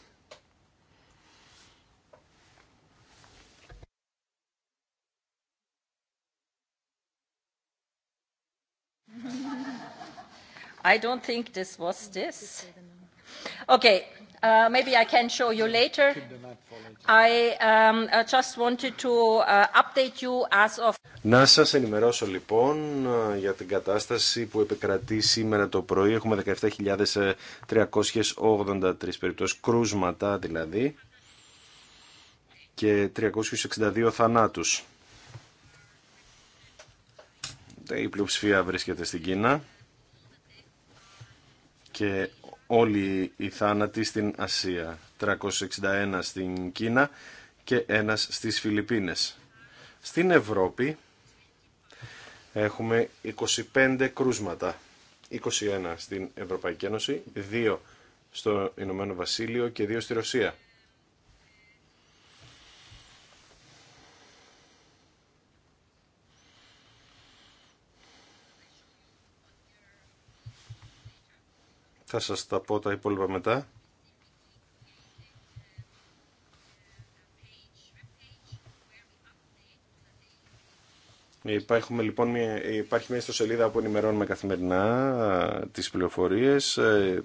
I don't think this was this. Okay, uh, maybe I can show you later. I um, uh, just wanted to uh, update you as of... Να σα ενημερώσω λοιπόν για την κατάσταση που επικρατεί σήμερα το πρωί. Έχουμε 17.383 ε, περιπτώσει κρούσματα δηλαδή και 362 θανάτους. Η πλειοψηφία βρίσκεται στην Κίνα και όλοι οι θάνατοι στην Ασία, 361 στην Κίνα και ένας στις Φιλιππίνες. Στην Ευρώπη έχουμε 25 κρούσματα, 21 στην Ευρωπαϊκή Ένωση, 2 στο Ηνωμένο Βασίλειο και 2 στη Ρωσία. Θα σας τα πω τα υπόλοιπα μετά. Υπάρχουμε, λοιπόν, μια, υπάρχει μια ιστοσελίδα που ενημερώνουμε καθημερινά ε, τις πληροφορίες ε,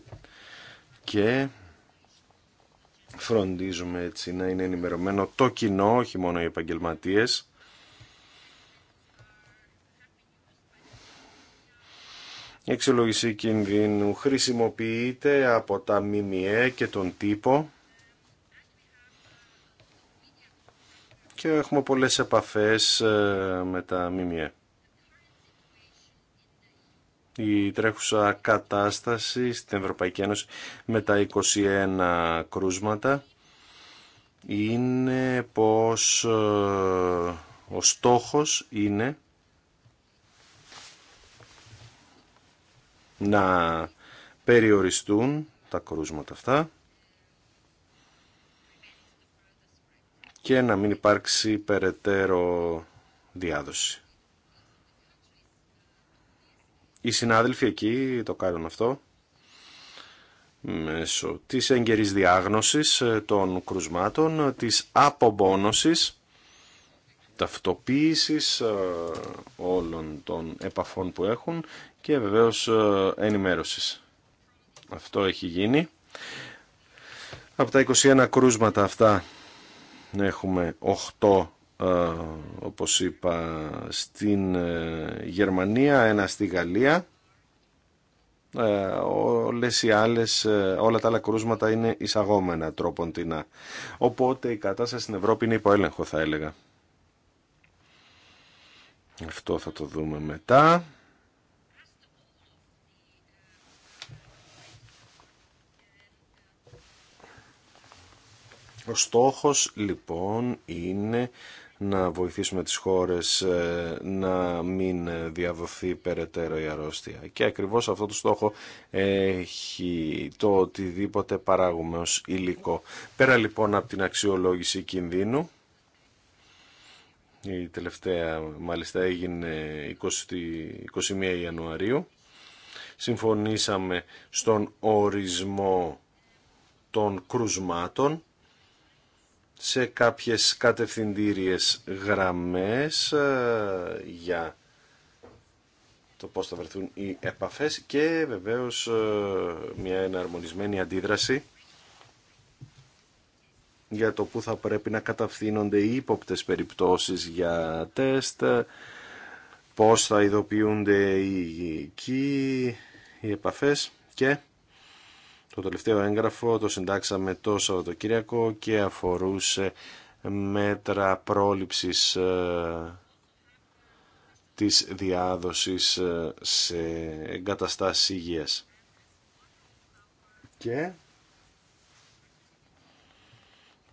και φροντίζουμε έτσι να είναι ενημερωμένο το κοινό, όχι μόνο οι επαγγελματίες. Η αξιολόγηση κινδύνου χρησιμοποιείται από τα ΜΜΕ και τον τύπο και έχουμε πολλές επαφές ε, με τα ΜΜΕ. Η τρέχουσα κατάσταση στην Ευρωπαϊκή Ένωση με τα 21 κρούσματα είναι πως ε, ο στόχος είναι να περιοριστούν τα κρούσματα αυτά και να μην υπάρξει περαιτέρω διάδοση. Οι συνάδελφοι εκεί το κάνουν αυτό μέσω της έγκαιρης διάγνωσης των κρουσμάτων, της απομπόνωσης ταυτοποίησης ε, όλων των επαφών που έχουν και βεβαίως ε, ενημέρωσης. Αυτό έχει γίνει. Από τα 21 κρούσματα αυτά έχουμε 8 ε, όπως είπα στην Γερμανία, ένα στη Γαλλία. Όλες οι άλλες, όλα τα άλλα κρούσματα είναι εισαγόμενα τρόπον την Οπότε η κατάσταση στην Ευρώπη είναι υποέλεγχο θα έλεγα. Αυτό θα το δούμε μετά. Ο στόχος λοιπόν είναι να βοηθήσουμε τις χώρες ε, να μην διαδοθεί περαιτέρω η αρρώστια. Και ακριβώς αυτό το στόχο έχει το οτιδήποτε παράγουμε ως υλικό. Πέρα λοιπόν από την αξιολόγηση κινδύνου, η τελευταία μάλιστα έγινε 20, 21 Ιανουαρίου. Συμφωνήσαμε στον ορισμό των κρουσμάτων σε κάποιες κατευθυντήριες γραμμές ε, για το πώς θα βρεθούν οι επαφές και βεβαίως ε, μια εναρμονισμένη αντίδραση για το που θα πρέπει να καταυθύνονται οι ύποπτες περιπτώσεις για τεστ, πώς θα ειδοποιούνται οι οι επαφές και το τελευταίο έγγραφο το συντάξαμε το Σαββατοκύριακο και αφορούσε μέτρα πρόληψης ε, της διάδοσης ε, σε εγκαταστάσεις υγείας. Και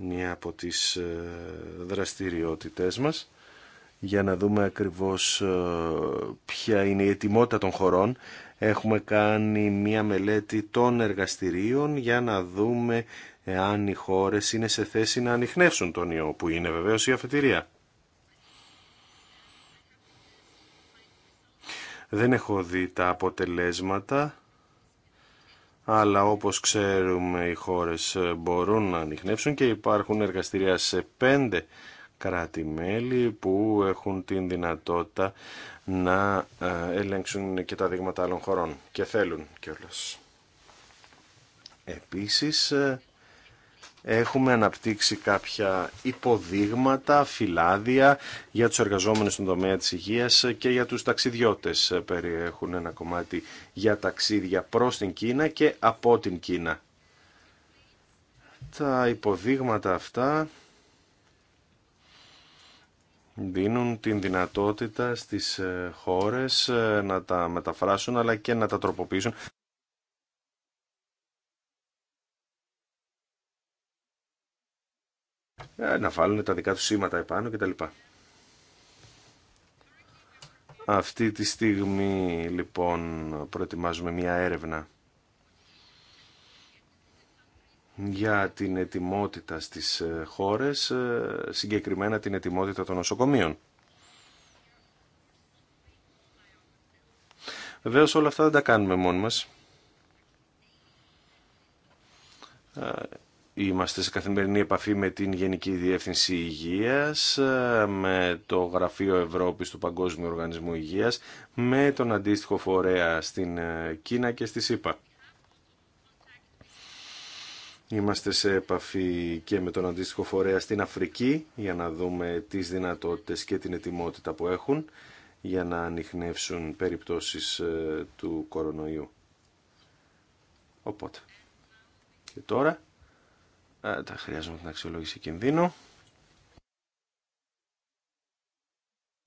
μία από τις ε, δραστηριότητές μας για να δούμε ακριβώς ε, ποια είναι η ετοιμότητα των χωρών. Έχουμε κάνει μία μελέτη των εργαστηρίων για να δούμε αν οι χώρες είναι σε θέση να ανοιχνεύσουν τον ιό, που είναι βεβαίως η αφετηρία. Δεν έχω δει τα αποτελέσματα αλλά όπως ξέρουμε οι χώρες ε, μπορούν να ανοιχνεύσουν και υπάρχουν εργαστηριά σε πέντε κράτη-μέλη που έχουν την δυνατότητα να ε, ελέγξουν και τα δείγματα άλλων χωρών και θέλουν κιόλας. Επίσης ε, έχουμε αναπτύξει κάποια υποδείγματα, φυλάδια για τους εργαζόμενους στον τομέα της υγείας και για τους ταξιδιώτες. Ε, περιέχουν ένα κομμάτι για ταξίδια προς την Κίνα και από την Κίνα. Τα υποδείγματα αυτά δίνουν την δυνατότητα στις ε, χώρες ε, να τα μεταφράσουν αλλά και να τα τροποποιήσουν Ε, να βάλουν τα δικά του σήματα επάνω κτλ. Αυτή τη στιγμή λοιπόν προετοιμάζουμε μια έρευνα για την ετοιμότητα στις ε, χώρες, ε, συγκεκριμένα την ετοιμότητα των νοσοκομείων. Βεβαίω όλα αυτά δεν τα κάνουμε μόνοι μας. Είμαστε σε καθημερινή επαφή με την Γενική Διεύθυνση Υγείας, με το Γραφείο Ευρώπης του Παγκόσμιου Οργανισμού Υγείας, με τον αντίστοιχο φορέα στην ε, Κίνα και στη ΣΥΠΑ. Είμαστε σε επαφή και με τον αντίστοιχο φορέα στην Αφρική για να δούμε τις δυνατότητες και την ετοιμότητα που έχουν για να ανοιχνεύσουν περιπτώσεις ε, του κορονοϊού. Οπότε. Και τώρα τα χρειάζομαι την αξιολόγηση κινδύνου.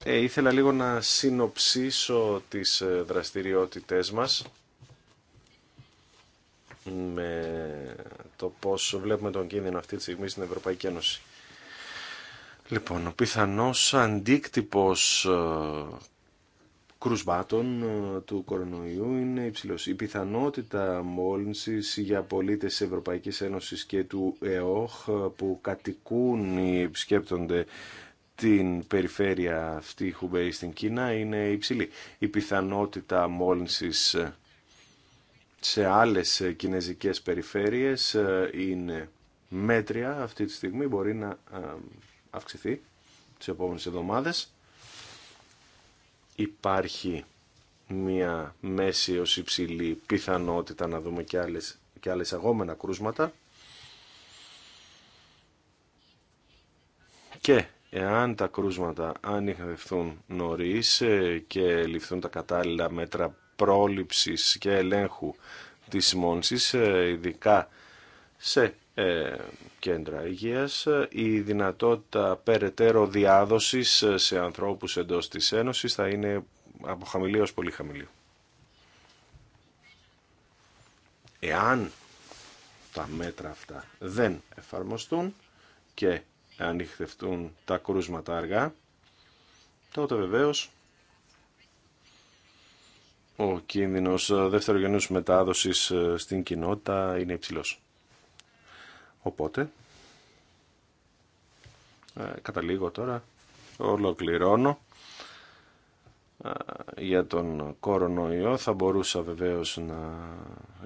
Ε, ήθελα λίγο να συνοψίσω τις ε, δραστηριότητές μας με το πώς βλέπουμε τον κίνδυνο αυτή τη στιγμή στην Ευρωπαϊκή Ένωση. Λοιπόν, ο πιθανός αντίκτυπος ε, κρουσμάτων ε, του κορονοϊού είναι υψηλός. Η πιθανότητα μόλυνσης για πολίτες της Ευρωπαϊκής Ένωσης και του ΕΟΧ ε, που κατοικούν ή επισκέπτονται την περιφέρεια αυτή Χουμπέη στην Κίνα είναι υψηλή. Η πιθανότητα μόλυνσης ε, σε άλλες κινέζικες περιφέρειες είναι μέτρια αυτή τη στιγμή, μπορεί να αυξηθεί τις επόμενες εβδομάδες υπάρχει μια μέση ως υψηλή πιθανότητα να δούμε και άλλες, και άλλες αγόμενα κρούσματα και εάν τα κρούσματα ανοιχνευθούν νωρίς ε, και ληφθούν τα κατάλληλα μέτρα πρόληψης και ελέγχου της μόνσης, ε, ειδικά σε ε, κέντρα υγείας, η δυνατότητα περαιτέρω διάδοσης σε ανθρώπους εντός της Ένωσης θα είναι από χαμηλή ως πολύ χαμηλή. Εάν τα μέτρα αυτά δεν εφαρμοστούν και ανοιχτευτούν τα κρούσματα αργά, τότε βεβαίως ο κίνδυνος δευτερογενούς μετάδοσης ε, στην κοινότητα είναι υψηλός. Οπότε, ε, καταλήγω τώρα, ολοκληρώνω ε, για τον κορονοϊό. Θα μπορούσα βεβαίως να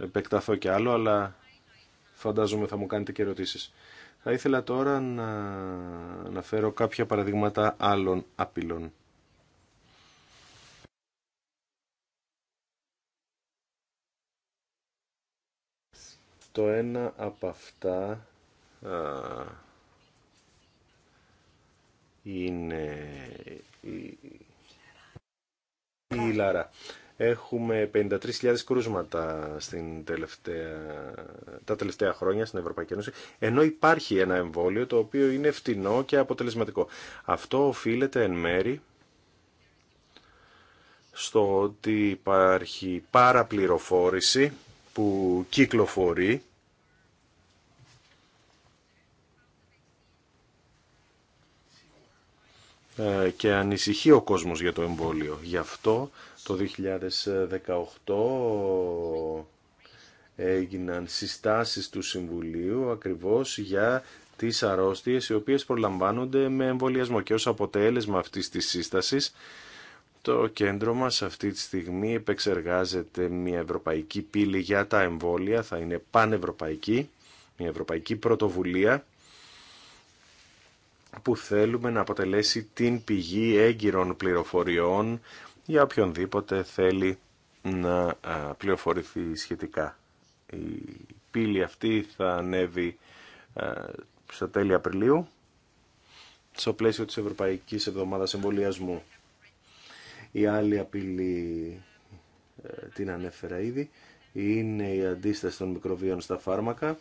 επεκταθώ και άλλο, αλλά φαντάζομαι θα μου κάνετε και ερωτήσεις. Θα ήθελα τώρα να φέρω κάποια παραδείγματα άλλων απειλών. Το ένα από αυτά είναι η, η Λάρα. Έχουμε 53.000 κρούσματα στην τελευταία, τα τελευταία χρόνια στην Ευρωπαϊκή Ένωση, ενώ υπάρχει ένα εμβόλιο το οποίο είναι φτηνό και αποτελεσματικό. Αυτό οφείλεται εν μέρη στο ότι υπάρχει παραπληροφόρηση που κυκλοφορεί Ε, και ανησυχεί ο κόσμος για το εμβόλιο. Γι' αυτό το 2018 έγιναν συστάσεις του Συμβουλίου ακριβώς για τις αρρώστιες οι οποίες προλαμβάνονται με εμβολιασμό και ως αποτέλεσμα αυτής της σύστασης το κέντρο μας αυτή τη στιγμή επεξεργάζεται μια ευρωπαϊκή πύλη για τα εμβόλια, θα είναι πανευρωπαϊκή, μια ευρωπαϊκή πρωτοβουλία που θέλουμε να αποτελέσει την πηγή έγκυρων πληροφοριών για οποιονδήποτε θέλει να πληροφορηθεί σχετικά. Η πύλη αυτή θα ανέβει στα τέλη Απριλίου στο πλαίσιο της Ευρωπαϊκής Εβδομάδας Εμβολιασμού. Η άλλη απειλή ε, την ανέφερα ήδη είναι η αντίσταση των μικροβίων στα φάρμακα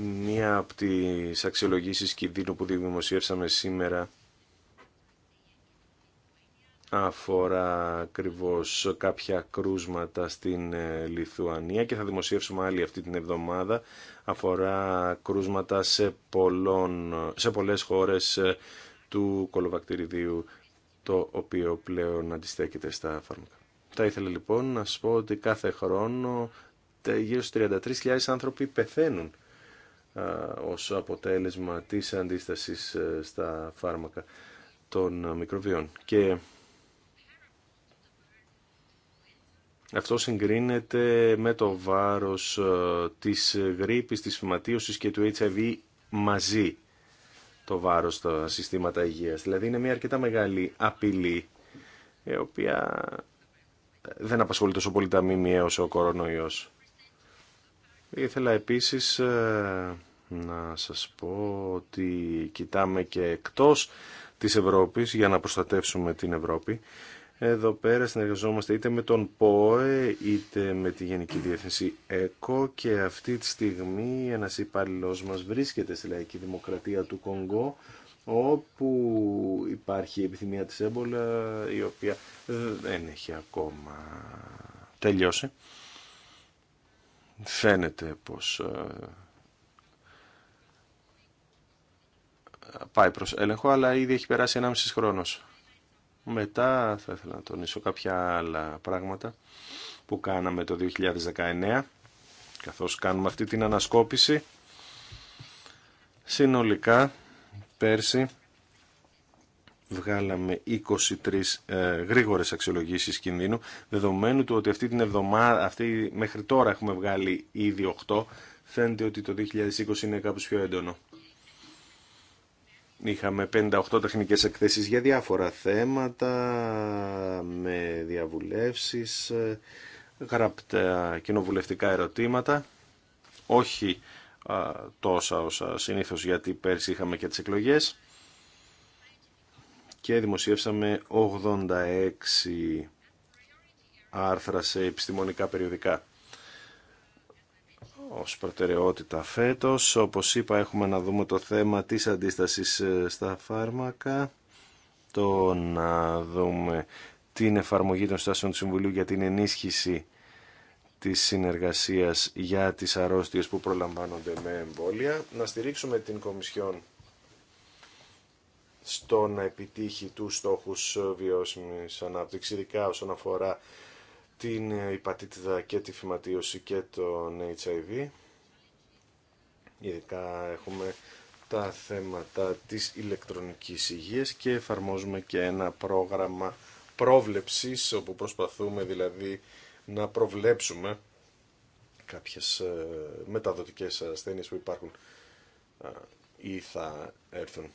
Μία από τις αξιολογήσεις κινδύνου που δημοσίευσαμε σήμερα αφορά ακριβώ κάποια κρούσματα στην ε, Λιθουανία και θα δημοσίευσουμε άλλη αυτή την εβδομάδα αφορά κρούσματα σε, πολλών, σε πολλές χώρες ε, του κολοβακτηριδίου το οποίο πλέον αντιστέκεται στα φάρμακα. Θα ήθελα λοιπόν να σας πω ότι κάθε χρόνο γύρω στους 33.000 άνθρωποι πεθαίνουν ως αποτέλεσμα της αντίστασης ε, στα φάρμακα των ε, μικροβιών. Και αυτό συγκρίνεται με το βάρος ε, της γρήπης, της φυματίωσης και του HIV μαζί το βάρος στα συστήματα υγείας. Δηλαδή είναι μια αρκετά μεγάλη απειλή η οποία δεν απασχολεί τόσο πολύ τα ΜΜΕ όσο ο κορονοϊός. Ήθελα επίσης ε, να σας πω ότι κοιτάμε και εκτός της Ευρώπης για να προστατεύσουμε την Ευρώπη. Εδώ πέρα συνεργαζόμαστε είτε με τον ΠΟΕ είτε με τη Γενική Διεύθυνση ΕΚΟ και αυτή τη στιγμή ένας υπάλληλο μας βρίσκεται στη Λαϊκή Δημοκρατία του Κονγκό όπου υπάρχει η επιθυμία της έμπολα η οποία δεν έχει ακόμα τελειώσει φαίνεται πως ε, πάει προς έλεγχο, αλλά ήδη έχει περάσει 1,5 χρόνος. Μετά θα ήθελα να τονίσω κάποια άλλα πράγματα που κάναμε το 2019, καθώς κάνουμε αυτή την ανασκόπηση. Συνολικά, πέρσι, βγάλαμε 23 ε, γρήγορες αξιολογήσεις κινδύνου, δεδομένου του ότι αυτή την εβδομάδα, αυτή, μέχρι τώρα έχουμε βγάλει ήδη 8, φαίνεται ότι το 2020 είναι κάπως πιο έντονο. Είχαμε 58 τεχνικές εκθέσεις για διάφορα θέματα, με διαβουλεύσεις, ε, γραπτά κοινοβουλευτικά ερωτήματα, όχι α, τόσα όσα συνήθως γιατί πέρσι είχαμε και τις εκλογές και δημοσιεύσαμε 86 άρθρα σε επιστημονικά περιοδικά. Ως προτεραιότητα φέτος, όπως είπα, έχουμε να δούμε το θέμα της αντίστασης ε, στα φάρμακα, το να δούμε την εφαρμογή των στάσεων του Συμβουλίου για την ενίσχυση της συνεργασίας για τις αρρώστιες που προλαμβάνονται με εμβόλια, να στηρίξουμε την Κομισιόν στο να επιτύχει τους στόχους ε, βιώσιμης ανάπτυξης, ειδικά όσον αφορά την ε, υπατήτηδα και τη φυματίωση και τον HIV. Ειδικά έχουμε τα θέματα της ηλεκτρονικής υγείας και εφαρμόζουμε και ένα πρόγραμμα πρόβλεψης όπου προσπαθούμε δηλαδή να προβλέψουμε κάποιες ε, μεταδοτικές ασθένειες που υπάρχουν ή θα έρθουν.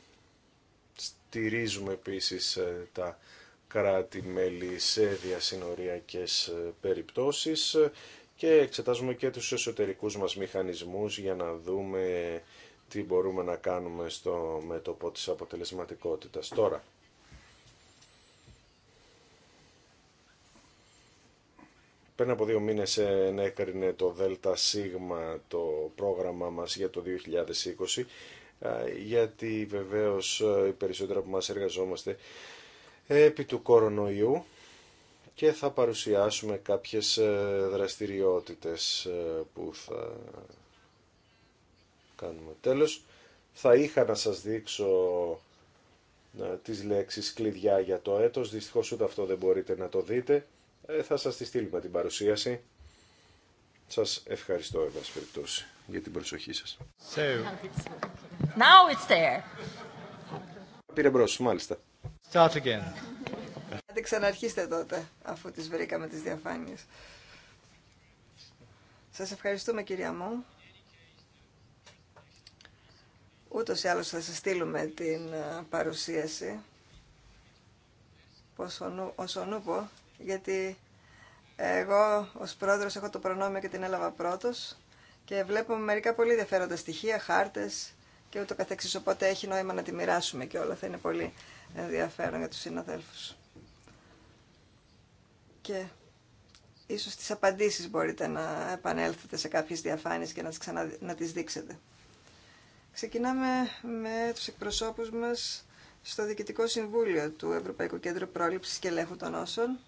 Στηρίζουμε επίσης ε, τα κράτη-μέλη σε διασυνοριακές ε, περιπτώσεις ε, και εξετάζουμε και τους εσωτερικούς μας μηχανισμούς για να δούμε τι μπορούμε να κάνουμε στο μέτωπο της αποτελεσματικότητας. Τώρα, πέρα από δύο μήνες ενέκρινε το ΔΣ το πρόγραμμα μας για το 2020 γιατί βεβαίως οι περισσότεροι που μας εργαζόμαστε επί του κορονοϊού και θα παρουσιάσουμε κάποιες δραστηριότητες που θα κάνουμε. Τέλος, θα είχα να σας δείξω τις λέξεις κλειδιά για το έτος, δυστυχώς ούτε αυτό δεν μπορείτε να το δείτε. Ε, θα σας τη στείλουμε την παρουσίαση. Σας ευχαριστώ, εν για την προσοχή σας. Now it's there. Πήρε μάλιστα. Start again. Άντε ξαναρχίστε τότε, αφού τις βρήκαμε τις διαφάνειες. Σας ευχαριστούμε κυρία μου. Ούτως ή άλλως θα σας στείλουμε την ε, παρουσίαση. Ως ονούπο, γιατί εγώ ως πρόεδρος έχω το προνόμιο και την έλαβα πρώτος και βλέπουμε μερικά πολύ ενδιαφέροντα στοιχεία, χάρτες και ούτω καθεξής, οπότε έχει νόημα να τη μοιράσουμε και όλα θα είναι πολύ ενδιαφέρον για του συναδέλφου. Και ίσω τι απαντήσεις μπορείτε να επανέλθετε σε κάποιε διαφάνειες και να τι ξανα... δείξετε. Ξεκινάμε με τους εκπροσώπους μας στο Διοικητικό Συμβούλιο του Ευρωπαϊκού Κέντρου Πρόληψης και Ελέγχου των Όσων.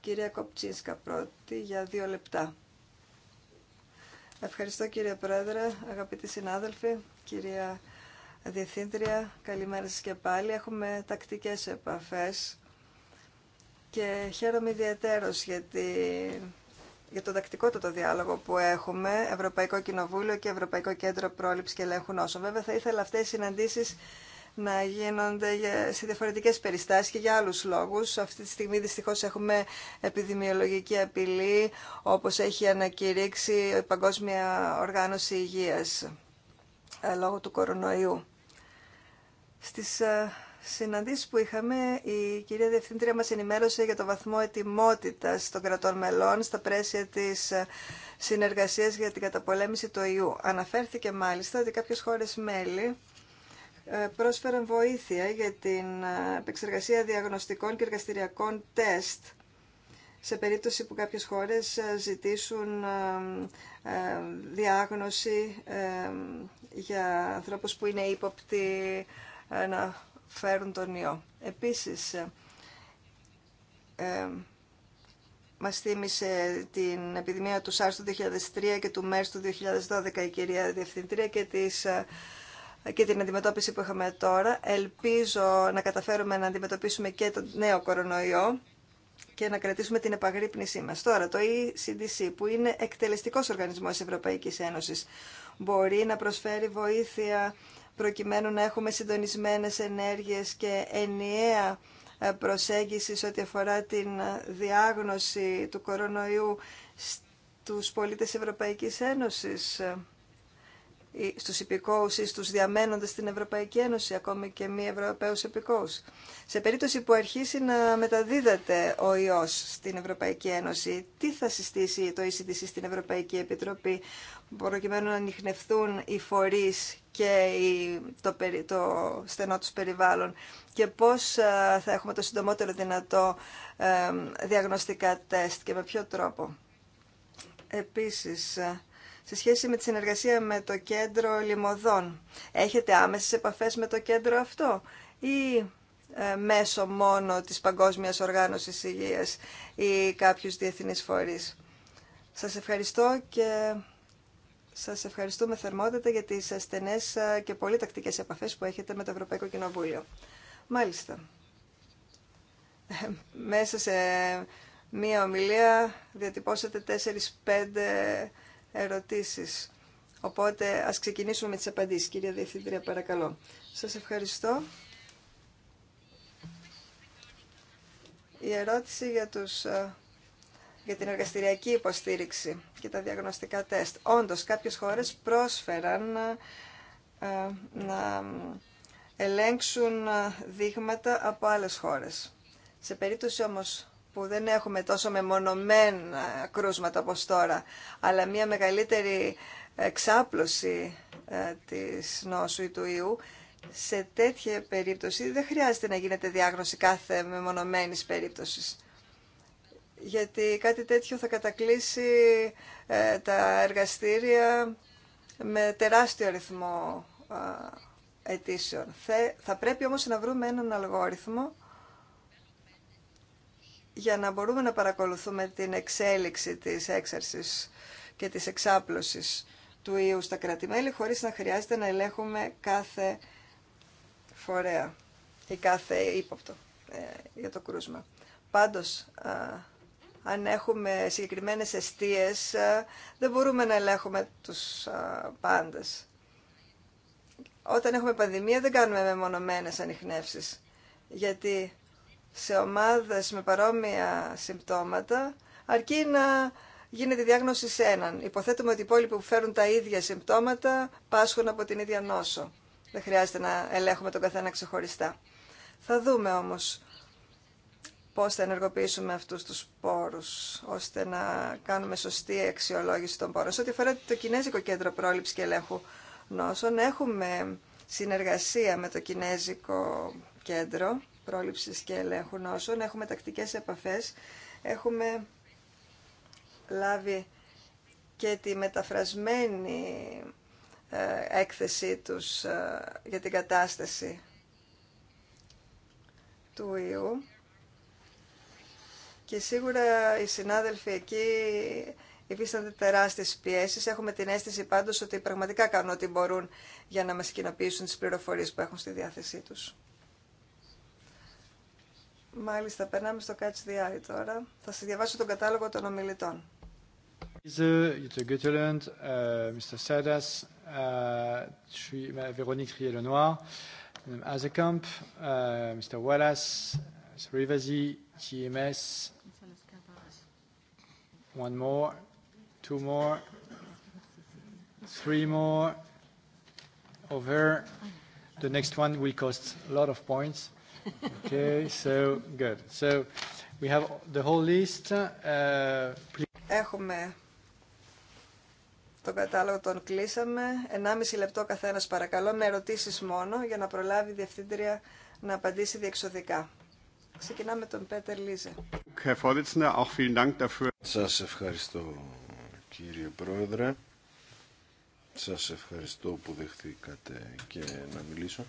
Κυρία Κοπτσίνσκα πρώτη για δύο λεπτά. Ευχαριστώ κύριε Πρόεδρε, αγαπητοί συνάδελφοι, κυρία Διευθύντρια, καλημέρα σας και πάλι. Έχουμε τακτικές επαφές και χαίρομαι ιδιαίτερος γιατί για τον τακτικότατο διάλογο που έχουμε, Ευρωπαϊκό Κοινοβούλιο και Ευρωπαϊκό Κέντρο Πρόληψη και Ελέγχου Νόσων. Βέβαια, θα ήθελα αυτές οι συναντήσει να γίνονται σε διαφορετικέ περιστάσεις και για άλλους λόγους. Αυτή τη στιγμή δυστυχώ έχουμε επιδημιολογική απειλή, όπως έχει ανακηρύξει η Παγκόσμια Οργάνωση Υγείας ε, λόγω του κορονοϊού. Στις ε, συναντήσεις που είχαμε, η κυρία Διευθύντρια μας ενημέρωσε για το βαθμό ετοιμότητα των κρατών μελών στα πλαίσια τη ε, συνεργασία για την καταπολέμηση του ιού. Αναφέρθηκε μάλιστα ότι κάποιε χώρε μέλη ε, πρόσφεραν βοήθεια για την ε, επεξεργασία διαγνωστικών και εργαστηριακών τεστ σε περίπτωση που κάποιες χώρες ε, ζητήσουν διάγνωση για ανθρώπους που είναι ύποπτοι να φέρουν τον ιό. Επίσης, μα μας θύμισε την επιδημία του ΣΑΡΣ του 2003 και του ΜΕΡΣ του 2012 η κυρία Διευθυντρία και τις και την αντιμετώπιση που είχαμε τώρα. Ελπίζω να καταφέρουμε να αντιμετωπίσουμε και τον νέο κορονοϊό και να κρατήσουμε την επαγρύπνησή μας. Τώρα, το ECDC, που είναι εκτελεστικός οργανισμός της Ευρωπαϊκής Ένωσης, μπορεί να προσφέρει βοήθεια προκειμένου να έχουμε συντονισμένες ενέργειες και ενιαία ε, προσέγγιση σε ό,τι αφορά την ε, διάγνωση του κορονοϊού στους πολίτες Ευρωπαϊκής Ένωσης. Ε. Ε, Στου υπηκόου ή στους διαμένοντες στην Ευρωπαϊκή Ένωση, ακόμη και μη Ευρωπαίου υπηκόους. Σε περίπτωση που αρχίσει να μεταδίδεται ο ιός στην Ευρωπαϊκή Ένωση, τι θα συστήσει το ECDC στην Ευρωπαϊκή Επιτροπή, προκειμένου να ανοιχνευθούν οι φορείς και το, το στενό του περιβάλλον και πώ ε, θα έχουμε το συντομότερο δυνατό ε, διαγνωστικά τεστ και με ποιο τρόπο. Επίσης, σε σχέση με τη συνεργασία με το κέντρο λιμωδών. Έχετε άμεσες επαφές με το κέντρο αυτό ή ε, μέσω μόνο της Παγκόσμιας Οργάνωσης Υγείας ή κάποιους διεθνείς φορείς. Σας ευχαριστώ και σας ευχαριστούμε θερμότατα για τις ασθενές ε, και πολύ τακτικές επαφές που έχετε με το Ευρωπαϊκό Κοινοβούλιο. Μάλιστα. Ε, μέσα σε μία ομιλία διατυπώσατε 4-5 ερωτήσεις. Οπότε ας ξεκινήσουμε με τις απαντήσεις. Κυρία Διευθύντρια, παρακαλώ. Σας ευχαριστώ. Η ερώτηση για, τους, ε, για την εργαστηριακή υποστήριξη και τα διαγνωστικά τεστ. Όντως, κάποιες χώρες πρόσφεραν ε, να ελέγξουν ε, δείγματα από άλλες χώρες. Σε περίπτωση όμως που δεν έχουμε τόσο μεμονωμένα κρούσματα όπως τώρα, αλλά μια μεγαλύτερη εξάπλωση ε, της νόσου ή του ιού, σε τέτοια περίπτωση δεν χρειάζεται να γίνεται διάγνωση κάθε μεμονωμένης περίπτωσης. Γιατί κάτι τέτοιο θα κατακλείσει ε, τα εργαστήρια με τεράστιο αριθμό ε, αιτήσεων. Θα πρέπει όμως να βρούμε έναν αλγόριθμο για να μπορούμε να παρακολουθούμε την εξέλιξη της έξαρσης και της εξάπλωσης του ιού στα κρατημέλη χωρίς να χρειάζεται να ελέγχουμε κάθε φορέα ή κάθε ύποπτο ε, για το κρούσμα. Πάντως, αν έχουμε συγκεκριμένες αιστείες, δεν μπορούμε να ελέγχουμε τους πάντες. Όταν έχουμε πανδημία δεν κάνουμε μεμονωμένες ανιχνεύσεις, γιατί σε ομάδες με παρόμοια συμπτώματα, αρκεί να γίνεται διάγνωση σε έναν. Υποθέτουμε ότι οι υπόλοιποι που φέρουν τα ίδια συμπτώματα πάσχουν από την ίδια νόσο. Δεν χρειάζεται να ελέγχουμε τον καθένα ξεχωριστά. Θα δούμε όμως πώς θα ενεργοποιήσουμε αυτούς τους πόρους, ώστε να κάνουμε σωστή αξιολόγηση των πόρων. Σε ό,τι αφορά το Κινέζικο Κέντρο Πρόληψης και Ελέγχου Νόσων, έχουμε συνεργασία με το Κινέζικο Κέντρο πρόληψης και ελέγχου νόσων. Έχουμε τακτικές επαφές. Έχουμε λάβει και τη μεταφρασμένη ε, έκθεσή τους ε, για την κατάσταση του ιού. Και σίγουρα οι συνάδελφοι εκεί υφίστανται τεράστιες πιέσεις. Έχουμε την αίσθηση πάντως ότι πραγματικά κάνουν ό,τι μπορούν για να μας κοινοποιήσουν τις πληροφορίες που έχουν στη διάθεσή τους. Μάλιστα, περνάμε στο Catch the Eye τώρα. Θα σας διαβάσω τον κατάλογο των ομιλητών. Mr. Sadas, Véronique Rielenoir, Azekamp, Mr. Wallace, Srivasi, TMS, one more, two more, three more, over. The next one will cost a lot of points. Έχουμε το κατάλογο τον κλείσαμε. 1,5 λεπτό καθένας παρακαλώ με ερωτήσεις μόνο για να προλάβει η διευθύντρια να απαντήσει διεξοδικά. Ξεκινάμε τον Πέτερ Λίζε. Σας ευχαριστώ κύριε Πρόεδρε. Σας ευχαριστώ που δεχθήκατε και να μιλήσω.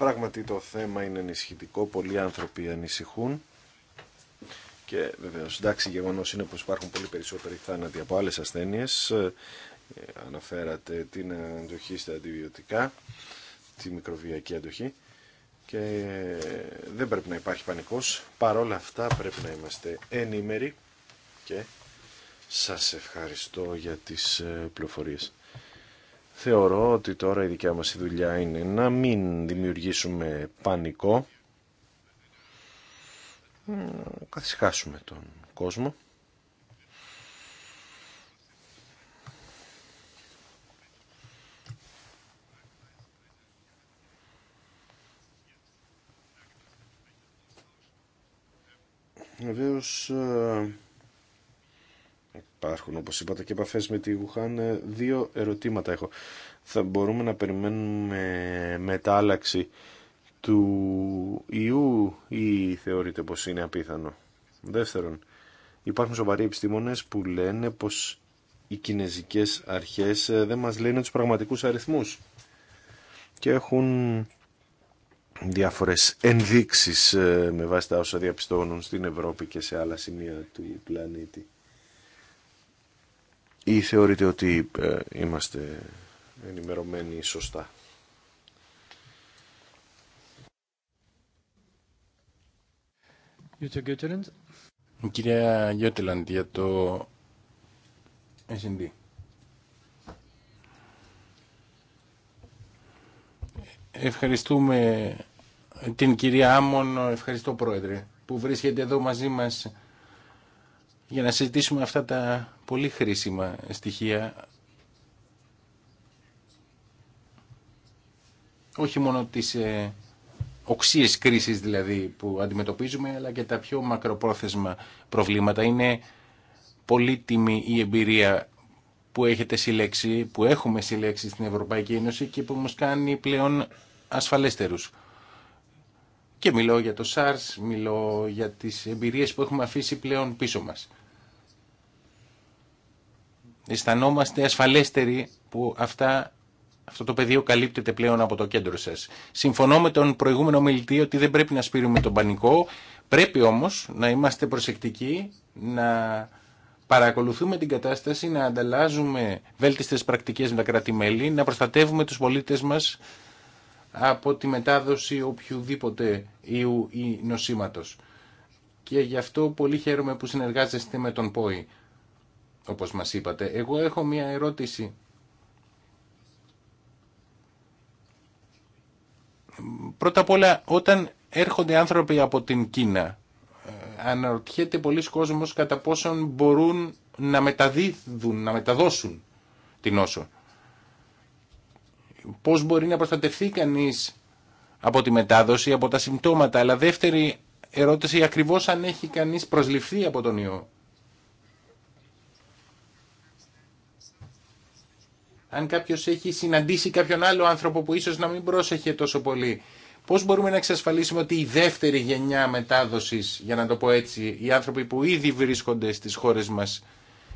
Πράγματι το θέμα είναι ενισχυτικό, πολλοί άνθρωποι ανησυχούν και βεβαίω εντάξει γεγονό είναι πως υπάρχουν πολύ περισσότεροι θάνατοι από άλλες ασθένειες. Ε, αναφέρατε την αντοχή στα αντιβιωτικά, τη μικροβιακή αντοχή και ε, δεν πρέπει να υπάρχει πανικός. Παρόλα αυτά πρέπει να είμαστε ενήμεροι και σας ευχαριστώ για τις ε, πληροφορίες. Θεωρώ ότι τώρα η δικιά μας η δουλειά είναι να μην δημιουργήσουμε πανικό, να καθισχάσουμε τον κόσμο. Βεβαίως ε, υπάρχουν, όπως είπατε, και επαφέ με τη Γουχάν. Ε, δύο ερωτήματα έχω. Θα μπορούμε να περιμένουμε μετάλλαξη του ιού ή θεωρείτε πως είναι απίθανο. Δεύτερον, υπάρχουν σοβαροί επιστήμονες που λένε πως οι κινέζικες αρχές ε, δεν μας λένε τους πραγματικούς αριθμούς και έχουν διάφορες ενδείξεις ε, με βάση τα όσα διαπιστώνουν στην Ευρώπη και σε άλλα σημεία του πλανήτη ή θεωρείτε ότι ε, είμαστε ενημερωμένοι σωστά. Κυρία Γιώτελαντ, για το S&D. Ευχαριστούμε την κυρία Άμον, ευχαριστώ πρόεδρε, που βρίσκεται εδώ μαζί μας για να συζητήσουμε αυτά τα πολύ χρήσιμα στοιχεία όχι μόνο τις ε, οξύες κρίσεις δηλαδή που αντιμετωπίζουμε αλλά και τα πιο μακροπρόθεσμα προβλήματα. Είναι πολύτιμη η εμπειρία που έχετε συλλέξει, που έχουμε συλλέξει στην Ευρωπαϊκή Ένωση και που μας κάνει πλέον ασφαλέστερους. Και μιλώ για το SARS, μιλώ για τις εμπειρίες που έχουμε αφήσει πλέον πίσω μας αισθανόμαστε ασφαλέστεροι που αυτά, αυτό το πεδίο καλύπτεται πλέον από το κέντρο σας. Συμφωνώ με τον προηγούμενο μιλητή ότι δεν πρέπει να σπείρουμε τον πανικό, πρέπει όμως να είμαστε προσεκτικοί, να παρακολουθούμε την κατάσταση, να ανταλλάζουμε βέλτιστες πρακτικές με τα κράτη-μέλη, να προστατεύουμε τους πολίτε μα από τη μετάδοση οποιοδήποτε ιού ή νοσήματος. Και γι' αυτό πολύ χαίρομαι που συνεργάζεστε με τον ΠΟΗ όπως μας είπατε. Εγώ έχω μια ερώτηση. Πρώτα απ' όλα, όταν έρχονται άνθρωποι από την Κίνα, ε, αναρωτιέται πολλοί κόσμος κατά πόσον μπορούν να μεταδίδουν, να μεταδώσουν την όσο. Πώς μπορεί να προστατευθεί κανείς από τη μετάδοση, από τα συμπτώματα. Αλλά δεύτερη ερώτηση, ακριβώς αν έχει κανείς προσληφθεί από τον ιό. αν κάποιος έχει συναντήσει κάποιον άλλο άνθρωπο που ίσως να μην πρόσεχε τόσο πολύ, πώς μπορούμε να εξασφαλίσουμε ότι η δεύτερη γενιά μετάδοσης, για να το πω έτσι, οι άνθρωποι που ήδη βρίσκονται στις χώρες μας,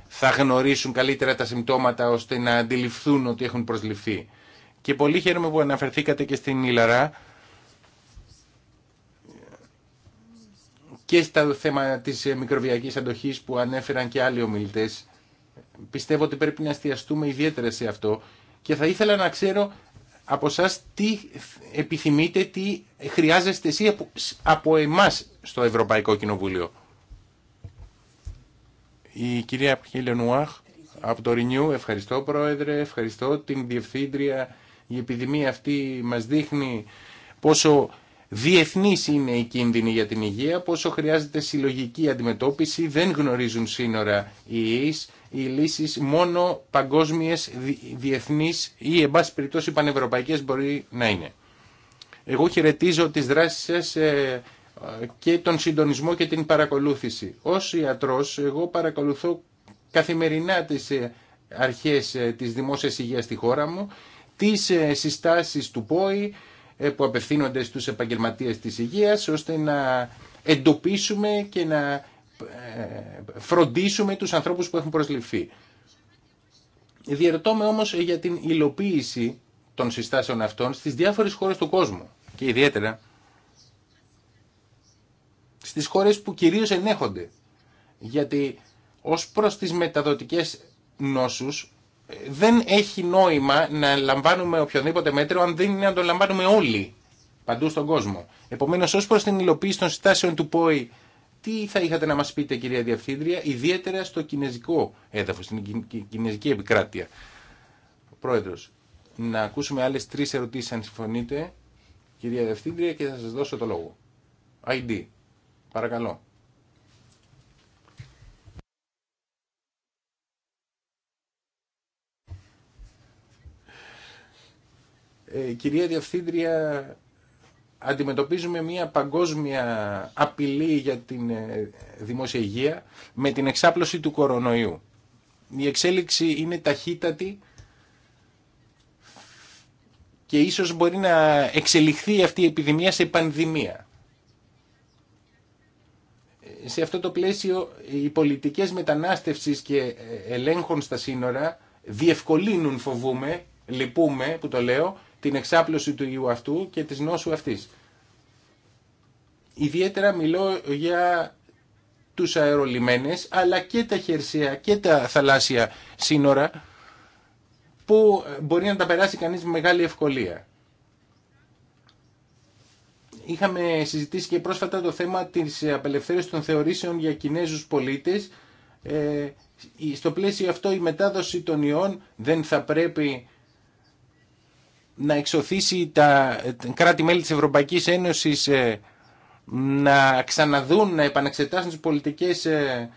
θα γνωρίσουν καλύτερα τα συμπτώματα ώστε να αντιληφθούν ότι έχουν προσληφθεί. Και πολύ χαίρομαι που αναφερθήκατε και στην Ιλαρά και στα θέμα της μικροβιακής αντοχής που ανέφεραν και άλλοι ομιλητές. Πιστεύω ότι πρέπει να εστιαστούμε ιδιαίτερα σε αυτό και θα ήθελα να ξέρω από εσά τι επιθυμείτε, τι χρειάζεστε εσύ από εμάς στο Ευρωπαϊκό Κοινοβούλιο. Η κυρία Νουάχ από το Ρινιού, ευχαριστώ πρόεδρε, ευχαριστώ την Διευθύντρια. Η επιδημία αυτή μας δείχνει πόσο διεθνής είναι η κίνδυνη για την υγεία, πόσο χρειάζεται συλλογική αντιμετώπιση, δεν γνωρίζουν σύνορα οι ΙΕΙΣ οι λύσει μόνο παγκόσμιες, διεθνεί ή εν πάση μπορεί να είναι. Εγώ χαιρετίζω τις δράσεις σα ε, και τον συντονισμό και την παρακολούθηση. Ως ιατρός εγώ παρακολουθώ καθημερινά τις ε, αρχές ε, της δημόσιας υγείας στη χώρα μου, τις συστάσεις του ΠΟΗ που απευθύνονται στους επαγγελματίες της υγείας ώστε να εντοπίσουμε και να ε, φροντίσουμε τους ανθρώπους που έχουν προσληφθεί. Διερωτώμε όμως για την υλοποίηση των συστάσεων αυτών στις διάφορες χώρες του κόσμου και ιδιαίτερα στις χώρες που κυρίως ενέχονται. Γιατί ως προς τις μεταδοτικές νόσους ε, δεν έχει νόημα να λαμβάνουμε οποιοδήποτε μέτρο αν δεν είναι να το λαμβάνουμε όλοι παντού στον κόσμο. Επομένως ως προς την υλοποίηση των συστάσεων του ΠΟΗ τι θα είχατε να μας πείτε κυρία Διευθύντρια, ιδιαίτερα στο κινέζικο έδαφος, στην κινέζικη επικράτεια. Πρόεδρος, να ακούσουμε άλλες τρεις ερωτήσεις αν συμφωνείτε, κυρία Διευθύντρια, και θα σας δώσω το λόγο. ID, παρακαλώ. Ε, κυρία Διευθύντρια, αντιμετωπίζουμε μια παγκόσμια απειλή για την ε, δημόσια υγεία με την εξάπλωση του κορονοϊού. Η εξέλιξη είναι ταχύτατη και ίσως μπορεί να εξελιχθεί αυτή η επιδημία σε πανδημία. Σε αυτό το πλαίσιο οι πολιτικές μετανάστευσης και ε, ελέγχων στα σύνορα διευκολύνουν φοβούμε, λυπούμε που το λέω, την εξάπλωση του ιού αυτού και της νόσου αυτής. Ιδιαίτερα μιλώ για τους αερολιμένες, αλλά και τα χερσαία και τα θαλάσσια σύνορα, που μπορεί να τα περάσει κανείς με μεγάλη ευκολία. Είχαμε συζητήσει και πρόσφατα το θέμα της απελευθέρωσης των θεωρήσεων για Κινέζους πολίτες. Ε, στο πλαίσιο αυτό η μετάδοση των ιών δεν θα πρέπει να εξωθήσει τα κράτη-μέλη της Ευρωπαϊκής Ένωσης ε, να ξαναδούν, να επαναξετάσουν τις πολιτικές ε,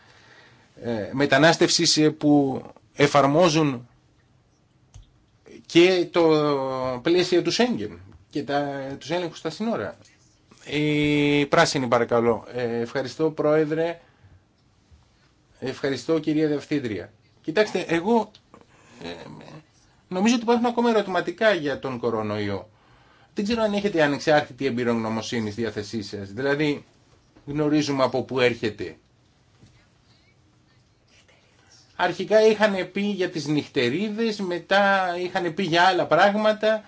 ε, μετανάστευσης που εφαρμόζουν και το πλαίσιο του Σέγγεν και τα, τους έλεγχους στα σύνορα. Η πράσινη παρακαλώ. ευχαριστώ Πρόεδρε. Ευχαριστώ κυρία Δευθύντρια. Κοιτάξτε, εγώ Νομίζω ότι υπάρχουν ακόμα ερωτηματικά για τον κορονοϊό. Δεν ξέρω αν έχετε ανεξάρτητη εμπειρογνωμοσύνη στη διάθεσή σα. Δηλαδή, γνωρίζουμε από πού έρχεται. Αρχικά είχαν πει για τις νυχτερίδες, μετά είχαν πει για άλλα πράγματα.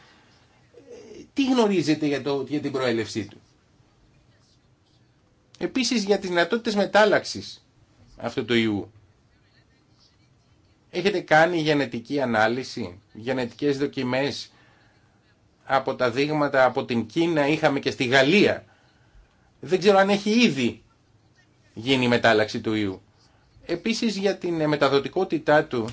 Τι γνωρίζετε για, το, για την προέλευσή του. Επίσης για τις δυνατότητε μετάλλαξης αυτού του ιού. Έχετε κάνει γενετική ανάλυση, γενετικές δοκιμές από τα δείγματα από την Κίνα, είχαμε και στη Γαλλία. Δεν ξέρω αν έχει ήδη γίνει η μετάλλαξη του ιού. Επίσης για την μεταδοτικότητά του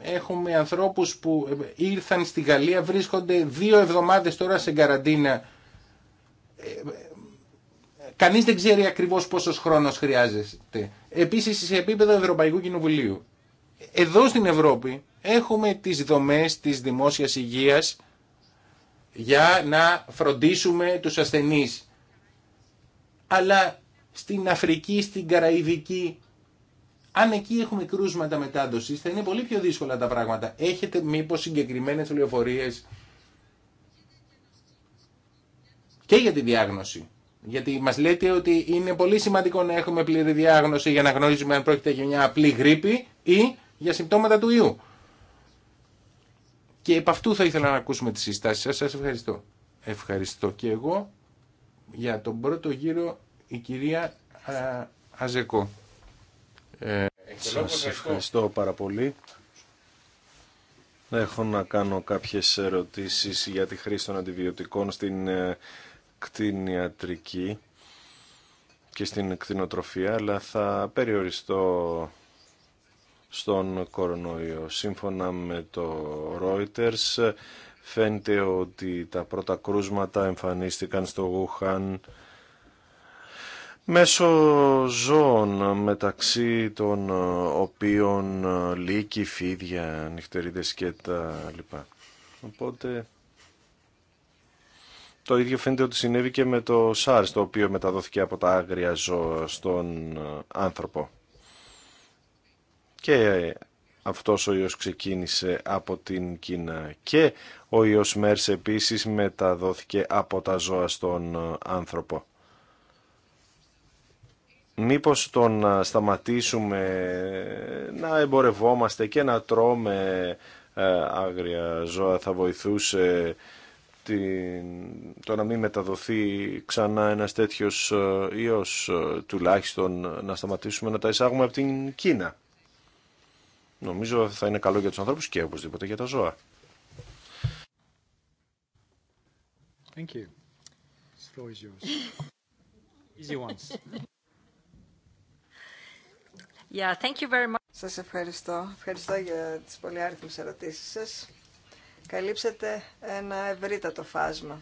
έχουμε ανθρώπους που ήρθαν στη Γαλλία, βρίσκονται δύο εβδομάδες τώρα σε καραντίνα. Ε, κανείς δεν ξέρει ακριβώς πόσος χρόνος χρειάζεται. Επίσης σε επίπεδο Ευρωπαϊκού Κοινοβουλίου εδώ στην Ευρώπη έχουμε τις δομές της δημόσιας υγείας για να φροντίσουμε τους ασθενείς. Αλλά στην Αφρική, στην Καραϊβική, αν εκεί έχουμε κρούσματα μετάδοσης, θα είναι πολύ πιο δύσκολα τα πράγματα. Έχετε μήπως συγκεκριμένες πληροφορίες και για τη διάγνωση. Γιατί μας λέτε ότι είναι πολύ σημαντικό να έχουμε πλήρη διάγνωση για να γνωρίζουμε αν πρόκειται για μια απλή γρήπη ή για συμπτώματα του ιού. Και επ' αυτού θα ήθελα να ακούσουμε τις συστάσεις σας. Σας ευχαριστώ. Ευχαριστώ και εγώ για τον πρώτο γύρο η κυρία Αζεκό. Ε, σας ευχαριστώ πάρα πολύ. Έχω να κάνω κάποιες ερωτήσεις για τη χρήση των αντιβιωτικών στην ε, κτηνιατρική και στην κτηνοτροφία, αλλά θα περιοριστώ στον κορονοϊό. Σύμφωνα με το Reuters φαίνεται ότι τα πρώτα κρούσματα εμφανίστηκαν στο Γουχάν μέσω ζώων μεταξύ των οποίων λύκη φίδια, νυχτερίδες και τα λοιπά. Οπότε το ίδιο φαίνεται ότι συνέβη και με το SARS το οποίο μεταδόθηκε από τα άγρια ζώα στον άνθρωπο και αυτός ο ιός ξεκίνησε από την Κίνα και ο ιός Μέρς επίσης μεταδόθηκε από τα ζώα στον ε, άνθρωπο. Μήπως το να σταματήσουμε να εμπορευόμαστε και να τρώμε ε, άγρια ζώα θα βοηθούσε την... το να μην μεταδοθεί ξανά ένας τέτοιος ε, ιός τουλάχιστον να σταματήσουμε να τα εισάγουμε από την Κίνα. Νομίζω θα είναι καλό για τους ανθρώπους και οπωσδήποτε για τα ζώα. Thank you. Easy ones. Yeah, thank you very much. Σας ευχαριστώ. Ευχαριστώ για τις πολύ άριθμες ερωτήσεις σας. Καλύψετε ένα ευρύτατο φάσμα.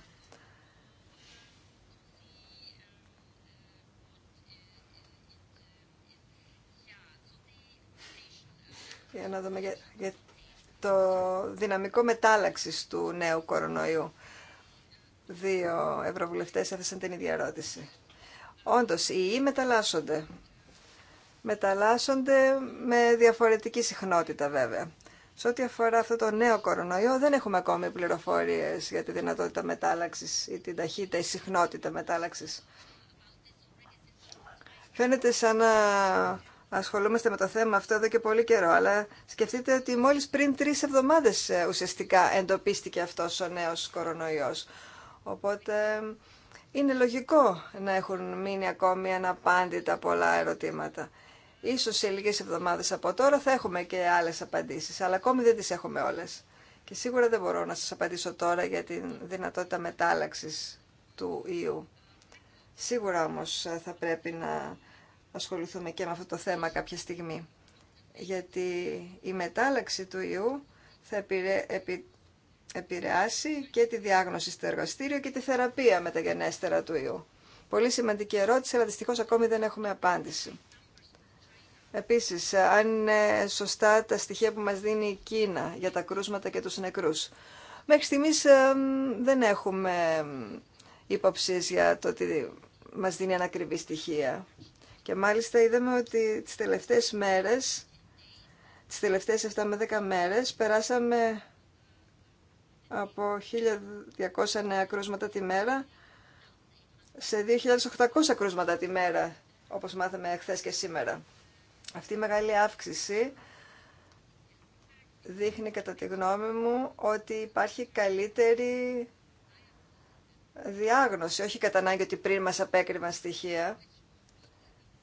για να δούμε για, το δυναμικό μετάλλαξης του νέου κορονοϊού. Δύο ευρωβουλευτές έθεσαν την ίδια ερώτηση. Όντως, οι «ή» μεταλλάσσονται. Μεταλλάσσονται με διαφορετική συχνότητα βέβαια. Σε ό,τι αφορά αυτό το νέο κορονοϊό, δεν έχουμε ακόμη πληροφορίες για τη δυνατότητα μετάλλαξης ή την ταχύτητα ή συχνότητα μετάλλαξης. Φαίνεται σαν να ασχολούμαστε με το θέμα αυτό εδώ και πολύ καιρό, αλλά σκεφτείτε ότι μόλις πριν τρεις εβδομάδες ε, ουσιαστικά εντοπίστηκε αυτός ο νέος κορονοϊός. Οπότε είναι λογικό να έχουν μείνει ακόμη αναπάντητα πολλά ερωτήματα. Ίσως σε λίγες εβδομάδες από τώρα θα έχουμε και άλλες απαντήσεις, αλλά ακόμη δεν τις έχουμε όλες. Και σίγουρα δεν μπορώ να σας απαντήσω τώρα για την δυνατότητα μετάλλαξης του ιού. Σίγουρα όμως ε, θα πρέπει να ασχοληθούμε και με αυτό το θέμα κάποια στιγμή. Γιατί η μετάλλαξη του ιού θα επηρε... επηρεάσει και τη διάγνωση στο εργαστήριο και τη θεραπεία μεταγενέστερα του ιού. Πολύ σημαντική ερώτηση, αλλά δυστυχώς ακόμη δεν έχουμε απάντηση. Επίσης, αν είναι σωστά τα στοιχεία που μας δίνει η Κίνα για τα κρούσματα και τους νεκρούς. Μέχρι στιγμής δεν έχουμε υποψίες για το ότι μας δίνει ανακριβή στοιχεία. Και μάλιστα είδαμε ότι τις τελευταίες μέρες, τις τελευταίες 7 με 10 μέρες, περάσαμε από 1.200 νέα κρούσματα τη μέρα σε 2.800 κρούσματα τη μέρα, όπως μάθαμε χθες και σήμερα. Αυτή η μεγάλη αύξηση δείχνει κατά τη γνώμη μου ότι υπάρχει καλύτερη διάγνωση, όχι κατά ανάγκη ότι πριν μας απέκριμα στοιχεία,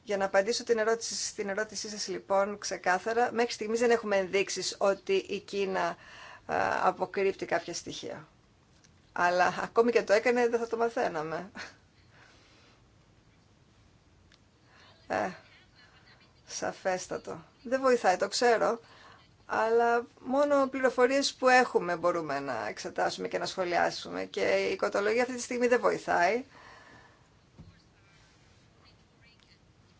για να απαντήσω την ερώτηση, στην ερώτησή σας λοιπόν ξεκάθαρα, μέχρι στιγμής δεν έχουμε ενδείξει ότι η Κίνα αποκρύπτει κάποια στοιχεία. Αλλά ακόμη και το έκανε δεν θα το μαθαίναμε. Ε, σαφέστατο. Δεν βοηθάει, το ξέρω. Αλλά μόνο πληροφορίες που έχουμε μπορούμε να εξετάσουμε και να σχολιάσουμε. Και η οικοτολογία αυτή τη στιγμή δεν βοηθάει.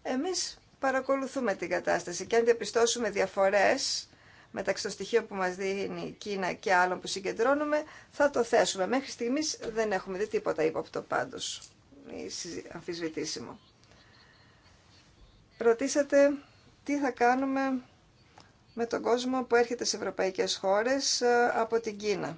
Εμείς παρακολουθούμε την κατάσταση και αν διαπιστώσουμε διαφορές μεταξύ των στοιχείων που μας δίνει η Κίνα και άλλων που συγκεντρώνουμε, θα το θέσουμε. Μέχρι στιγμής δεν έχουμε δει τίποτα ύποπτο πάντως, ή αμφισβητήσιμο. Ρωτήσατε τι θα κάνουμε με τον κόσμο που έρχεται σε ευρωπαϊκές χώρες ε, από την Κίνα.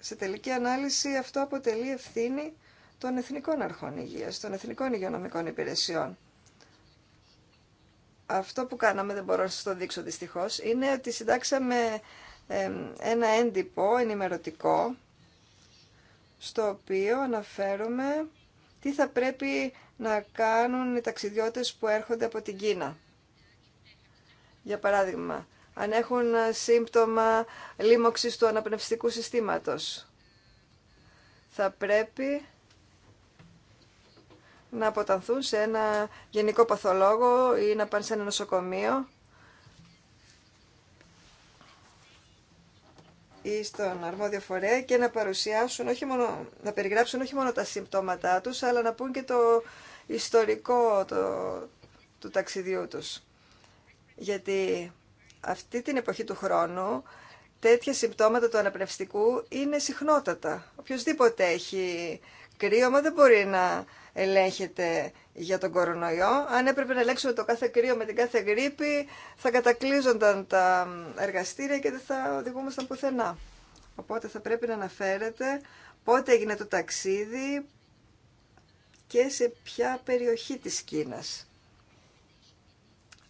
Σε τελική ανάλυση αυτό αποτελεί ευθύνη των εθνικών αρχών υγείας, των εθνικών υγειονομικών υπηρεσιών. Αυτό που κάναμε, δεν μπορώ να σας το δείξω δυστυχώς, είναι ότι συντάξαμε ένα έντυπο ενημερωτικό στο οποίο αναφέρουμε τι θα πρέπει να κάνουν οι ταξιδιώτες που έρχονται από την Κίνα. Για παράδειγμα, αν έχουν σύμπτωμα λίμωξης του αναπνευστικού συστήματος, θα πρέπει να αποτανθούν σε ένα γενικό παθολόγο ή να πάνε σε ένα νοσοκομείο ή στον αρμόδιο φορέα και να παρουσιάσουν, όχι μόνο, να περιγράψουν όχι μόνο τα συμπτώματά τους, αλλά να πούν και το ιστορικό το, του ταξιδιού τους. Γιατί αυτή την εποχή του χρόνου τέτοια συμπτώματα του αναπνευστικού είναι συχνότατα. Οποιοςδήποτε έχει κρύωμα δεν μπορεί να ελέγχεται για τον κορονοϊό. Αν έπρεπε να ελέγξουμε το κάθε κρύο με την κάθε γρήπη, θα κατακλείζονταν τα εργαστήρια και δεν θα οδηγούμασταν πουθενά. Οπότε θα πρέπει να αναφέρεται πότε έγινε το ταξίδι και σε ποια περιοχή της Κίνας.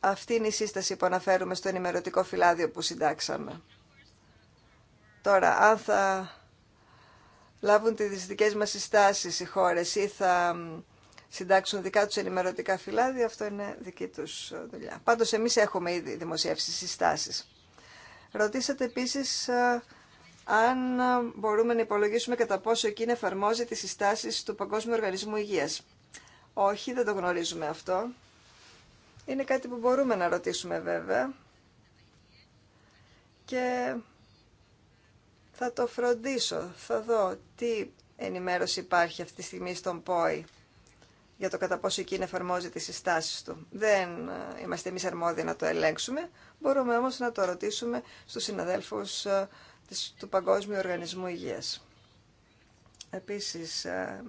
Αυτή είναι η σύσταση που αναφέρουμε στο ενημερωτικό φυλάδιο που συντάξαμε. Τώρα, αν θα λάβουν τις δικές μας συστάσεις οι χώρες ή θα συντάξουν δικά τους ενημερωτικά φυλάδια, αυτό είναι δική τους ε, δουλειά. Πάντως εμείς έχουμε ήδη δημοσιεύσει συστάσεις. Ρωτήσατε επίσης ε, αν ε, μπορούμε να υπολογίσουμε κατά πόσο εκείνη εφαρμόζει τις συστάσεις του Παγκόσμιου Οργανισμού Υγείας. Όχι, δεν το γνωρίζουμε αυτό. Είναι κάτι που μπορούμε να ρωτήσουμε βέβαια. Και θα το φροντίσω, θα δω τι ενημέρωση υπάρχει αυτή τη στιγμή στον ΠΟΗ για το κατά πόσο εκείνη εφαρμόζει τις συστάσεις του. Δεν ε, είμαστε εμείς αρμόδιοι να το ελέγξουμε, μπορούμε όμως να το ρωτήσουμε στους συναδέλφους ε, του Παγκόσμιου Οργανισμού Υγείας. Επίσης, ε,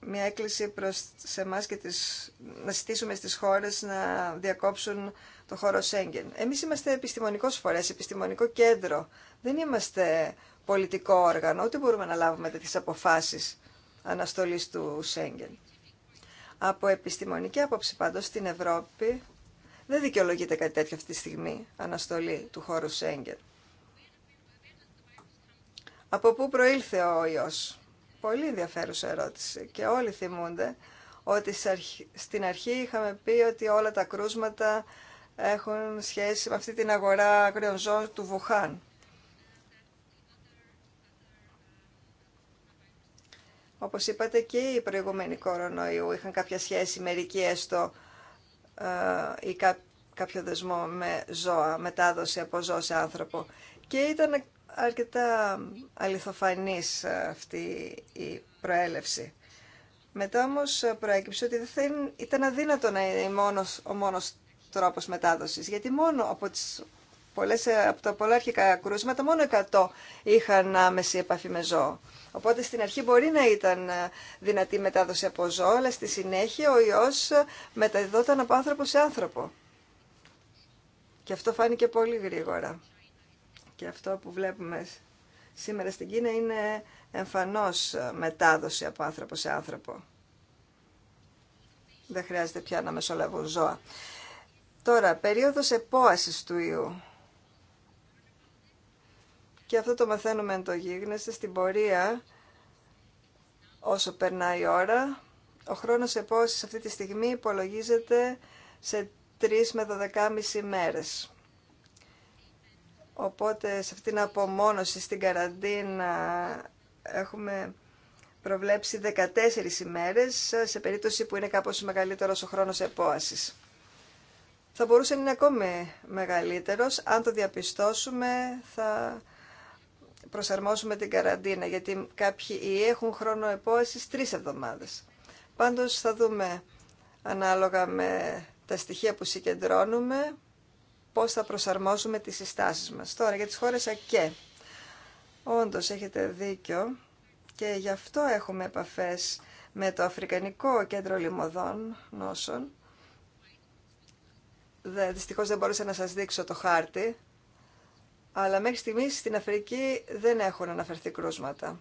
μια έκκληση προς σε εμάς και τις, να συστήσουμε στις χώρες να διακόψουν το χώρο Σέγγεν. Εμείς είμαστε επιστημονικός φορέας, επιστημονικό κέντρο. Δεν είμαστε πολιτικό όργανο, ούτε μπορούμε να λάβουμε τέτοιες αποφάσεις αναστολής του Σέγγεν. Από επιστημονική άποψη πάντως στην Ευρώπη δεν δικαιολογείται κάτι τέτοιο αυτή τη στιγμή, αναστολή του χώρου Σέγγεν. Από πού προήλθε ο ιός. Πολύ ενδιαφέρουσα ερώτηση και όλοι θυμούνται ότι στην αρχή είχαμε πει ότι όλα τα κρούσματα έχουν σχέση με αυτή την αγορά ζώων του Βουχάν. Όπως είπατε και οι προηγούμενοι κορονοϊού είχαν κάποια σχέση, μερικοί έστω, ε, ή κάποιο δεσμό με ζώα, μετάδοση από ζώο σε άνθρωπο. Και ήταν αρκετά αληθοφανής ε, αυτή η προέλευση. Μετά όμω ε, προέκυψε μετα ομως προεκυψε οτι δεν ήταν αδύνατο να είναι μόνος, ο μόνος τρόπος μετάδοσης. Γιατί μόνο από, τις από τα πολλά αρχικά κρούσματα μόνο 100 είχαν άμεση επαφή με ζώο. Οπότε στην αρχή μπορεί να ήταν δυνατή μετάδοση από ζώο, αλλά στη συνέχεια ο ιός μεταδόταν από άνθρωπο σε άνθρωπο. Και αυτό φάνηκε πολύ γρήγορα. Και αυτό που βλέπουμε σήμερα στην Κίνα είναι εμφανώς μετάδοση από άνθρωπο σε άνθρωπο. Δεν χρειάζεται πια να μεσολαβούν ζώα. Τώρα, περίοδος επόασης του ιού. Και αυτό το μαθαίνουμε εν το γίγνεσθε στην πορεία όσο περνάει η ώρα. Ο χρόνος επόασης αυτή τη στιγμή υπολογίζεται σε 3 με 12,5 μέρες. Οπότε σε αυτήν την απομόνωση στην καραντίνα έχουμε προβλέψει 14 ημέρες σε περίπτωση που είναι κάπως μεγαλύτερος ο χρόνος επόασης θα μπορούσε να είναι ακόμη μεγαλύτερος. Αν το διαπιστώσουμε θα προσαρμόσουμε την καραντίνα, γιατί κάποιοι έχουν χρόνο επόεσης τρεις εβδομάδες. Πάντως θα δούμε ανάλογα με τα στοιχεία που συγκεντρώνουμε πώς θα προσαρμόσουμε τις συστάσεις μας. Τώρα για τις χώρες ΑΚΕ. Όντως έχετε δίκιο και γι' αυτό έχουμε επαφές με το Αφρικανικό Κέντρο Λιμωδών Νόσων Δυστυχώ δεν μπορούσα να σας δείξω το χάρτη, αλλά μέχρι στιγμής στην Αφρική δεν έχουν αναφερθεί κρούσματα.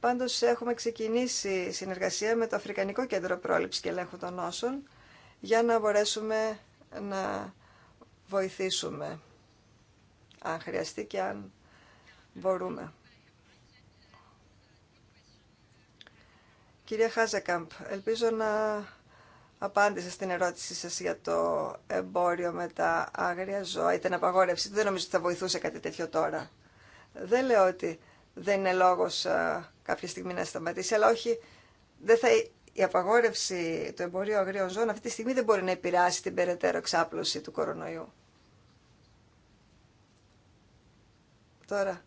Πάντως έχουμε ξεκινήσει συνεργασία με το Αφρικανικό Κέντρο Πρόληψης και Ελέγχου των Νόσων για να μπορέσουμε να βοηθήσουμε αν χρειαστεί και αν μπορούμε. Κυρία Χάζεκαμπ, ελπίζω να απάντησα στην ερώτηση σας για το εμπόριο με τα άγρια ζώα ή την απαγόρευση. Δεν νομίζω ότι θα βοηθούσε κάτι τέτοιο τώρα. Δεν λέω ότι δεν είναι λόγος ε, κάποια στιγμή να σταματήσει, αλλά όχι, δεν θα, η απαγόρευση του εμπορίου αγρίων ζώων αυτή τη στιγμή δεν μπορεί να επηρεάσει την περαιτέρω εξάπλωση του κορονοϊού. Τώρα,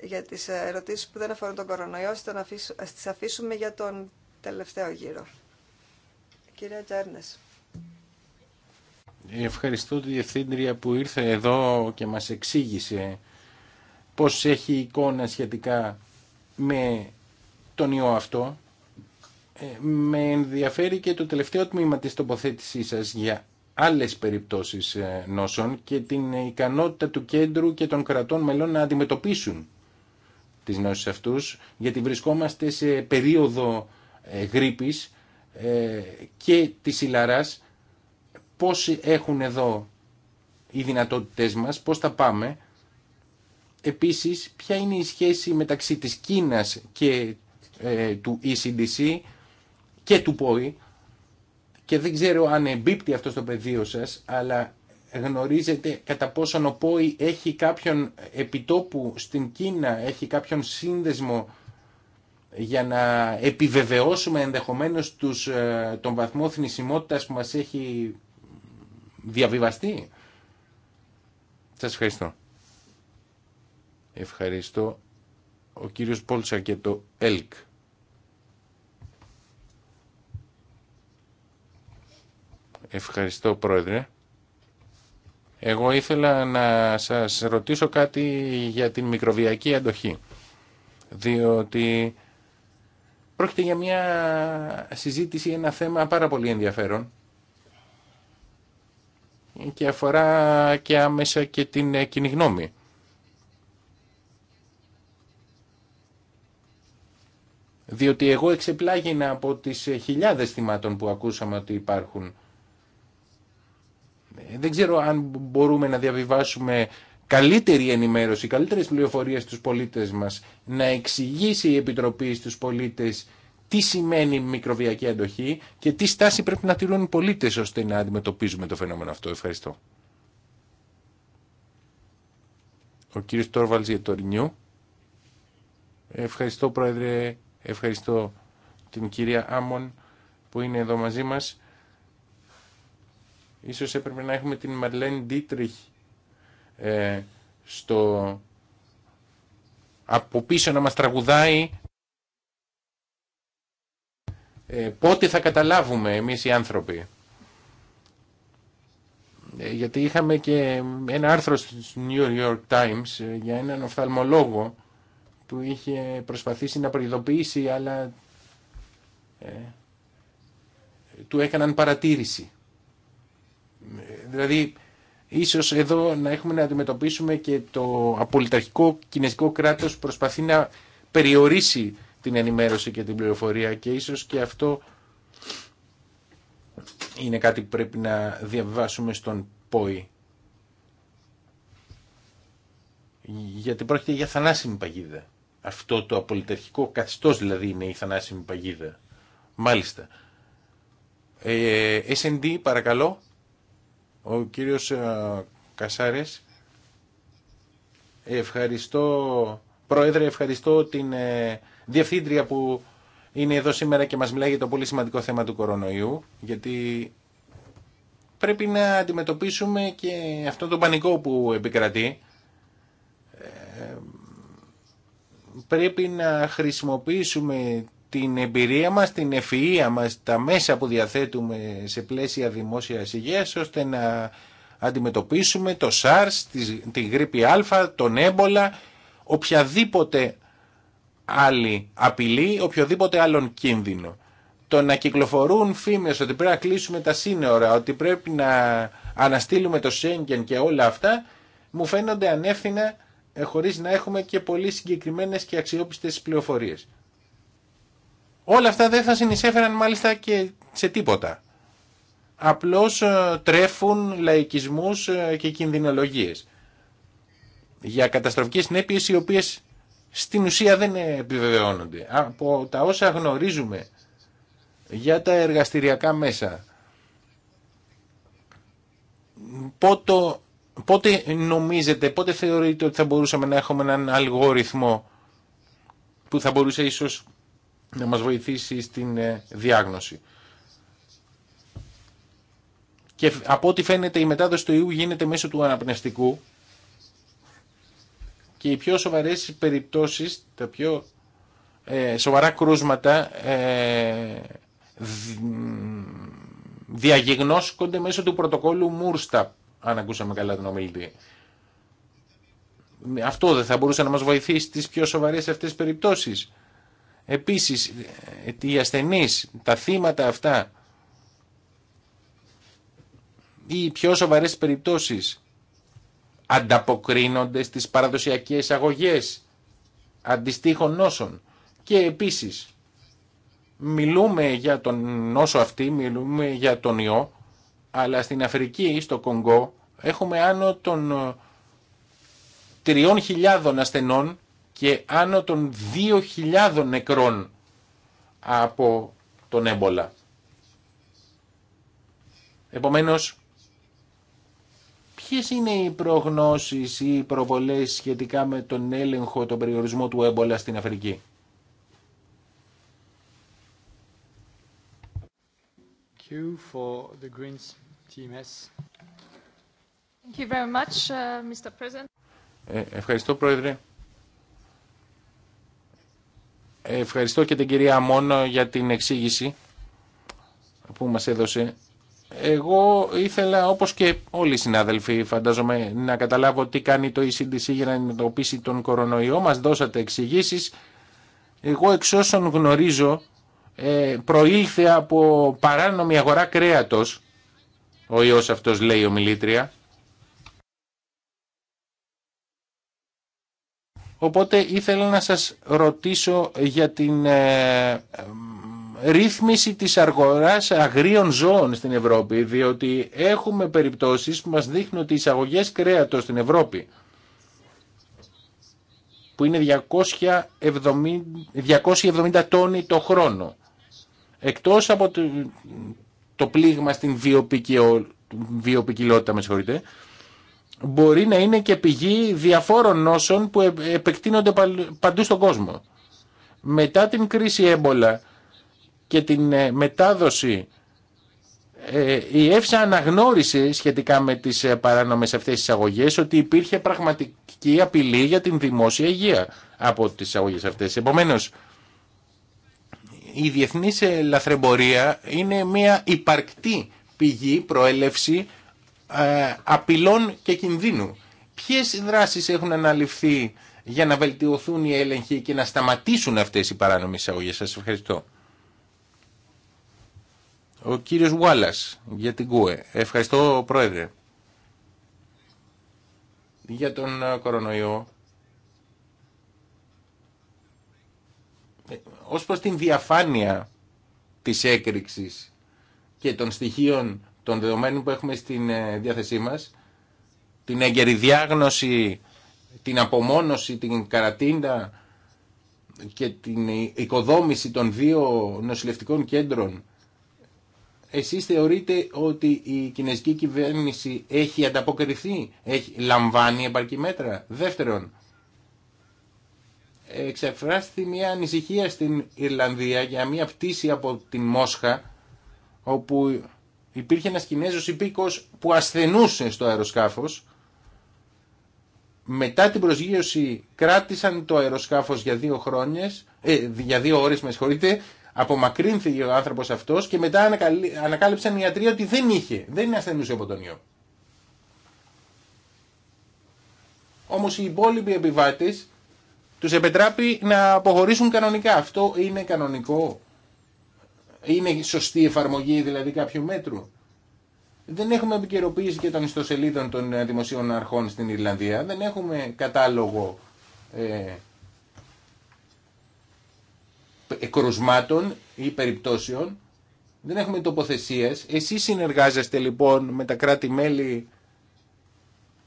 για τις ερωτήσεις που δεν αφορούν τον κορονοϊό, ας τις αφήσουμε για τον τελευταίο γύρο. Κυρία Ευχαριστώ τη Διευθύντρια που ήρθε εδώ και μας εξήγησε πώς έχει εικόνα σχετικά με τον ιό αυτό. Ε, με ενδιαφέρει και το τελευταίο τμήμα της τοποθέτησής σας για άλλες περιπτώσεις ε, νόσων και την ικανότητα του κέντρου και των κρατών μελών να αντιμετωπίσουν τις νόσεις αυτούς, γιατί βρισκόμαστε σε περίοδο ε, γρήπης ε, και της Ιλαράς πώς έχουν εδώ οι δυνατότητες μας, πώς θα πάμε. Επίσης, ποια είναι η σχέση μεταξύ της Κίνας και ε, του ECDC και του ΠΟΗ και δεν ξέρω αν εμπίπτει αυτό στο πεδίο σας, αλλά γνωρίζετε κατά πόσον ο ΠΟΗ έχει κάποιον επιτόπου στην Κίνα, έχει κάποιον σύνδεσμο για να επιβεβαιώσουμε ενδεχομένως τους, ε, τον βαθμό θνησιμότητας που μας έχει διαβιβαστεί. Σας ευχαριστώ. Ευχαριστώ ο κύριος Πόλτσα και το ΕΛΚ. Ευχαριστώ πρόεδρε. Εγώ ήθελα να σας ρωτήσω κάτι για την μικροβιακή αντοχή. Διότι Πρόκειται για μια συζήτηση, ένα θέμα πάρα πολύ ενδιαφέρον και αφορά και άμεσα και την ε, κοινή γνώμη. Διότι εγώ εξεπλάγινα από τις ε, χιλιάδες θυμάτων που ακούσαμε ότι υπάρχουν. Ε, δεν ξέρω αν μπορούμε να διαβιβάσουμε καλύτερη ενημέρωση, καλύτερες πληροφορίες στους πολίτες μας, να εξηγήσει η Επιτροπή στους πολίτες τι σημαίνει μικροβιακή αντοχή και τι στάση πρέπει να τηρούν οι πολίτες ώστε να αντιμετωπίζουμε το φαινόμενο αυτό. Ευχαριστώ. Ο κύριος Τόρβαλς για το Ρινιού. Ευχαριστώ Πρόεδρε, ευχαριστώ την κυρία Άμον που είναι εδώ μαζί μας. Ίσως έπρεπε να έχουμε την Μαρλέν Ντίτριχ ε, στο... από πίσω να μας τραγουδάει ε, πότε θα καταλάβουμε εμείς οι άνθρωποι. Ε, γιατί είχαμε και ένα άρθρο στο New York Times για έναν οφθαλμολόγο που είχε προσπαθήσει να προειδοποιήσει αλλά του έκαναν παρατήρηση. Δηλαδή Ίσως εδώ να έχουμε να αντιμετωπίσουμε και το απολυταρχικό κινέζικο κράτος προσπαθεί να περιορίσει την ενημέρωση και την πληροφορία και ίσως και αυτό είναι κάτι που πρέπει να διαβάσουμε στον ΠΟΗ. Γιατί πρόκειται για θανάσιμη παγίδα. Αυτό το απολυταρχικό καθιστός δηλαδή είναι η θανάσιμη παγίδα. Μάλιστα. Ε, S&D παρακαλώ. Ο κύριος ε, Κασάρες, ευχαριστώ, πρόεδρε, ευχαριστώ την ε, διευθύντρια που είναι εδώ σήμερα και μας μιλάει για το πολύ σημαντικό θέμα του κορονοϊού, γιατί πρέπει να αντιμετωπίσουμε και αυτό το πανικό που επικρατεί. Ε, πρέπει να χρησιμοποιήσουμε την εμπειρία μας, την ευφυΐα μας, τα μέσα που διαθέτουμε σε πλαίσια δημόσιας υγείας, ώστε να αντιμετωπίσουμε το SARS, την γρήπη Α, τον έμπολα, οποιαδήποτε άλλη απειλή, οποιοδήποτε άλλον κίνδυνο. Το να κυκλοφορούν φήμες ότι πρέπει να κλείσουμε τα σύνορα, ότι πρέπει να αναστείλουμε το Σέγγεν και όλα αυτά, μου φαίνονται ανεύθυνα ε, χωρίς να έχουμε και πολύ συγκεκριμένες και αξιόπιστες πληροφορίες. Όλα αυτά δεν θα συνεισέφεραν μάλιστα και σε τίποτα. Απλώς ε, τρέφουν λαϊκισμούς ε, και κινδυνολογίες για καταστροφικές συνέπειες οι οποίες στην ουσία δεν επιβεβαιώνονται. Από τα όσα γνωρίζουμε για τα εργαστηριακά μέσα, πότε, πότε νομίζετε, πότε θεωρείτε ότι θα μπορούσαμε να έχουμε έναν αλγόριθμο που θα μπορούσε ίσως να μας βοηθήσει στην ε, διάγνωση. Και από ό,τι φαίνεται η μετάδοση του ιού γίνεται μέσω του αναπνευστικού και οι πιο σοβαρές περιπτώσεις, τα πιο ε, σοβαρά κρούσματα ε, διαγιγνώσκονται μέσω του πρωτοκόλλου Μούρστα, αν ακούσαμε καλά την ομιλητή. Αυτό δεν θα μπορούσε να μας βοηθήσει στις πιο σοβαρές αυτές περιπτώσεις. Επίσης, ε, οι ασθενείς, τα θύματα αυτά ή οι πιο σοβαρές περιπτώσεις ανταποκρίνονται στις παραδοσιακές αγωγές αντιστοίχων νόσων. Και επίσης, μιλούμε για τον νόσο αυτή, μιλούμε για τον ιό, αλλά στην Αφρική, στο Κονγκό, έχουμε άνω των 3.000 ασθενών και άνω των 2.000 νεκρών από τον έμπολα. Επομένως, ποιες είναι οι προγνώσεις ή οι προβολές σχετικά με τον έλεγχο, τον περιορισμό του έμπολα στην Αφρική. ευχαριστώ, Πρόεδρε. Ευχαριστώ και την κυρία Μόνο για την εξήγηση που μας έδωσε. Εγώ ήθελα, όπως και όλοι οι συνάδελφοι φαντάζομαι, να καταλάβω τι κάνει το ECDC για να αντιμετωπίσει τον κορονοϊό. Μας δώσατε εξηγήσει. Εγώ εξ όσων γνωρίζω ε, προήλθε από παράνομη αγορά κρέατος, ο ιός αυτός λέει ο Οπότε ήθελα να σας ρωτήσω για την ε, ρύθμιση της αργοράς αγρίων ζώων στην Ευρώπη, διότι έχουμε περιπτώσεις που μας δείχνουν ότι οι εισαγωγές κρέατος στην Ευρώπη, που είναι 270, 270 τόνοι το χρόνο, εκτός από το, το πλήγμα στην βιοπικιλότητα, με συγχωρείτε, μπορεί να είναι και πηγή διαφόρων νόσων που επεκτείνονται παντού στον κόσμο. Μετά την κρίση έμπολα και την ε, μετάδοση ε, η ΕΦΣΑ αναγνώρισε σχετικά με τις ε, παράνομες αυτές τις αγωγές ότι υπήρχε πραγματική απειλή για την δημόσια υγεία από τις αγωγές αυτές. Επομένως, η διεθνής λαθρεμπορία είναι μια υπαρκτή πηγή προέλευση ε, απειλών και κινδύνου. Ποιες δράσεις έχουν αναλυφθεί για να βελτιωθούν οι έλεγχοι και να σταματήσουν αυτές οι παράνομες εισαγωγές. Σας ευχαριστώ. Ο κύριος Γουάλλας για την ΚΟΕ. Ευχαριστώ πρόεδρε. Για τον ε, κορονοϊό. Ε, ως προς την διαφάνεια της έκρηξης και των στοιχείων των δεδομένων που έχουμε στην ε, διάθεσή μας, την έγκαιρη διάγνωση, την απομόνωση, την καρατίντα και την οικοδόμηση των δύο νοσηλευτικών κέντρων, εσείς θεωρείτε ότι η κινέζικη κυβέρνηση έχει ανταποκριθεί, έχει, λαμβάνει επαρκή μέτρα. Δεύτερον, εξεφράστη μια ανησυχία στην Ιρλανδία για μια πτήση από την Μόσχα, όπου υπήρχε ένας Κινέζος υπήκος που ασθενούσε στο αεροσκάφος. Μετά την προσγείωση κράτησαν το αεροσκάφος για δύο, χρόνιες, ε, για δύο ώρες, με συγχωρείτε, απομακρύνθηκε ο άνθρωπος αυτός και μετά ανακάλυψαν οι ιατροί ότι δεν είχε, δεν ασθενούσε από τον ιό. Όμως οι υπόλοιποι επιβάτες τους επιτράπει να αποχωρήσουν κανονικά. Αυτό είναι κανονικό είναι σωστή η εφαρμογή δηλαδή κάποιου μέτρου. Δεν έχουμε επικαιροποίηση και των ιστοσελίδων των ε, δημοσίων αρχών στην Ιρλανδία. Δεν έχουμε κατάλογο ε, κρουσμάτων ή περιπτώσεων. Δεν έχουμε τοποθεσίες. Εσείς συνεργάζεστε λοιπόν με τα κράτη-μέλη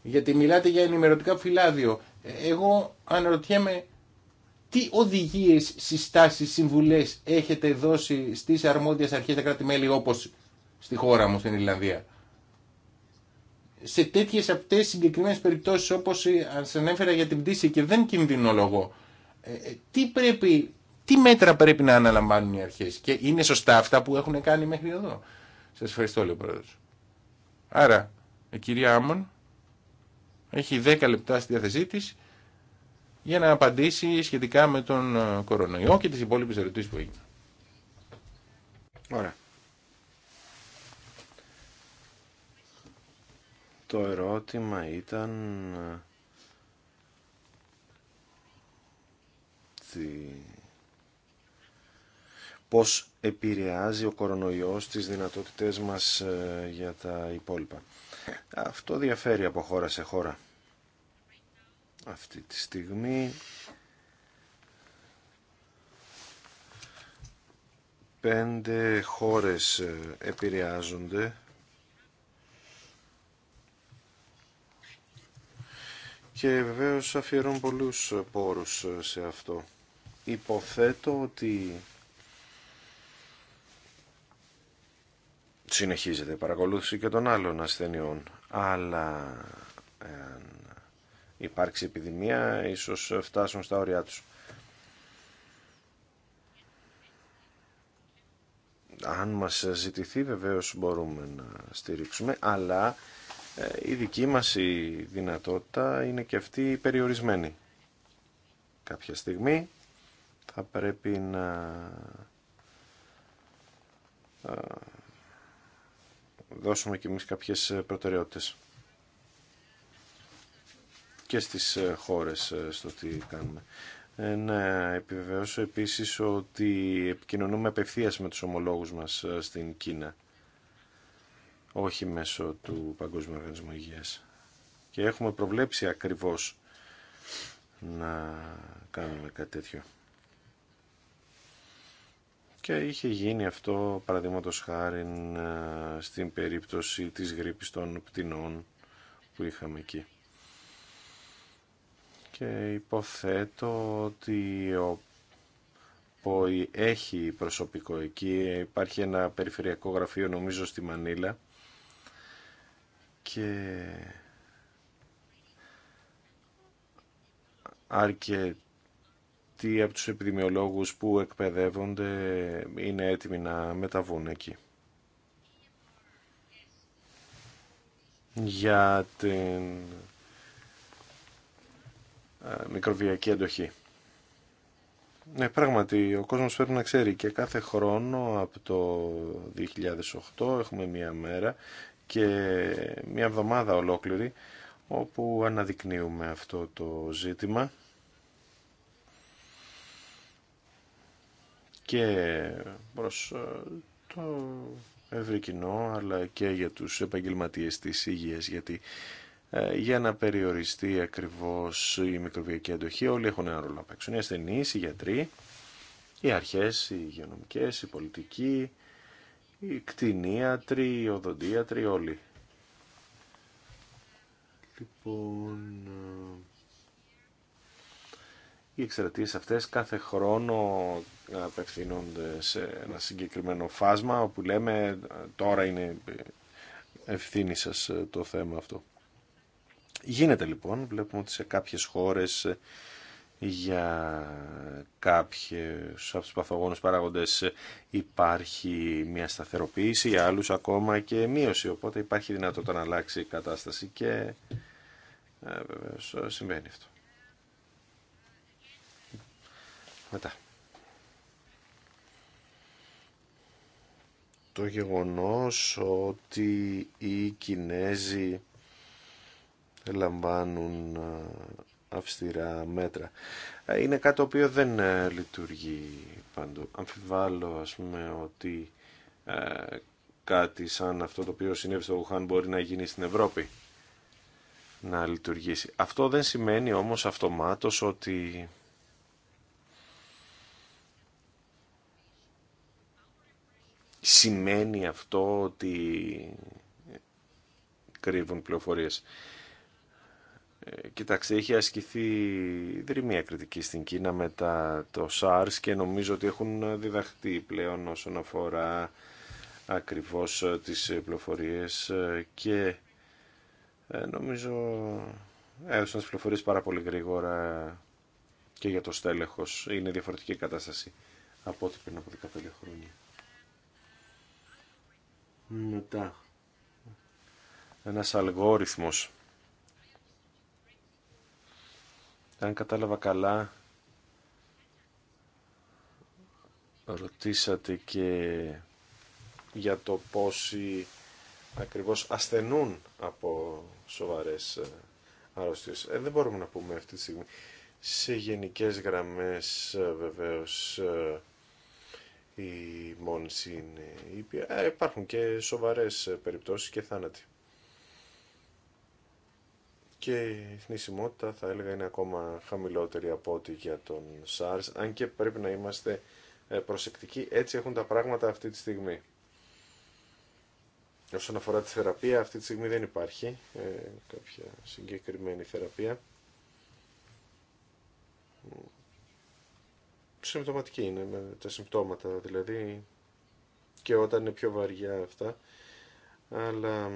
γιατί μιλάτε για ενημερωτικά φυλάδιο. Ε, εγώ αναρωτιέμαι τι οδηγίες, συστάσεις, συμβουλές έχετε δώσει στις αρμόδιες αρχές τα κράτη-μέλη όπως στη χώρα μου, στην Ιρλανδία. Σε τέτοιες αυτές συγκεκριμένες περιπτώσεις όπως σας ανέφερα για την πτήση και δεν κινδυνολογώ, ε, ε, τι, πρέπει, τι μέτρα πρέπει να αναλαμβάνουν οι αρχές και είναι σωστά αυτά που έχουν κάνει μέχρι εδώ. Σας ευχαριστώ λέει Άρα, η κυρία Άμον έχει 10 λεπτά στη διάθεσή της για να απαντήσει σχετικά με τον ε, κορονοϊό και τις υπόλοιπες ερωτήσεις που έγιναν. Ωραία. Το ερώτημα ήταν ε, πώς επηρεάζει ο κορονοϊός τις δυνατότητές μας ε, για τα υπόλοιπα. Αυτό διαφέρει από χώρα σε χώρα αυτή τη στιγμή πέντε χώρες ε, επηρεάζονται και βεβαίως αφιερώνουν πολλούς ε, πόρους ε, σε αυτό. Υποθέτω ότι συνεχίζεται η παρακολούθηση και των άλλων ασθενειών, αλλά υπάρξει επιδημία, ίσως φτάσουν στα όρια τους. Αν μας ζητηθεί βεβαίως μπορούμε να στηρίξουμε, αλλά ε, η δική μας η δυνατότητα είναι και αυτή περιορισμένη. Κάποια στιγμή θα πρέπει να ε, δώσουμε κι εμείς κάποιες προτεραιότητες και στις ε, χώρες ε, στο τι κάνουμε. Ε, να επιβεβαιώσω επίσης ότι επικοινωνούμε απευθείας με τους ομολόγους μας στην Κίνα, όχι μέσω του Παγκόσμιου Οργανισμού Υγείας. Και έχουμε προβλέψει ακριβώς να κάνουμε κάτι τέτοιο. Και είχε γίνει αυτό, παραδείγματο χάρη, στην περίπτωση της γρήπης των πτηνών που είχαμε εκεί και υποθέτω ότι ο έχει προσωπικό εκεί. Υπάρχει ένα περιφερειακό γραφείο νομίζω στη Μανίλα και αρκετοί από τους επιδημιολόγους που εκπαιδεύονται είναι έτοιμοι να μεταβούν εκεί. Για την ε, μικροβιακή αντοχή. Ναι, πράγματι, ο κόσμος πρέπει να ξέρει και κάθε χρόνο από το 2008 έχουμε μία μέρα και μία εβδομάδα ολόκληρη όπου αναδεικνύουμε αυτό το ζήτημα και προς ε, το ευρύ κοινό αλλά και για τους επαγγελματίες της υγείας γιατί ε, για να περιοριστεί ακριβώς η μικροβιακή αντοχή. Όλοι έχουν ένα ρόλο να παίξουν. Οι ασθενείς, οι γιατροί, οι αρχές, οι υγειονομικές, οι πολιτικοί, οι κτηνίατροι, οι οδοντίατροι, όλοι. Λοιπόν, ε, οι εξαιρετίες αυτές κάθε χρόνο απευθύνονται σε ένα συγκεκριμένο φάσμα όπου λέμε ε, τώρα είναι ευθύνη σας το θέμα αυτό. Γίνεται λοιπόν, βλέπουμε ότι σε κάποιες χώρες για κάποιους από τους παθογόνους παράγοντες υπάρχει μια σταθεροποίηση, για άλλους ακόμα και μείωση, οπότε υπάρχει δυνατότητα να αλλάξει η κατάσταση και ε, βέβαια συμβαίνει αυτό. Μετά. Το γεγονός ότι οι Κινέζοι λαμβάνουν ε, αυστηρά μέτρα. Ε, είναι κάτι το οποίο δεν ε, λειτουργεί παντού. Αμφιβάλλω ας πούμε ότι ε, κάτι σαν αυτό το οποίο συνέβη στο Ουχάν μπορεί να γίνει στην Ευρώπη να λειτουργήσει. Αυτό δεν σημαίνει όμως αυτομάτως ότι σημαίνει αυτό ότι κρύβουν πληροφορίες. Κοιτάξτε, έχει ασκηθεί δρυμία κριτική στην Κίνα μετά το SARS και νομίζω ότι έχουν διδαχτεί πλέον όσον αφορά ακριβώς ε, τις πληροφορίες ε, και ε, νομίζω έδωσαν τις πληροφορίες πάρα πολύ γρήγορα και για το στέλεχος. Είναι διαφορετική η κατάσταση από ό,τι πριν από 15 χρόνια. Μετά. Ένας αλγόριθμος Αν κατάλαβα καλά, ρωτήσατε και για το πόσοι ακριβώς ασθενούν από σοβαρές ε, αρρώστιες. Ε, δεν μπορούμε να πούμε αυτή τη στιγμή. Σε γενικές γραμμές ε, βεβαίως η μόνηση είναι ήπια. υπάρχουν και σοβαρές περιπτώσεις και θάνατοι και η θνησιμότητα θα έλεγα είναι ακόμα χαμηλότερη από ό,τι για τον SARS, αν και πρέπει να είμαστε ε, προσεκτικοί, έτσι έχουν τα πράγματα αυτή τη στιγμή. Όσον αφορά τη θεραπεία, αυτή τη στιγμή δεν υπάρχει ε, κάποια συγκεκριμένη θεραπεία. Συμπτωματική είναι τα συμπτώματα, δηλαδή και όταν είναι πιο βαριά αυτά, αλλά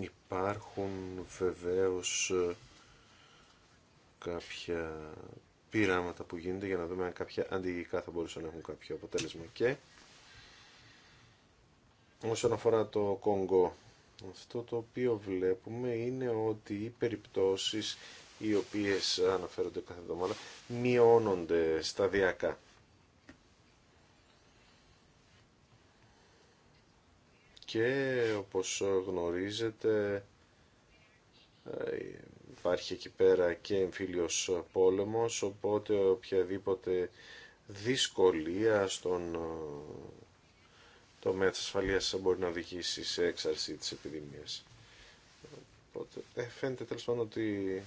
Υπάρχουν βεβαίως ε, κάποια πειράματα που γίνονται για να δούμε αν κάποια αντιγυγικά θα μπορούσαν να έχουν κάποιο αποτέλεσμα και όσον αφορά το Κόγκο. αυτό το οποίο βλέπουμε είναι ότι οι περιπτώσεις οι οποίες αναφέρονται κάθε εβδομάδα μειώνονται σταδιακά και όπως γνωρίζετε ε, υπάρχει εκεί πέρα και εμφύλιος πόλεμος οπότε οποιαδήποτε δυσκολία στον ε, τομέα της ασφαλείας μπορεί να οδηγήσει σε έξαρση της επιδημίας. Οπότε ε, φαίνεται τέλος πάντων ότι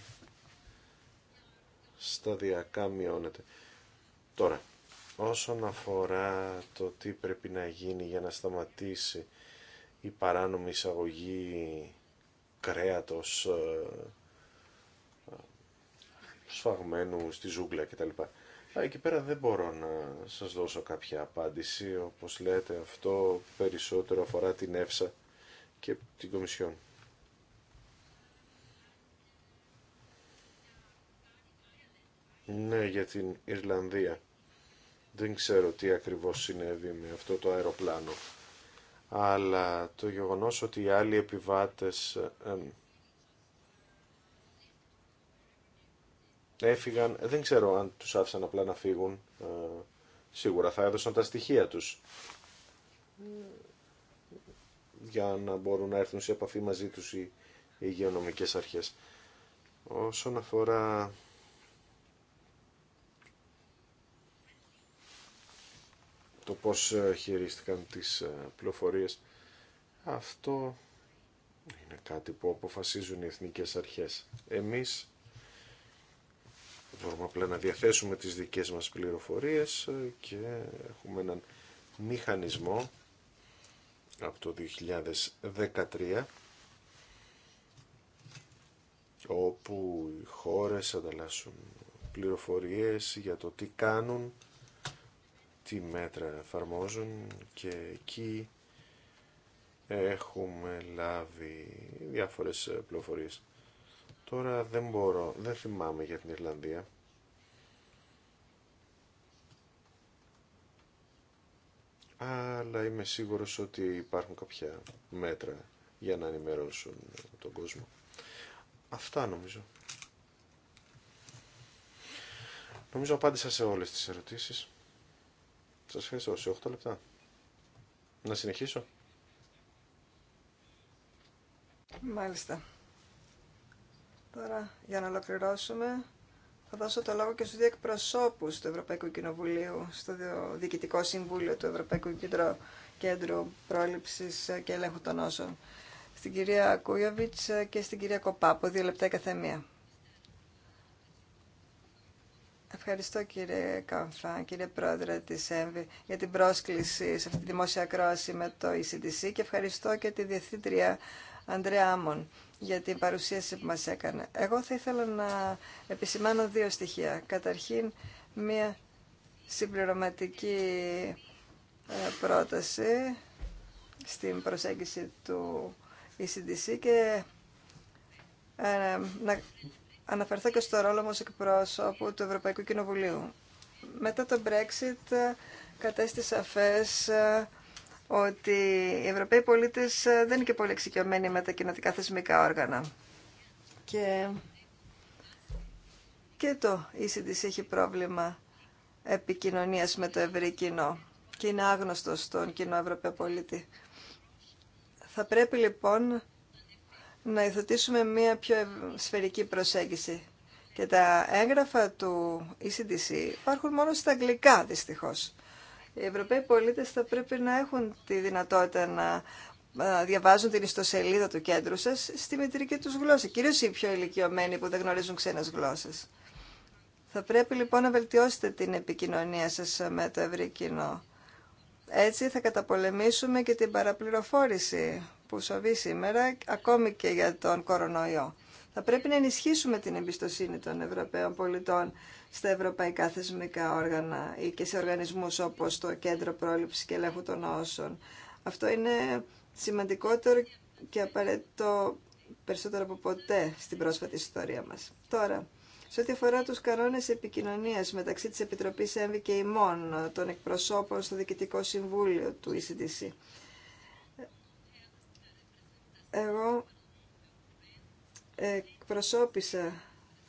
σταδιακά μειώνεται. Τώρα, όσον αφορά το τι πρέπει να γίνει για να σταματήσει η παράνομη εισαγωγή κρέατος ε, ε, σφαγμένου στη ζούγκλα κτλ. Εκεί πέρα δεν μπορώ να σας δώσω κάποια απάντηση. Όπως λέτε αυτό περισσότερο αφορά την ΕΦΣΑ και την Κομισιόν. Ναι, για την Ιρλανδία. Δεν ξέρω τι ακριβώς συνέβη με αυτό το αεροπλάνο αλλά το γεγονός ότι οι άλλοι επιβάτες έφυγαν, δεν ξέρω αν τους άφησαν απλά να φύγουν, ε, σίγουρα θα έδωσαν τα στοιχεία τους για να μπορούν να έρθουν σε επαφή μαζί τους οι υγειονομικές αρχές. Όσον αφορά το πώς ε, χειρίστηκαν τις ε, πληροφορίες. Αυτό είναι κάτι που αποφασίζουν οι εθνικές αρχές. Εμείς μπορούμε απλά να διαθέσουμε τις δικές μας πληροφορίες ε, και έχουμε έναν μηχανισμό από το 2013 όπου οι χώρες ανταλλάσσουν πληροφορίες για το τι κάνουν τι μέτρα εφαρμόζουν και εκεί έχουμε λάβει διάφορες πληροφορίες. Τώρα δεν μπορώ, δεν θυμάμαι για την Ιρλανδία. Αλλά είμαι σίγουρος ότι υπάρχουν κάποια μέτρα για να ενημερώσουν τον κόσμο. Αυτά νομίζω. Νομίζω απάντησα σε όλες τις ερωτήσεις. Σα ευχαριστώ σε 8 λεπτά. Να συνεχίσω. Μάλιστα. Τώρα, για να ολοκληρώσουμε, θα δώσω το λόγο και στους δύο εκπροσώπους του Ευρωπαϊκού Κοινοβουλίου, στο Διοικητικό Συμβούλιο του Ευρωπαϊκού Κέντρου, Κέντρου Πρόληψης και Ελέγχου των Όσων, στην κυρία Κούιοβιτς και στην κυρία Κοπάπο, δύο λεπτά η καθεμία. Ευχαριστώ κύριε Καμφά, κύριε Πρόεδρε της ΕΜΒΗ για την πρόσκληση σε αυτή τη δημόσια κρόαση με το ECDC και ευχαριστώ και τη Διευθύντρια Ανδρέα για την παρουσίαση που μας έκανε. Εγώ θα ήθελα να επισημάνω δύο στοιχεία. Καταρχήν, μία συμπληρωματική ε, πρόταση στην προσέγγιση του ECDC και ε, να αναφερθώ και στο ρόλο μου ως εκπρόσωπου του Ευρωπαϊκού Κοινοβουλίου. Μετά το Brexit ε, κατέστησε σαφές ε, ότι οι Ευρωπαίοι πολίτες ε, δεν είναι και πολύ εξοικειωμένοι με τα κοινοτικά θεσμικά όργανα. Και, και το ECDC έχει πρόβλημα επικοινωνίας με το ευρύ κοινό και είναι άγνωστο στον κοινό Ευρωπαίο πολίτη. Θα πρέπει λοιπόν να υιοθετήσουμε μια πιο σφαιρική προσέγγιση. Και τα έγγραφα του ECDC υπάρχουν μόνο στα αγγλικά, δυστυχώς. Οι Ευρωπαίοι πολίτες θα πρέπει να έχουν τη δυνατότητα να ε, διαβάζουν την ιστοσελίδα του κέντρου σας στη μητρική τους γλώσσα, κυρίως οι πιο ηλικιωμένοι που δεν γνωρίζουν ξένες γλώσσες. Θα πρέπει λοιπόν να βελτιώσετε την επικοινωνία σας με το ευρύ κοινό. Έτσι θα καταπολεμήσουμε και την παραπληροφόρηση που σοβεί σήμερα, ακόμη και για τον κορονοϊό. Θα πρέπει να ενισχύσουμε την εμπιστοσύνη των Ευρωπαίων πολιτών στα ευρωπαϊκά θεσμικά όργανα ή και σε οργανισμούς όπως το Κέντρο Πρόληψης και Ελέγχου των Όσων. Αυτό είναι σημαντικότερο και απαραίτητο περισσότερο από ποτέ στην πρόσφατη ιστορία μας. Τώρα, σε ό,τι αφορά τους κανόνες επικοινωνίας μεταξύ της Επιτροπής ΕΜΒ και ημών των εκπροσώπων στο Διοικητικό Συμβούλιο του ECDC, εγώ εκπροσώπησα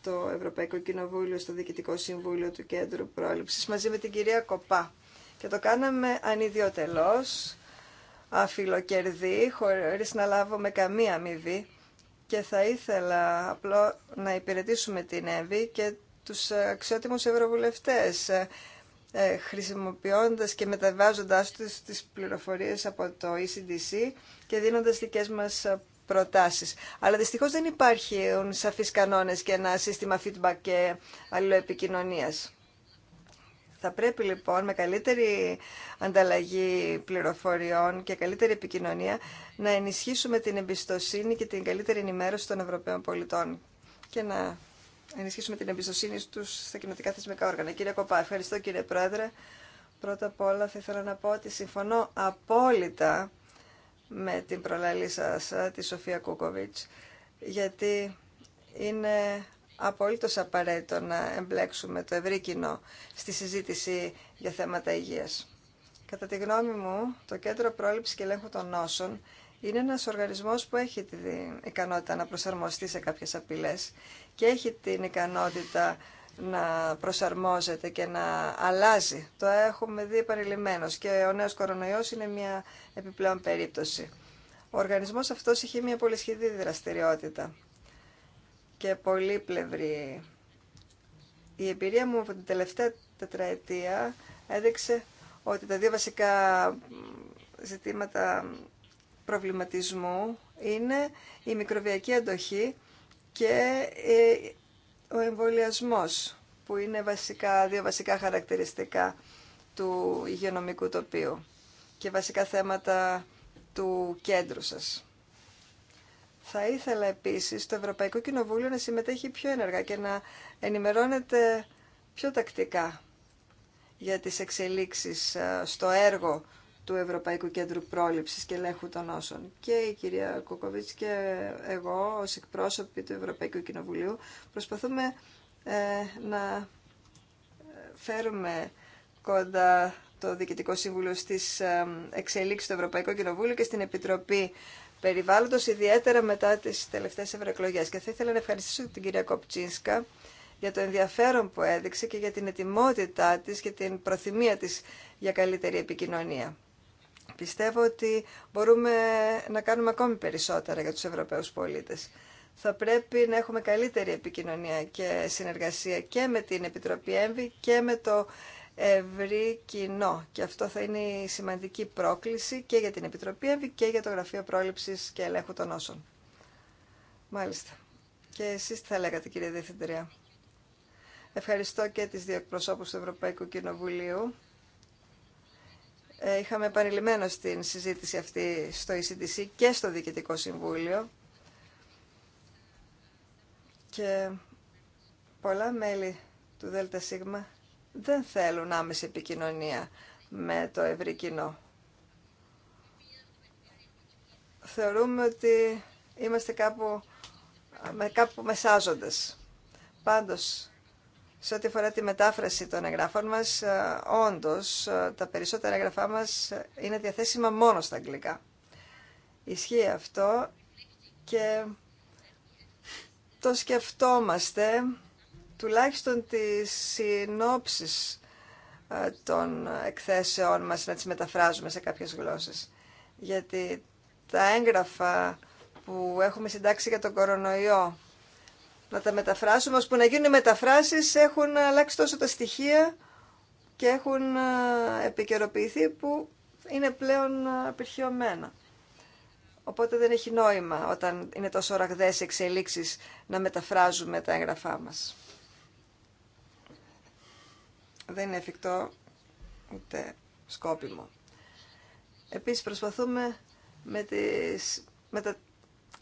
το Ευρωπαϊκό Κοινοβούλιο στο Διοικητικό Συμβούλιο του Κέντρου Πρόληψης μαζί με την κυρία Κοπά και το κάναμε ανιδιοτελώς, αφιλοκερδί, χωρίς να λάβουμε καμία αμοιβή και θα ήθελα απλό να υπηρετήσουμε την ΕΒΗ και τους αξιότιμους ευρωβουλευτές ε, ε, χρησιμοποιώντας και μεταβάζοντάς τους τις πληροφορίες από το ECDC και δίνοντας δικές μας ε, προτάσεις. Αλλά δυστυχώς δεν υπάρχουν σαφείς κανόνες και ένα σύστημα feedback και αλληλοεπικοινωνίας. Θα πρέπει λοιπόν με καλύτερη ανταλλαγή πληροφοριών και καλύτερη επικοινωνία να ενισχύσουμε την εμπιστοσύνη και την καλύτερη ενημέρωση των Ευρωπαίων πολιτών και να ενισχύσουμε την εμπιστοσύνη στους στα κοινοτικά θεσμικά όργανα. Κύριε Κοπά, ευχαριστώ κύριε Πρόεδρε. Πρώτα απ' όλα θα ήθελα να πω ότι συμφωνώ απόλυτα με την προλαλή σας, τη Σοφία Κούκοβιτς, γιατί είναι απολύτως απαραίτητο να εμπλέξουμε το ευρύ κοινό στη συζήτηση για θέματα υγείας. Κατά τη γνώμη μου, το Κέντρο Πρόληψης και Ελέγχου των Νόσων είναι ένας οργανισμός που έχει την ικανότητα να προσαρμοστεί σε κάποιες απειλές και έχει την ικανότητα να προσαρμόζεται και να αλλάζει. Το έχουμε δει επανειλημμένως και ο νέος κορονοϊός είναι μια επιπλέον περίπτωση. Ο οργανισμός αυτός έχει μια πολυσχεδή δραστηριότητα και πλευρή. Η εμπειρία μου από την τελευταία τετραετία έδειξε ότι τα δύο βασικά ζητήματα προβληματισμού είναι η μικροβιακή αντοχή και ε, ο εμβολιασμός, που είναι βασικά, δύο βασικά χαρακτηριστικά του υγειονομικού τοπίου και βασικά θέματα του κέντρου σας. Θα ήθελα επίσης το Ευρωπαϊκό Κοινοβούλιο να συμμετέχει πιο ενεργά και να ενημερώνεται πιο τακτικά για τις εξελίξεις ε, στο έργο του Ευρωπαϊκού Κέντρου Πρόληψης και Ελέγχου των Όσων. Και η κυρία Κουκοβίτς και εγώ ως εκπρόσωποι του Ευρωπαϊκού Κοινοβουλίου προσπαθούμε ε, να φέρουμε κοντά το Διοικητικό Σύμβουλο στις ε, εξελίξεις του Ευρωπαϊκού Κοινοβούλου και στην Επιτροπή Περιβάλλοντος, ιδιαίτερα μετά τις τελευταίες ευρωεκλογές. Και θα ήθελα να ευχαριστήσω την κυρία Κοπτσίνσκα για το ενδιαφέρον που έδειξε και για την ετοιμότητά της και την προθυμία της για καλύτερη επικοινωνία πιστεύω ότι μπορούμε να κάνουμε ακόμη περισσότερα για τους Ευρωπαίους πολίτες. Θα πρέπει να έχουμε καλύτερη επικοινωνία και συνεργασία και με την Επιτροπή ΕΜΒΗ και με το ευρύ κοινό. Και αυτό θα είναι η σημαντική πρόκληση και για την Επιτροπή ΕΜΒΗ και για το Γραφείο Πρόληψης και Ελέγχου των Όσων. Μάλιστα. Και εσείς τι θα λέγατε κύριε Διευθυντρία. Ευχαριστώ και τις δύο εκπροσώπους του Ευρωπαϊκού Κοινοβουλίου ε, είχαμε επανειλημμένο στην συζήτηση αυτή στο ECDC και στο Διοικητικό Συμβούλιο και πολλά μέλη του ΔΣ δεν θέλουν άμεση επικοινωνία με το ευρύ κοινό. Θεωρούμε ότι είμαστε κάπου, με κάπου μεσάζοντες. Πάντως, σε ό,τι αφορά τη μετάφραση των εγγράφων μας, ε, όντως ε, τα περισσότερα εγγραφά μας ε, είναι διαθέσιμα μόνο στα αγγλικά. Ισχύει αυτό και το σκεφτόμαστε τουλάχιστον τις συνόψεις των εκθέσεών μας να τις μεταφράζουμε σε κάποιες γλώσσες. Γιατί τα έγγραφα που έχουμε συντάξει για τον κορονοϊό να τα μεταφράσουμε, ώστε να γίνουν μεταφράσεις έχουν αλλάξει τόσο τα στοιχεία και έχουν ε, επικαιροποιηθεί που είναι πλέον ε, απειρχιωμένα. Οπότε δεν έχει νόημα όταν είναι τόσο ραγδαίες εξελίξεις να μεταφράζουμε τα έγγραφά μας. Δεν είναι εφικτό ούτε σκόπιμο. Επίσης προσπαθούμε με, τις, με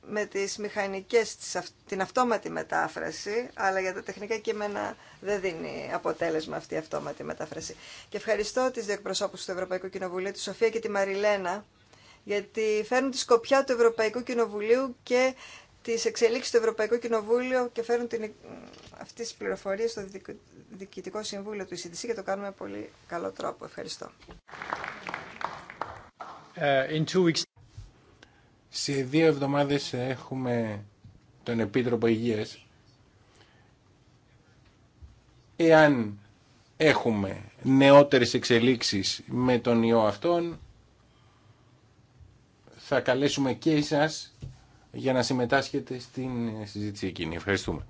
με τις μηχανικές, την αυτόματη μετάφραση, αλλά για τα τεχνικά κείμενα δεν δίνει αποτέλεσμα αυτή η αυτόματη μετάφραση. Και ευχαριστώ τις δύο εκπροσώπους του Ευρωπαϊκού Κοινοβουλίου, τη Σοφία και τη Μαριλένα, γιατί φέρνουν τη σκοπιά του Ευρωπαϊκού Κοινοβουλίου και τις εξελίξεις του Ευρωπαϊκού Κοινοβούλιο και φέρνουν την, αυτές τις πληροφορίες στο Διοικητικό Συμβούλιο του ECDC και το κάνουμε με πολύ καλό τρόπο. Ευχαριστώ. Ε, in weeks. Σε δύο εβδομάδες έχουμε τον Επίτροπο Υγείας. Εάν έχουμε νεότερες εξελίξεις με τον ιό αυτόν, θα καλέσουμε και εσάς για να συμμετάσχετε στην συζήτηση εκείνη. Ευχαριστούμε.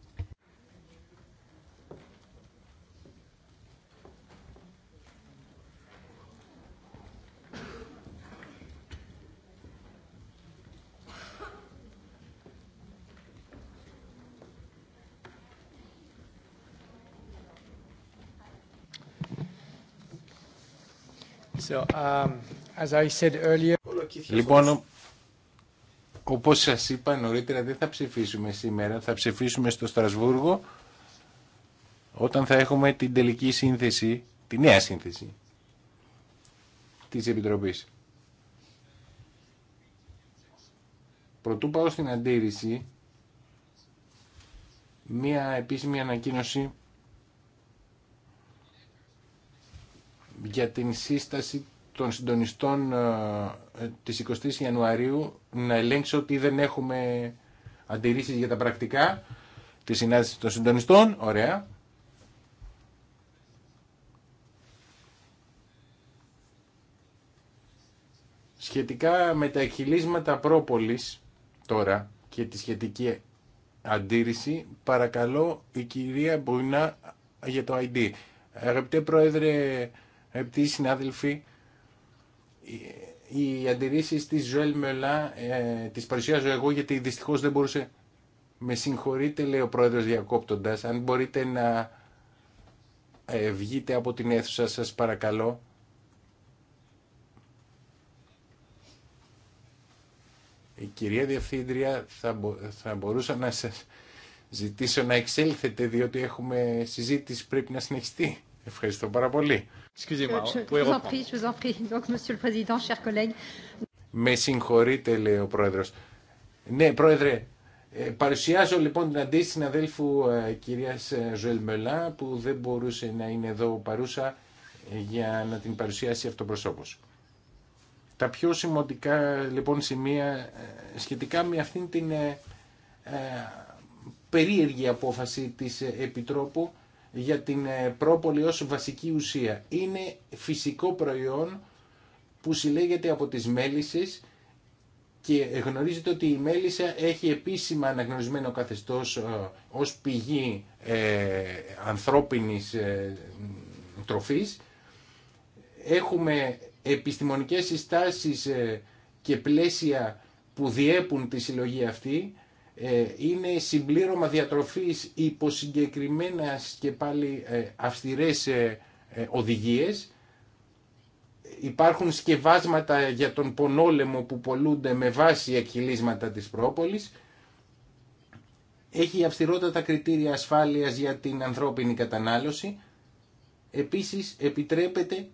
Um, λοιπόν, όπως σας είπα νωρίτερα, δεν θα ψηφίσουμε σήμερα, θα ψηφίσουμε στο Στρασβούργο όταν θα έχουμε την τελική σύνθεση, τη νέα σύνθεση της Επιτροπής. Προτού πάω στην αντίρρηση, μία επίσημη ανακοίνωση για την σύσταση των συντονιστών ε, της 20 Ιανουαρίου να ελέγξω ότι δεν έχουμε αντιρρήσεις για τα πρακτικά της συνάντηση των συντονιστών. Ωραία. Σχετικά με τα εκχυλίσματα πρόπολης τώρα και τη σχετική αντίρρηση, παρακαλώ η κυρία Μπουινά για το ID. Αγαπητέ Πρόεδρε, επειδή συνάδελφοι, οι αντιρρήσει της Ζωέλ Μελά ε, τις παρουσιάζω εγώ γιατί δυστυχώ δεν μπορούσε... Με συγχωρείτε, λέει ο πρόεδρος διακόπτοντα. αν μπορείτε να ε, βγείτε από την αίθουσα σας παρακαλώ. Η κυρία Διευθύντρια θα, θα μπορούσα να σας ζητήσω να εξέλθετε διότι έχουμε συζήτηση πρέπει να συνεχιστεί. Ευχαριστώ πάρα πολύ. Με συγχωρείτε, λέει ο Πρόεδρο. Ναι, Πρόεδρε, ε, παρουσιάζω λοιπόν την αντίστοιχη συναδέλφου ε, κυρίας ε, Ζουέλ Μελά που δεν μπορούσε να είναι εδώ παρούσα για να την παρουσιάσει αυτοπροσώπως. Τα πιο σημαντικά λοιπόν σημεία σχετικά με αυτήν την περίεργη απόφαση της Επιτρόπου για την ε, πρόπολη ως βασική ουσία. Είναι φυσικό προϊόν που συλλέγεται από τις μέλισσες και γνωρίζετε ότι η μέλισσα έχει επίσημα αναγνωρισμένο καθεστώς ε, ως πηγή ε, ανθρώπινης τροφής. Έχουμε επιστημονικές συστάσεις και πλαίσια που διέπουν τη συλλογή αυτή ε, είναι συμπλήρωμα διατροφής υπό και πάλι ε, αυστηρές ε, οδηγίες. Υπάρχουν σκευάσματα για τον πονόλεμο που πολλούνται με βάση εκχυλίσματα της πρόπολης. Έχει αυστηρότατα κριτήρια ασφάλειας για την ανθρώπινη κατανάλωση. Επίσης επιτρέπεται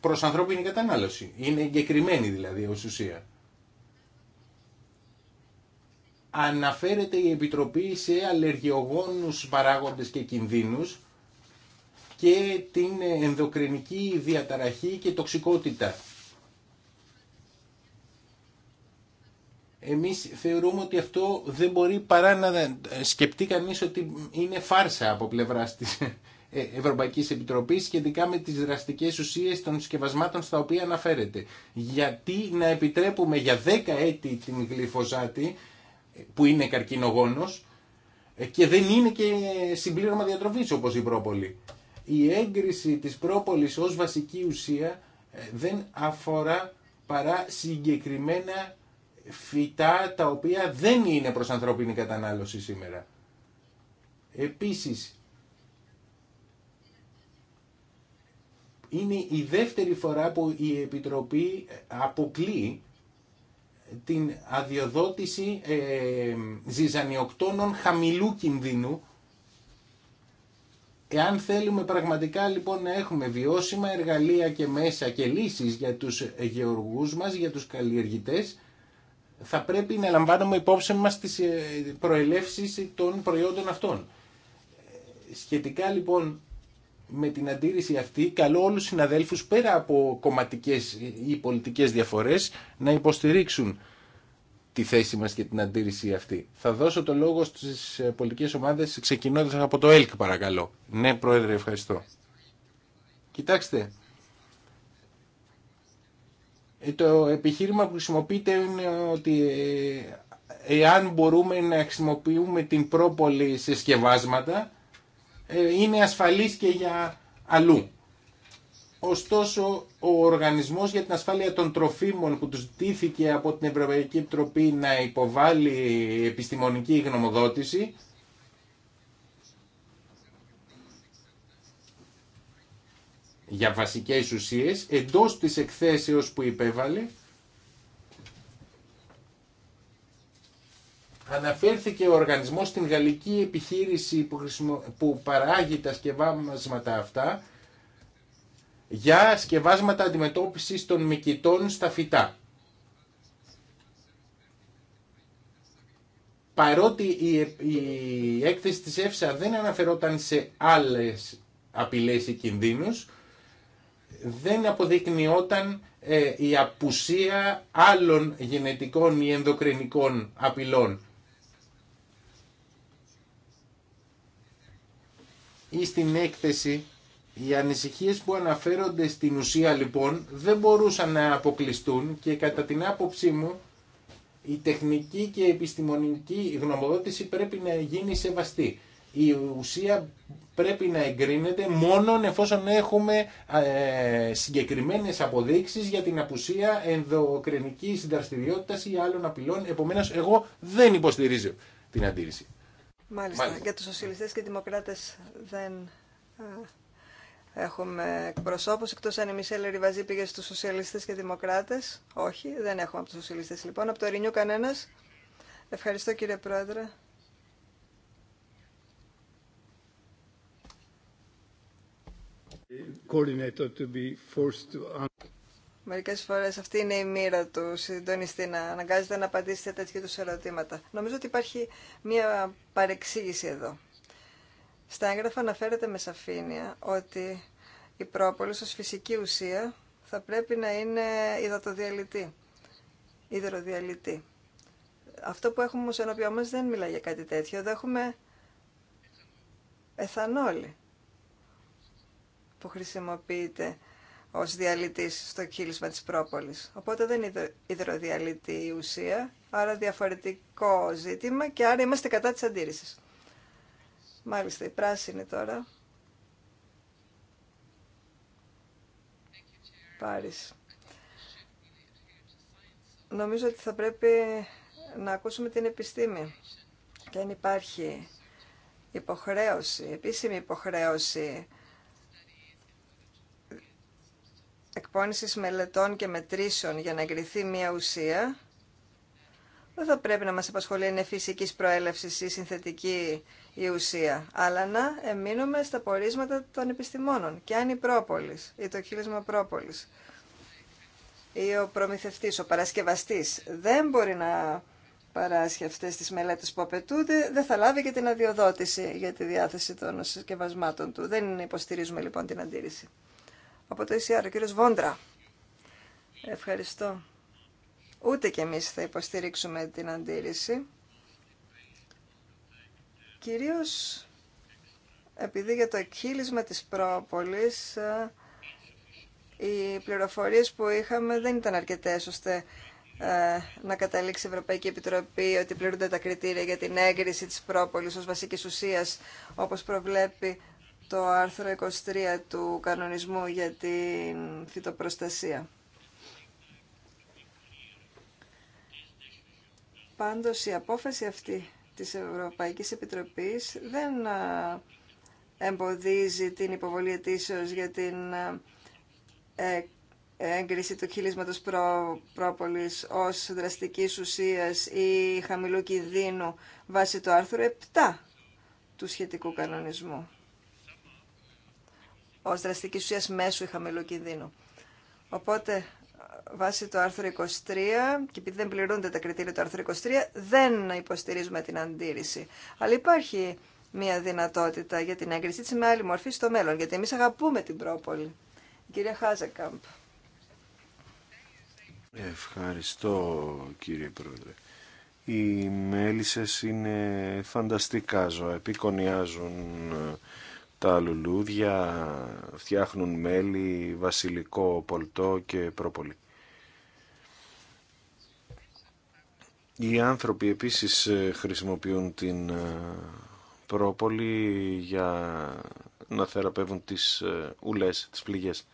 προς ανθρώπινη κατανάλωση. Είναι εγκεκριμένη δηλαδή ως ουσία αναφέρεται η Επιτροπή σε αλλεργιογόνους παράγοντες και κινδύνους και την ενδοκρινική διαταραχή και τοξικότητα. Εμείς θεωρούμε ότι αυτό δεν μπορεί παρά να σκεφτεί κανείς ότι είναι φάρσα από πλευράς της Ευρωπαϊκής Επιτροπής σχετικά με τις δραστικές ουσίες των συσκευασμάτων στα οποία αναφέρεται. Γιατί να επιτρέπουμε για 10 έτη την γλυφοζάτη που είναι καρκινογόνος ε, και δεν είναι και συμπλήρωμα διατροφής όπως η πρόπολη. Η έγκριση της πρόπολης ως βασική ουσία ε, δεν αφορά παρά συγκεκριμένα φυτά τα οποία δεν είναι προς ανθρώπινη κατανάλωση σήμερα. Επίσης, είναι η δεύτερη φορά που η Επιτροπή αποκλεί την αδειοδότηση ε, ζυζανιοκτώνων χαμηλού κινδύνου. Εάν θέλουμε πραγματικά λοιπόν να έχουμε βιώσιμα εργαλεία και μέσα και λύσεις για τους γεωργούς μας, για τους καλλιεργητές, θα πρέπει να λαμβάνουμε υπόψη μας τις ε, προελεύσεις των προϊόντων αυτών. Ε, σχετικά λοιπόν με την αντίρρηση αυτή καλώ όλους τους συναδέλφους πέρα από κομματικές ή πολιτικές διαφορές να υποστηρίξουν τη θέση μας και την αντίρρηση αυτή. Θα δώσω το λόγο στις ε, πολιτικές ομάδες ξεκινώντας από το ΕΛΚ παρακαλώ. Ναι Πρόεδρε ευχαριστώ. Κοιτάξτε, ε, το επιχείρημα που χρησιμοποιείται είναι ότι ε, εάν μπορούμε να χρησιμοποιούμε την πρόπολη σε σκευάσματα ε, είναι ασφαλής και για αλλού. Ωστόσο, ο Οργανισμός για την Ασφάλεια των Τροφίμων που του ζητήθηκε από την Ευρωπαϊκή Επιτροπή να υποβάλει επιστημονική γνωμοδότηση για βασικές ουσίες εντός της εκθέσεως που υπέβαλε αναφέρθηκε ο οργανισμός στην γαλλική επιχείρηση που, παράγει τα σκευάσματα αυτά για σκευάσματα αντιμετώπισης των μυκητών στα φυτά. Παρότι η, έκθεση της ΕΦΣΑ δεν αναφερόταν σε άλλες απειλές ή κινδύνους, δεν αποδεικνυόταν ε, η απουσία άλλων γενετικών ή ενδοκρινικών απειλών ή στην έκθεση οι ανησυχίες που αναφέρονται στην ουσία λοιπόν δεν μπορούσαν να αποκλειστούν και κατά την άποψή μου η τεχνική και επιστημονική γνωμοδότηση πρέπει να γίνει σεβαστή. Η ουσία πρέπει να εγκρίνεται μόνο εφόσον έχουμε ε, συγκεκριμένες αποδείξεις για την απουσία ενδοκρινικής δραστηριότητας ή άλλων απειλών. Επομένως εγώ δεν υποστηρίζω την αντίρρηση. Μάλιστα. Για τους σοσιαλιστές και δημοκράτες δεν ε, έχουμε εκπροσώπους, εκτός αν η Μισελ Ριβαζή πήγε στους σοσιαλιστές και δημοκράτες. Όχι, δεν έχουμε από τους σοσιαλιστές λοιπόν. Από το κανένας. Ευχαριστώ κύριε Πρόεδρε. To be forced to... Μερικέ φορές αυτή είναι η μοίρα του συντονιστή να αναγκάζεται να απαντήσει σε τέτοιου του ερωτήματα. Νομίζω ότι υπάρχει μία παρεξήγηση εδώ. Στα έγγραφα αναφέρεται με σαφήνεια ότι η πρόπολη ως φυσική ουσία θα πρέπει να είναι υδατοδιαλυτή, υδροδιαλυτή. Αυτό που έχουμε όμως ενώπιό μας δεν μιλάει για κάτι τέτοιο. Εδώ έχουμε εθανόλη που χρησιμοποιείται ως διαλυτής στο κύλισμα της πρόπολης. Οπότε δεν είναι υδροδιαλύτη η ουσία, άρα διαφορετικό ζήτημα και άρα είμαστε κατά της αντίρρησης. Μάλιστα, η πράσινη τώρα. Πάρης. Νομίζω ότι θα πρέπει να ακούσουμε την επιστήμη. Και αν υπάρχει υποχρέωση, επίσημη υποχρέωση εκπόνησης μελετών και μετρήσεων για να εγκριθεί μια ουσία, δεν θα πρέπει να μας απασχολεί είναι φυσικής προέλευσης ή συνθετική η ουσία, αλλά να εμείνουμε στα πορίσματα των επιστημόνων. Και αν η πρόπολης ή το χείλισμα πρόπολης ή ο προμηθευτής, ο παρασκευαστής δεν μπορεί να παράσχει αυτές τις μελέτες που απαιτούνται, δεν θα λάβει και την αδειοδότηση για τη διάθεση των συσκευασμάτων του. Δεν υποστηρίζουμε λοιπόν την αντίρρηση. Από το ECR, ο κύριος Βόντρα. Ευχαριστώ. Ούτε και εμείς θα υποστηρίξουμε την αντίρρηση. Κυρίως επειδή για το εκχύλισμα της πρόπολης ε, οι πληροφορίες που είχαμε δεν ήταν αρκετές ώστε ε, να καταλήξει η Ευρωπαϊκή Επιτροπή ότι πληρούνται τα κριτήρια για την έγκριση της πρόπολης ως βασικής ουσίας όπως προβλέπει το άρθρο 23 του κανονισμού για την φυτοπροστασία. Πάντως η απόφαση αυτή της Ευρωπαϊκής Επιτροπής δεν εμποδίζει την υποβολή αιτήσεως για την ε, έγκριση του χειλίσματος πρό, πρόπολης ως δραστικής ουσίας ή χαμηλού κινδύνου βάσει του άρθρου 7 του σχετικού κανονισμού. Ω δραστική ουσία μέσου ή χαμηλού κινδύνου. Οπότε, βάσει το άρθρο 23, και επειδή δεν πληρούνται τα κριτήρια του άρθρου 23, δεν υποστηρίζουμε την αντίρρηση. Αλλά υπάρχει μια δυνατότητα για την έγκρισή τη με άλλη μορφή στο μέλλον, γιατί εμεί αγαπούμε την πρόπολη. Κύριε κυρία Χάζεκαμπ. Ευχαριστώ κύριε Πρόεδρε. Οι μέλισσες είναι φανταστικά ζώα, επικονιάζουν τα λουλούδια, φτιάχνουν μέλι, βασιλικό πολτό και πρόπολη. Οι άνθρωποι επίσης ε, χρησιμοποιούν την ε, πρόπολη για να θεραπεύουν τις ε, ουλές, τις πληγές.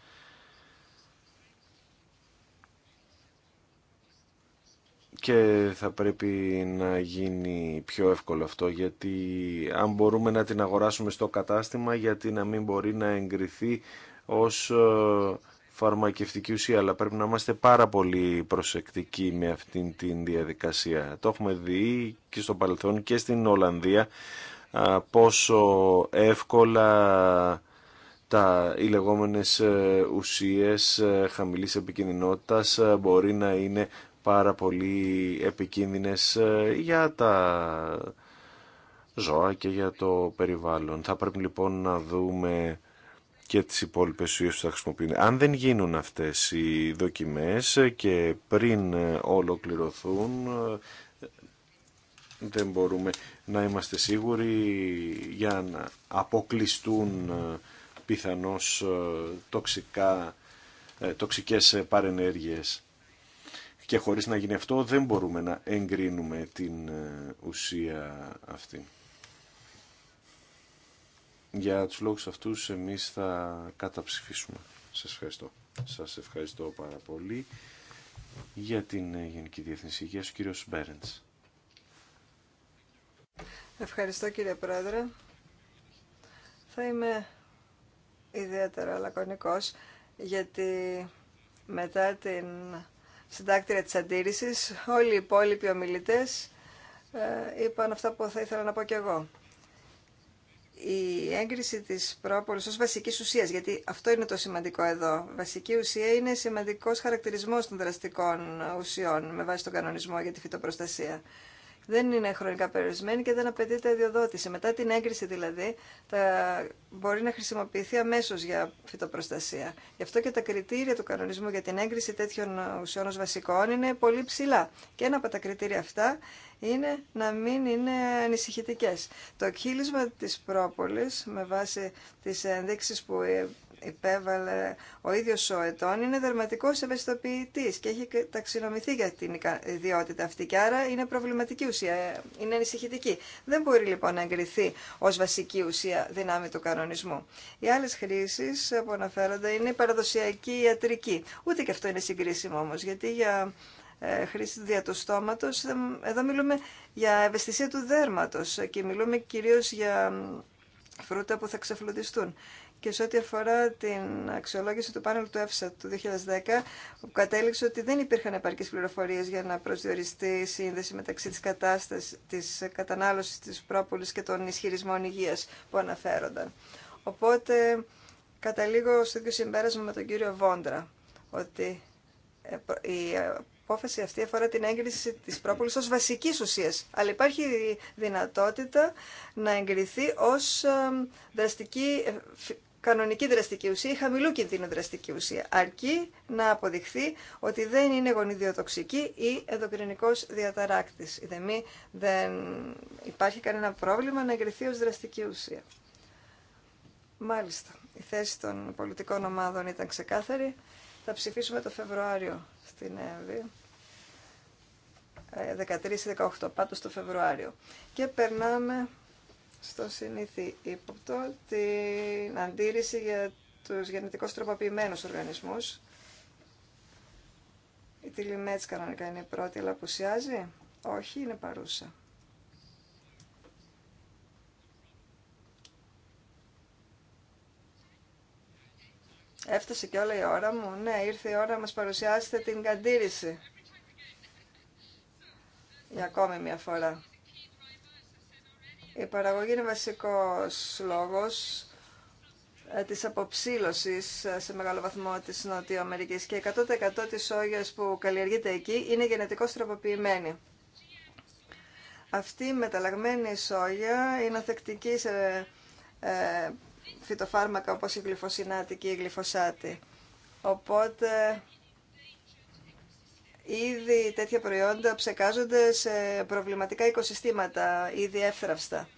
και θα πρέπει να γίνει πιο εύκολο αυτό γιατί αν μπορούμε να την αγοράσουμε στο κατάστημα γιατί να μην μπορεί να εγκριθεί ως ε, φαρμακευτική ουσία αλλά πρέπει να είμαστε πάρα πολύ προσεκτικοί με αυτήν την διαδικασία. Το έχουμε δει και στο παρελθόν και στην Ολλανδία ε, πόσο εύκολα τα, οι λεγόμενες ε, ουσίες χαμηλής επικινδυνότητας μπορεί να είναι πάρα πολύ επικίνδυνες ε, για τα ζώα και για το περιβάλλον. Θα πρέπει λοιπόν να δούμε και τις υπόλοιπες ουσίες που θα χρησιμοποιούν. Αν δεν γίνουν αυτές οι δοκιμές και πριν ολοκληρωθούν ε, δεν μπορούμε να είμαστε σίγουροι για να αποκλειστούν ε, πιθανώς τοξικά, τοξικές παρενέργειες και χωρίς να γίνει αυτό δεν μπορούμε να εγκρίνουμε την ε, ουσία αυτή. Για τους λόγους αυτούς εμείς θα καταψηφίσουμε. Σας ευχαριστώ. Σας ευχαριστώ πάρα πολύ για την ε, Γενική Διεθνής Υγείας, ο κύριος Μπέρεντς. Ευχαριστώ κύριε Πρόεδρε. Θα είμαι ιδιαίτερα λακωνικός γιατί μετά την συντάκτηρα της αντίρρησης. Όλοι οι υπόλοιποι ομιλητές ε, είπαν αυτά που θα ήθελα να πω κι εγώ. Η έγκριση της πρόπολης ως βασικής ουσίας, γιατί αυτό είναι το σημαντικό εδώ. Βασική ουσία είναι σημαντικός χαρακτηρισμός των δραστικών ουσιών με βάση τον κανονισμό για τη φυτοπροστασία δεν είναι χρονικά περιορισμένη και δεν απαιτείται αδειοδότηση. Μετά την έγκριση δηλαδή τα μπορεί να χρησιμοποιηθεί αμέσω για φυτοπροστασία. Γι' αυτό και τα κριτήρια του κανονισμού για την έγκριση τέτοιων ουσιών ως βασικών είναι πολύ ψηλά. Και ένα από τα κριτήρια αυτά είναι να μην είναι ανησυχητικέ. Το κύλισμα της πρόπολης με βάση τις ενδείξεις που υπέβαλε ο ίδιος ο Ετών είναι δερματικός ευαισθητοποιητής και έχει ταξινομηθεί για την ιδιότητα αυτή και άρα είναι προβληματική ουσία, είναι ανησυχητική. Δεν μπορεί λοιπόν να εγκριθεί ως βασική ουσία δυνάμει του κανονισμού. Οι άλλες χρήσεις που αναφέρονται είναι η παραδοσιακή ιατρική. Ούτε και αυτό είναι συγκρίσιμο όμως, γιατί για ε, χρήση δια του στόματος. Εδώ μιλούμε για ευαισθησία του δέρματος και μιλούμε κυρίως για φρούτα που θα ξεφλουδιστούν και σε ό,τι αφορά την αξιολόγηση του πάνελ του ΕΦΣΑ του 2010, που κατέληξε ότι δεν υπήρχαν επαρκείς πληροφορίες για να προσδιοριστεί η σύνδεση μεταξύ της κατάστασης, της κατανάλωσης της πρόπολης και των ισχυρισμών υγείας που αναφέρονταν. Οπότε, καταλήγω στο ίδιο συμπέρασμα με τον κύριο Βόντρα, ότι ε, η απόφαση αυτή αφορά την έγκριση της πρόπολης ως βασικής ουσίας, αλλά υπάρχει δυνατότητα να εγκριθεί ως ε, δραστική ε, κανονική δραστική ουσία ή χαμηλού κινδύνου δραστική ουσία, αρκεί να αποδειχθεί ότι δεν είναι γονιδιοτοξική ή ενδοκρινικός διαταράκτης. Η δεμή δεν υπάρχει κανένα πρόβλημα να εγκριθεί ως δραστική ουσία. Μάλιστα, η θέση των πολιτικών ομάδων ήταν ξεκάθαρη. Θα ψηφίσουμε το Φεβρουάριο στην ΕΒΗ. 13-18 ε, πάντως το Φεβρουάριο. Και περνάμε στο συνήθι ύποπτο την αντίρρηση για τους γενετικώς τροποποιημένους οργανισμούς. Η τηλιμέτς κανονικά είναι η πρώτη, αλλά απουσιάζει. Όχι, είναι παρούσα. Έφτασε και όλα η ώρα μου. Ναι, ήρθε η ώρα να μας παρουσιάσετε την καντήρηση. Για ακόμη μια φορά. Η παραγωγή είναι βασικός λόγος ε, της αποψήλωσης ε, σε μεγάλο βαθμό της Νοτιοαμερικής και 100% της σόγιας που καλλιεργείται εκεί είναι γενετικώς τροποποιημένη. Αυτή η μεταλλαγμένη σόγια είναι θεκτική σε ε, φυτοφάρμακα όπως η γλυφοσινάτη και η γλυφοσάτη. Οπότε ήδη τέτοια προϊόντα ψεκάζονται σε προβληματικά οικοσυστήματα, ήδη εύθραυστα.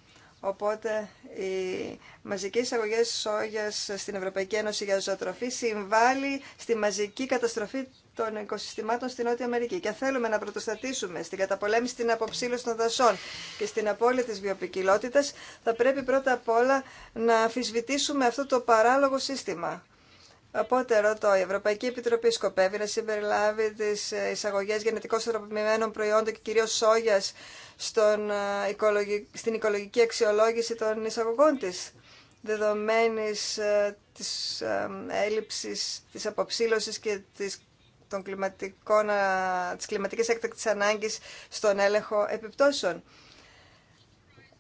Οπότε οι μαζικέ εισαγωγέ σόγια στην Ευρωπαϊκή Ένωση για ζωοτροφή συμβάλλει στη μαζική καταστροφή των οικοσυστημάτων στην Νότια Αμερική. Και αν θέλουμε να πρωτοστατήσουμε στην καταπολέμηση την αποψήλωση των δασών και στην απώλεια τη βιοπικιλότητα, θα πρέπει πρώτα απ' όλα να αμφισβητήσουμε αυτό το παράλογο σύστημα. Οπότε ρωτώ, η Ευρωπαϊκή Επιτροπή σκοπεύει να συμπεριλάβει τις ε, εισαγωγέ γενετικώς τροποποιημένων προϊόντων και κυρίως σόγιας ε, στην οικολογική αξιολόγηση των εισαγωγών τη, δεδομένη της ε, έλλειψης, της αποψήλωση και της, των κλιματικών, της κλιματικής έκτακτης στον έλεγχο επιπτώσεων.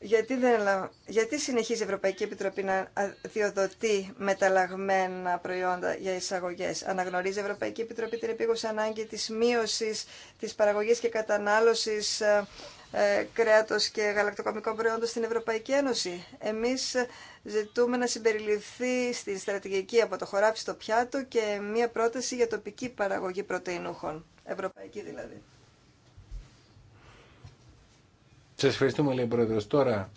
Γιατί, δεν, γιατί συνεχίζει η Ευρωπαϊκή Επιτροπή να διοδοτεί μεταλλαγμένα προϊόντα για εισαγωγέ. Αναγνωρίζει η Ευρωπαϊκή Επιτροπή την επίγουσα ανάγκη τη μείωση τη παραγωγή και κατανάλωση ε, ε κρέατο και γαλακτοκομικών προϊόντων στην Ευρωπαϊκή Ένωση. Εμεί ζητούμε να συμπεριληφθεί στη στρατηγική από το χωράφι στο πιάτο και μία πρόταση για τοπική παραγωγή πρωτεϊνούχων. Ευρωπαϊκή δηλαδή. Σας ευχαριστούμε, λέει Πρόεδρο. Τώρα,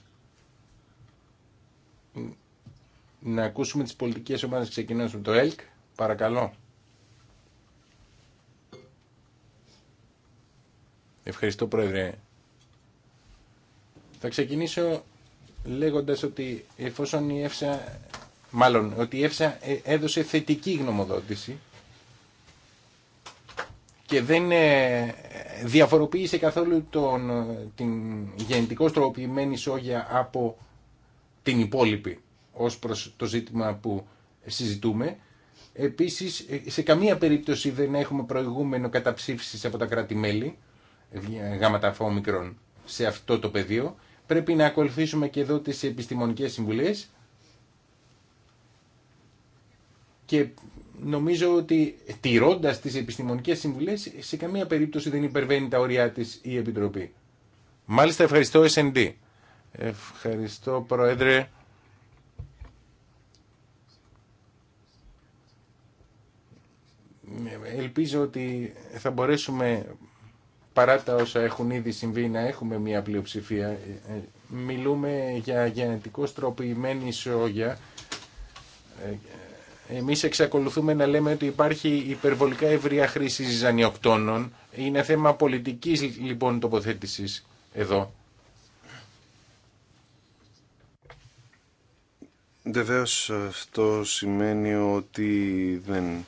να ακούσουμε τις πολιτικές ομάδε ξεκινάς το ΕΛΚ. Παρακαλώ. Ευχαριστώ, Πρόεδρε. Θα ξεκινήσω λέγοντας ότι εφόσον η ΕΦΣΑ, μάλλον, ότι η ΕΦΣΑ ε, έδωσε θετική γνωμοδότηση και δεν ε, διαφοροποίησε καθόλου τον, την γενετικό τροποποιημένη σόγια από την υπόλοιπη ως προς το ζήτημα που συζητούμε. Επίσης, ε, σε καμία περίπτωση δεν έχουμε προηγούμενο καταψήφισης από τα κράτη-μέλη ε, γάματα φόμικρον σε αυτό το πεδίο. Πρέπει να ακολουθήσουμε και εδώ τις επιστημονικές συμβουλές και νομίζω ότι τηρώντα τι επιστημονικές συμβουλέ σε καμία περίπτωση δεν υπερβαίνει τα όρια της η Επιτροπή. Μάλιστα ευχαριστώ SND. Ευχαριστώ Πρόεδρε. Ελπίζω ότι θα μπορέσουμε παρά τα όσα έχουν ήδη συμβεί να έχουμε μια πλειοψηφία. Μιλούμε για γενετικώ τροποποιημένη ισόγεια ε, Εμεί εξακολουθούμε να λέμε ότι υπάρχει υπερβολικά ευρεία χρήση ζανιοκτώνων. Είναι θέμα πολιτικής λοιπόν τοποθέτηση εδώ. Βεβαίω αυτό σημαίνει ότι δεν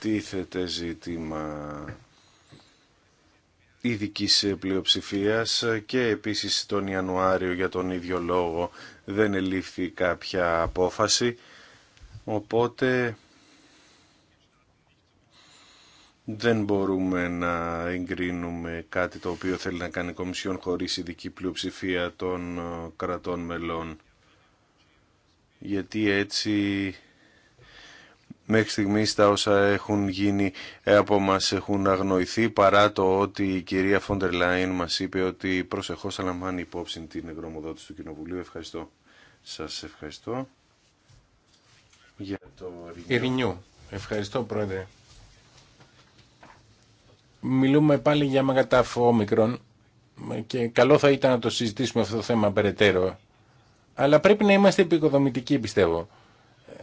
τίθεται ζήτημα ειδική πλειοψηφία και επίσης τον Ιανουάριο για τον ίδιο λόγο δεν ελήφθη κάποια απόφαση. Οπότε δεν μπορούμε να εγκρίνουμε κάτι το οποίο θέλει να κάνει η Κομισιόν χωρίς ειδική πλειοψηφία των ε, κρατών μελών. Γιατί έτσι μέχρι στιγμής τα όσα έχουν γίνει ε, από μας έχουν αγνοηθεί παρά το ότι η κυρία Φόντερ Λάιν μας είπε ότι προσεχώς θα λαμβάνει υπόψη την εγγρομοδότηση του Κοινοβουλίου. Ευχαριστώ. Σας ευχαριστώ για Ευχαριστώ πρόεδρε. Μιλούμε πάλι για μαγατάφο όμικρον και καλό θα ήταν να το συζητήσουμε αυτό το θέμα περαιτέρω. Αλλά πρέπει να είμαστε επικοδομητικοί πιστεύω. Ε,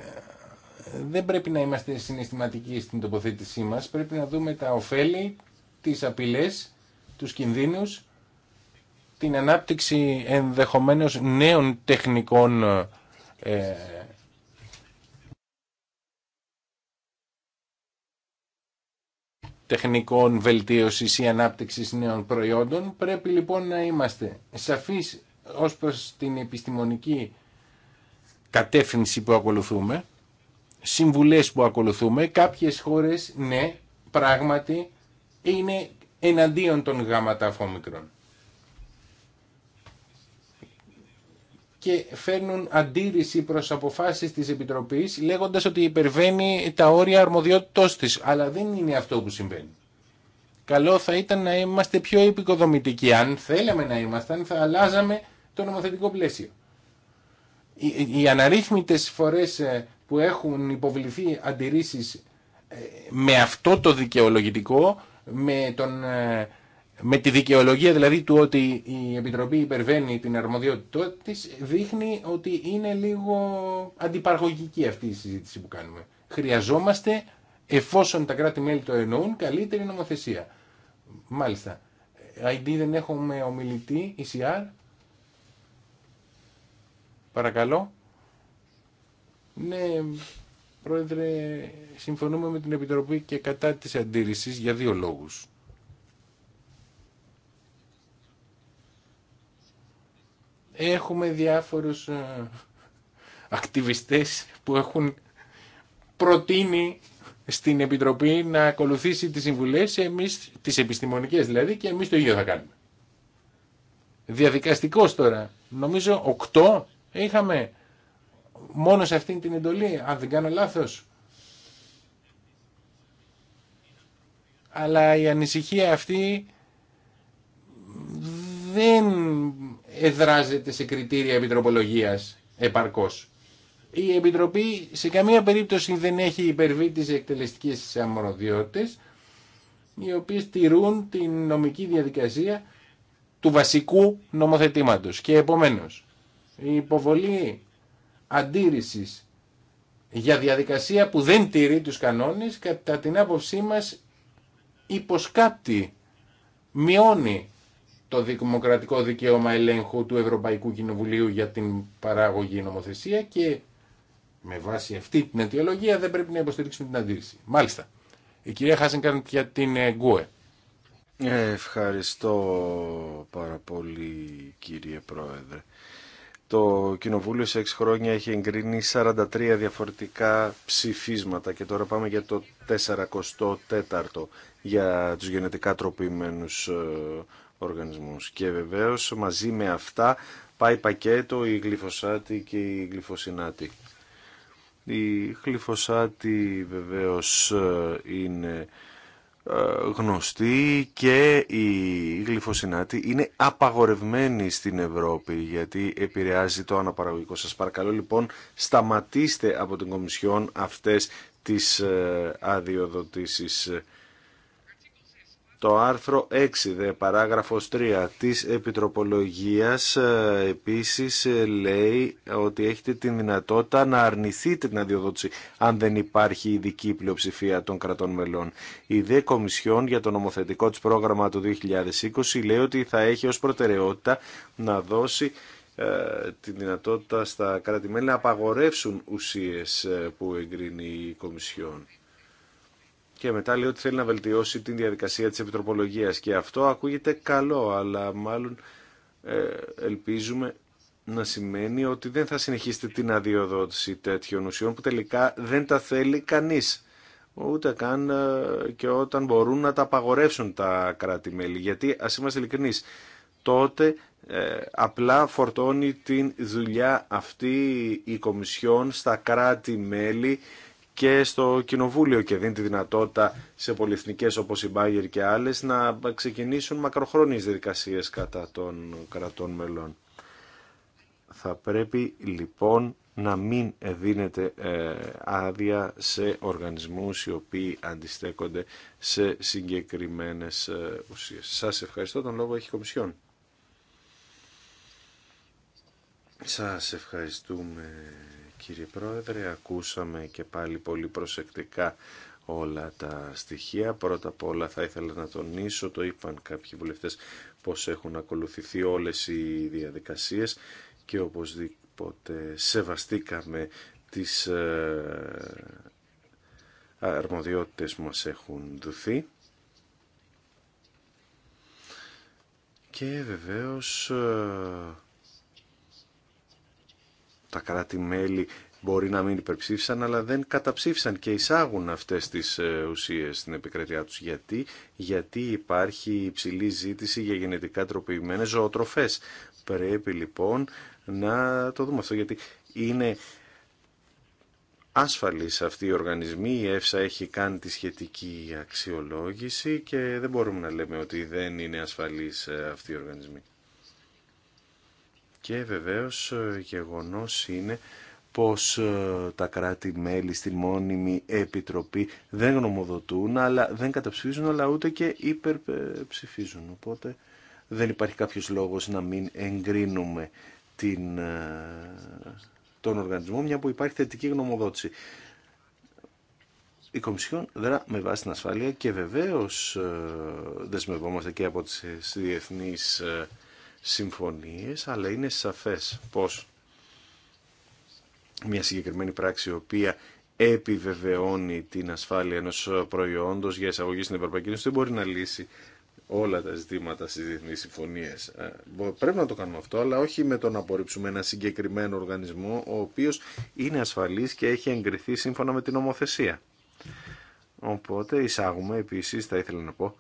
δεν πρέπει να είμαστε συναισθηματικοί στην τοποθέτησή μας. Πρέπει να δούμε τα ωφέλη, τις απειλές, τους κινδύνους, την ανάπτυξη ενδεχομένως νέων τεχνικών ε, τεχνικών βελτίωσης ή ανάπτυξης νέων προϊόντων. Πρέπει λοιπόν να είμαστε σαφείς ως προς την επιστημονική κατεύθυνση που ακολουθούμε, συμβουλές που ακολουθούμε. Κάποιες χώρες, ναι, πράγματι, είναι εναντίον των γάμματα αφόμικρων. και φέρνουν αντίρρηση προς αποφάσεις της Επιτροπής λέγοντας ότι υπερβαίνει τα όρια αρμοδιότητό τη, Αλλά δεν είναι αυτό που συμβαίνει. Καλό θα ήταν να είμαστε πιο επικοδομητικοί. Αν θέλαμε να ήμασταν θα αλλάζαμε το νομοθετικό πλαίσιο. Οι αναρρύθμιτες φορές ε, που έχουν υποβληθεί αντιρρήσεις ε, με αυτό το δικαιολογητικό, με τον ε, με τη δικαιολογία δηλαδή του ότι η Επιτροπή υπερβαίνει την αρμοδιότητά τη, δείχνει ότι είναι λίγο αντιπαραγωγική αυτή η συζήτηση που κάνουμε. Χρειαζόμαστε, εφόσον τα κράτη-μέλη το εννοούν, καλύτερη νομοθεσία. Μάλιστα. ID δεν έχουμε ομιλητή, ECR. Παρακαλώ. Ναι, Πρόεδρε, συμφωνούμε με την Επιτροπή και κατά της αντίρρησης για δύο λόγους. έχουμε διάφορους ε, ακτιβιστές που έχουν προτείνει στην Επιτροπή να ακολουθήσει τις συμβουλές, εμείς, τις επιστημονικές δηλαδή, και εμείς το ίδιο θα κάνουμε. Διαδικαστικός τώρα, νομίζω 8 είχαμε μόνο σε αυτήν την εντολή, αν δεν κάνω λάθος. Αλλά η ανησυχία αυτή δεν εδράζεται σε κριτήρια επιτροπολογίας επαρκώς. Η Επιτροπή σε καμία περίπτωση δεν έχει υπερβεί τις εκτελεστικές αμοροδιότητες, οι οποίε τηρούν την νομική διαδικασία του βασικού νομοθετήματος. Και επομένως, η υποβολή αντίρρησης για διαδικασία που δεν τηρεί τους κανόνες, κατά την άποψή μας υποσκάπτει, μειώνει το δημοκρατικό δικαίωμα ελέγχου του Ευρωπαϊκού Κοινοβουλίου για την παράγωγη νομοθεσία και με βάση αυτή την αιτιολογία δεν πρέπει να υποστηρίξουμε την αντίρρηση. Μάλιστα. Η κυρία κάνει για την ε, ΓΚΟΕ. Ευχαριστώ πάρα πολύ κύριε Πρόεδρε. Το Κοινοβούλιο σε 6 χρόνια έχει εγκρίνει 43 διαφορετικά ψηφίσματα και τώρα πάμε για το 44ο για τους γενετικά τροπημένους ε, οργανισμούς. Και βεβαίως μαζί με αυτά πάει πακέτο η γλυφοσάτη και η γλυφοσινάτη. Η γλυφοσάτη βεβαίως είναι ε, γνωστή και η γλυφοσινάτη είναι απαγορευμένη στην Ευρώπη γιατί επηρεάζει το αναπαραγωγικό. Σας παρακαλώ λοιπόν σταματήστε από την Κομισιόν αυτές τις ε, αδειοδοτήσεις το άρθρο 6 δε παράγραφος 3 της Επιτροπολογίας ε, επίσης ε, λέει ότι έχετε την δυνατότητα να αρνηθείτε την αδειοδότηση αν δεν υπάρχει ειδική πλειοψηφία των κρατών μελών. Η ΔΕ Κομισιόν για το νομοθετικό της πρόγραμμα του 2020 λέει ότι θα έχει ως προτεραιότητα να δώσει ε, τη δυνατότητα στα κράτη-μέλη να απαγορεύσουν ουσίες που εγκρίνει η Κομισιόν και μετά λέει ότι θέλει να βελτιώσει την διαδικασία της επιτροπολογίας και αυτό ακούγεται καλό αλλά μάλλον ε, ελπίζουμε να σημαίνει ότι δεν θα συνεχίσετε την αδειοδότηση τέτοιων ουσιών που τελικά δεν τα θέλει κανείς ούτε καν ε, και όταν μπορούν να τα απαγορεύσουν τα κράτη-μέλη γιατί ας είμαστε ειλικρινείς τότε ε, απλά φορτώνει την δουλειά αυτή η Κομισιόν στα κράτη-μέλη και στο Κοινοβούλιο και δίνει τη δυνατότητα σε πολυεθνικές όπως η Μπάγερ και άλλες να ξεκινήσουν μακροχρόνιες διαδικασίες κατά των κρατών μελών. Θα πρέπει λοιπόν να μην δίνεται ε, άδεια σε οργανισμούς οι οποίοι αντιστέκονται σε συγκεκριμένες ε, ουσίες. Σας ευχαριστώ. Τον λόγο έχει η Κομισιόν. Σας ευχαριστούμε κύριε Πρόεδρε. Ακούσαμε και πάλι πολύ προσεκτικά όλα τα στοιχεία. Πρώτα απ' όλα θα ήθελα να τονίσω, το είπαν κάποιοι βουλευτές, πως έχουν ακολουθηθεί όλες οι διαδικασίες και οπωσδήποτε σεβαστήκαμε τις ε, αρμοδιότητες που μας έχουν δουθεί. Και βεβαίως ε, τα κράτη-μέλη μπορεί να μην υπερψήφισαν, αλλά δεν καταψήφισαν και εισάγουν αυτές τις ε, ουσίες στην επικρατειά τους. Γιατί, Γιατί υπάρχει υψηλή ζήτηση για γενετικά τροποποιημένες ζωοτροφές. Πρέπει λοιπόν να το δούμε αυτό, γιατί είναι ασφαλής αυτοί οι οργανισμοί, η ΕΦΣΑ έχει κάνει τη σχετική αξιολόγηση και δεν μπορούμε να λέμε ότι δεν είναι ασφαλής ε, αυτοί οι οργανισμοί. Και βεβαίως ε, γεγονός είναι πως ε, τα κράτη-μέλη στη μόνιμη επιτροπή δεν γνωμοδοτούν, αλλά δεν καταψηφίζουν, αλλά ούτε και υπερψηφίζουν. Οπότε δεν υπάρχει κάποιος λόγος να μην εγκρίνουμε την, ε, τον οργανισμό, μια που υπάρχει θετική γνωμοδότηση. Η Κομισιόν δρά με βάση την ασφάλεια και βεβαίως δεσμευόμαστε και από τις διεθνείς συμφωνίες, αλλά είναι σαφές πως μια συγκεκριμένη πράξη η οποία επιβεβαιώνει την ασφάλεια ενός προϊόντος για εισαγωγή στην Ευρωπαϊκή Ένωση δεν μπορεί να λύσει όλα τα ζητήματα στις διεθνείς συμφωνίες. Ε, πρέπει να το κάνουμε αυτό, αλλά όχι με το να απορρίψουμε ένα συγκεκριμένο οργανισμό ο οποίος είναι ασφαλής και έχει εγκριθεί σύμφωνα με την νομοθεσία. Οπότε εισάγουμε επίσης, θα ήθελα να πω,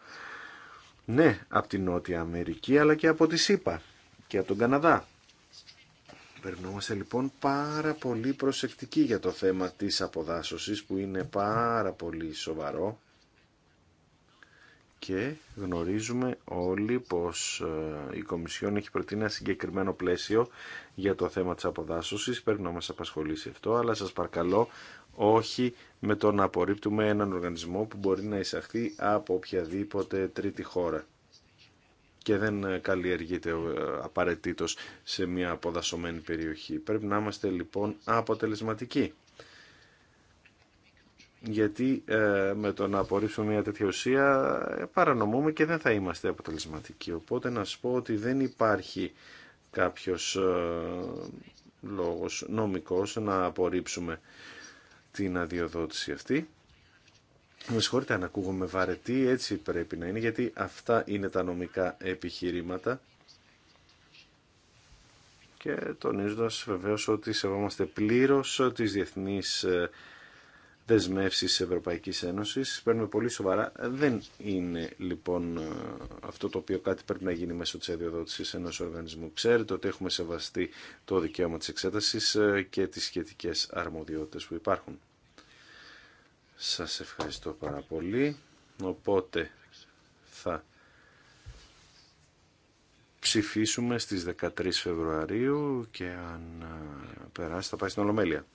ναι, από την Νότια Αμερική αλλά και από τη ΣΥΠΑ και από τον Καναδά. Περνόμαστε λοιπόν πάρα πολύ προσεκτικοί για το θέμα της αποδάσωσης που είναι πάρα πολύ σοβαρό και γνωρίζουμε όλοι πως ε, η Κομισιόν έχει προτείνει ένα συγκεκριμένο πλαίσιο για το θέμα της αποδάσωσης. Πρέπει να μας απασχολήσει αυτό, αλλά σας παρακαλώ όχι με το να απορρίπτουμε έναν οργανισμό που μπορεί να εισαχθεί από οποιαδήποτε τρίτη χώρα και δεν καλλιεργείται ε, απαραίτητο σε μια αποδασωμένη περιοχή. Πρέπει να είμαστε λοιπόν αποτελεσματικοί. Γιατί ε, με το να απορρίψουμε μια τέτοια ουσία ε, παρανομούμε και δεν θα είμαστε αποτελεσματικοί. Οπότε να σα πω ότι δεν υπάρχει κάποιος ε, λόγος νομικός να απορρίψουμε την αδειοδότηση αυτή. Με συγχωρείτε αν ακούγομαι βαρετή, έτσι πρέπει να είναι, γιατί αυτά είναι τα νομικά επιχειρήματα. Και τονίζοντας βεβαίως ότι σεβόμαστε πλήρως τις διεθνείς ε, δεσμεύσεις Ευρωπαϊκής Ένωσης. Παίρνουμε πολύ σοβαρά. Δεν είναι λοιπόν ε, αυτό το οποίο κάτι πρέπει να γίνει μέσω τη αδειοδότηση ενό οργανισμού. Ξέρετε ότι έχουμε σεβαστεί το δικαίωμα τη εξέταση ε, και τι σχετικέ αρμοδιότητε που υπάρχουν. Σα ευχαριστώ πάρα πολύ. Οπότε θα ψηφίσουμε στις 13 Φεβρουαρίου και αν ε, περάσει θα πάει στην Ολομέλεια.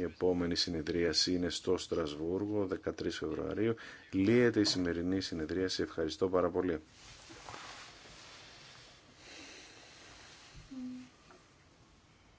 Η επόμενη συνεδρίαση είναι στο Στρασβούργο, 13 Φεβρουαρίου. Λύεται η σημερινή συνεδρίαση. Ευχαριστώ πάρα πολύ.